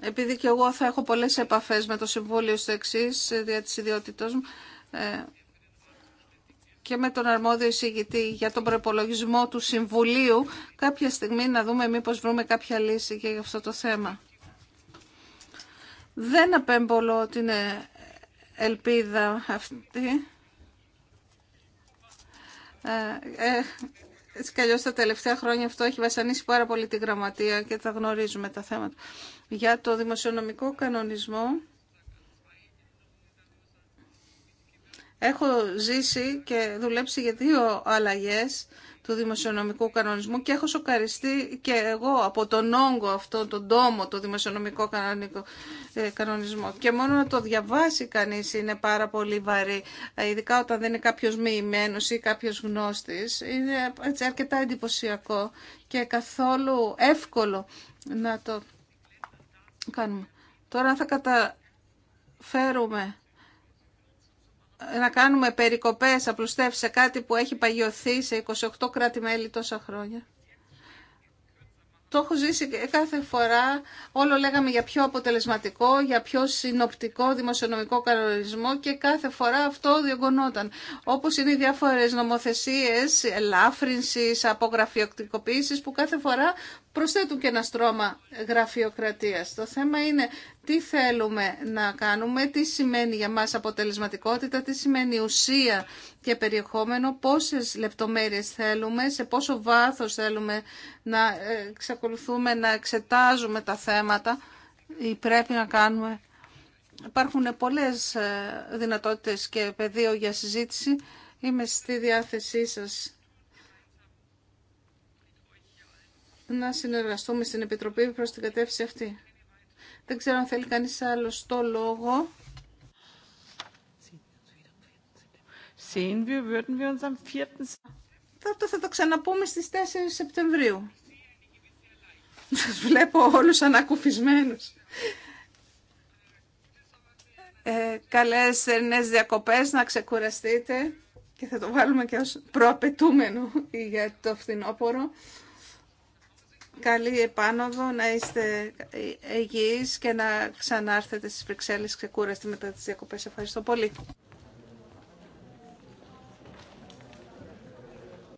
Επειδή και εγώ θα έχω πολλές επαφές με το Συμβούλιο στο εξής, ε, δια της ιδιότητός μου, ε, και με τον αρμόδιο εισηγητή για τον προπολογισμό του Συμβουλίου κάποια στιγμή να δούμε μήπως βρούμε κάποια λύση και για αυτό το θέμα. Δεν απέμπολω την ε, ελπίδα αυτή. Ε, ε, έτσι τα τελευταία χρόνια αυτό έχει βασανίσει πάρα πολύ τη γραμματεία και τα γνωρίζουμε τα θέματα. Για το δημοσιονομικό κανονισμό Έχω ζήσει και δουλέψει για δύο αλλαγέ του δημοσιονομικού κανονισμού και έχω σοκαριστεί και εγώ από τον όγκο αυτό, τον τόμο, το δημοσιονομικό ε, κανονισμό. Και μόνο να το διαβάσει κανείς είναι πάρα πολύ βαρύ, ε, ειδικά όταν δεν είναι κάποιος μοιημένος ή κάποιος γνώστης. Είναι έτσι αρκετά εντυπωσιακό και καθόλου εύκολο να το κάνουμε. Τώρα θα καταφέρουμε να κάνουμε περικοπές, απλουστεύσεις σε κάτι που έχει παγιωθεί σε 28 κράτη-μέλη τόσα χρόνια. Το έχω ζήσει κάθε φορά. Όλο λέγαμε για πιο αποτελεσματικό, για πιο συνοπτικό δημοσιονομικό κανονισμό και κάθε φορά αυτό διωγγωνόταν. Όπως είναι οι διάφορε νομοθεσίε ελάφρυνση, απογραφειοκτικοποίηση που κάθε φορά προσθέτουν και ένα στρώμα γραφειοκρατίας. Το θέμα είναι τι θέλουμε να κάνουμε, τι σημαίνει για μας αποτελεσματικότητα, τι σημαίνει ουσία και περιεχόμενο, πόσες λεπτομέρειες θέλουμε, σε πόσο βάθος θέλουμε να εξακολουθούμε να εξετάζουμε τα θέματα ή πρέπει να κάνουμε. Υπάρχουν πολλές ε, δυνατότητες και πεδίο για συζήτηση. Είμαι στη διάθεσή σας να συνεργαστούμε στην Επιτροπή προς την κατεύθυνση αυτή. Δεν ξέρω αν θέλει κανείς άλλο το λόγο. το θα το ξαναπούμε στις 4 Σεπτεμβρίου. Σας βλέπω όλους ανακουφισμένους. Ε, καλές νέες διακοπές, να ξεκουραστείτε και θα το βάλουμε και ως προαπαιτούμενο για το φθινόπωρο καλή επάνωδο, να είστε υγιείς και να ξανάρθετε στις Βρυξέλλες ξεκούραστοι μετά τις διακοπές. Ευχαριστώ πολύ.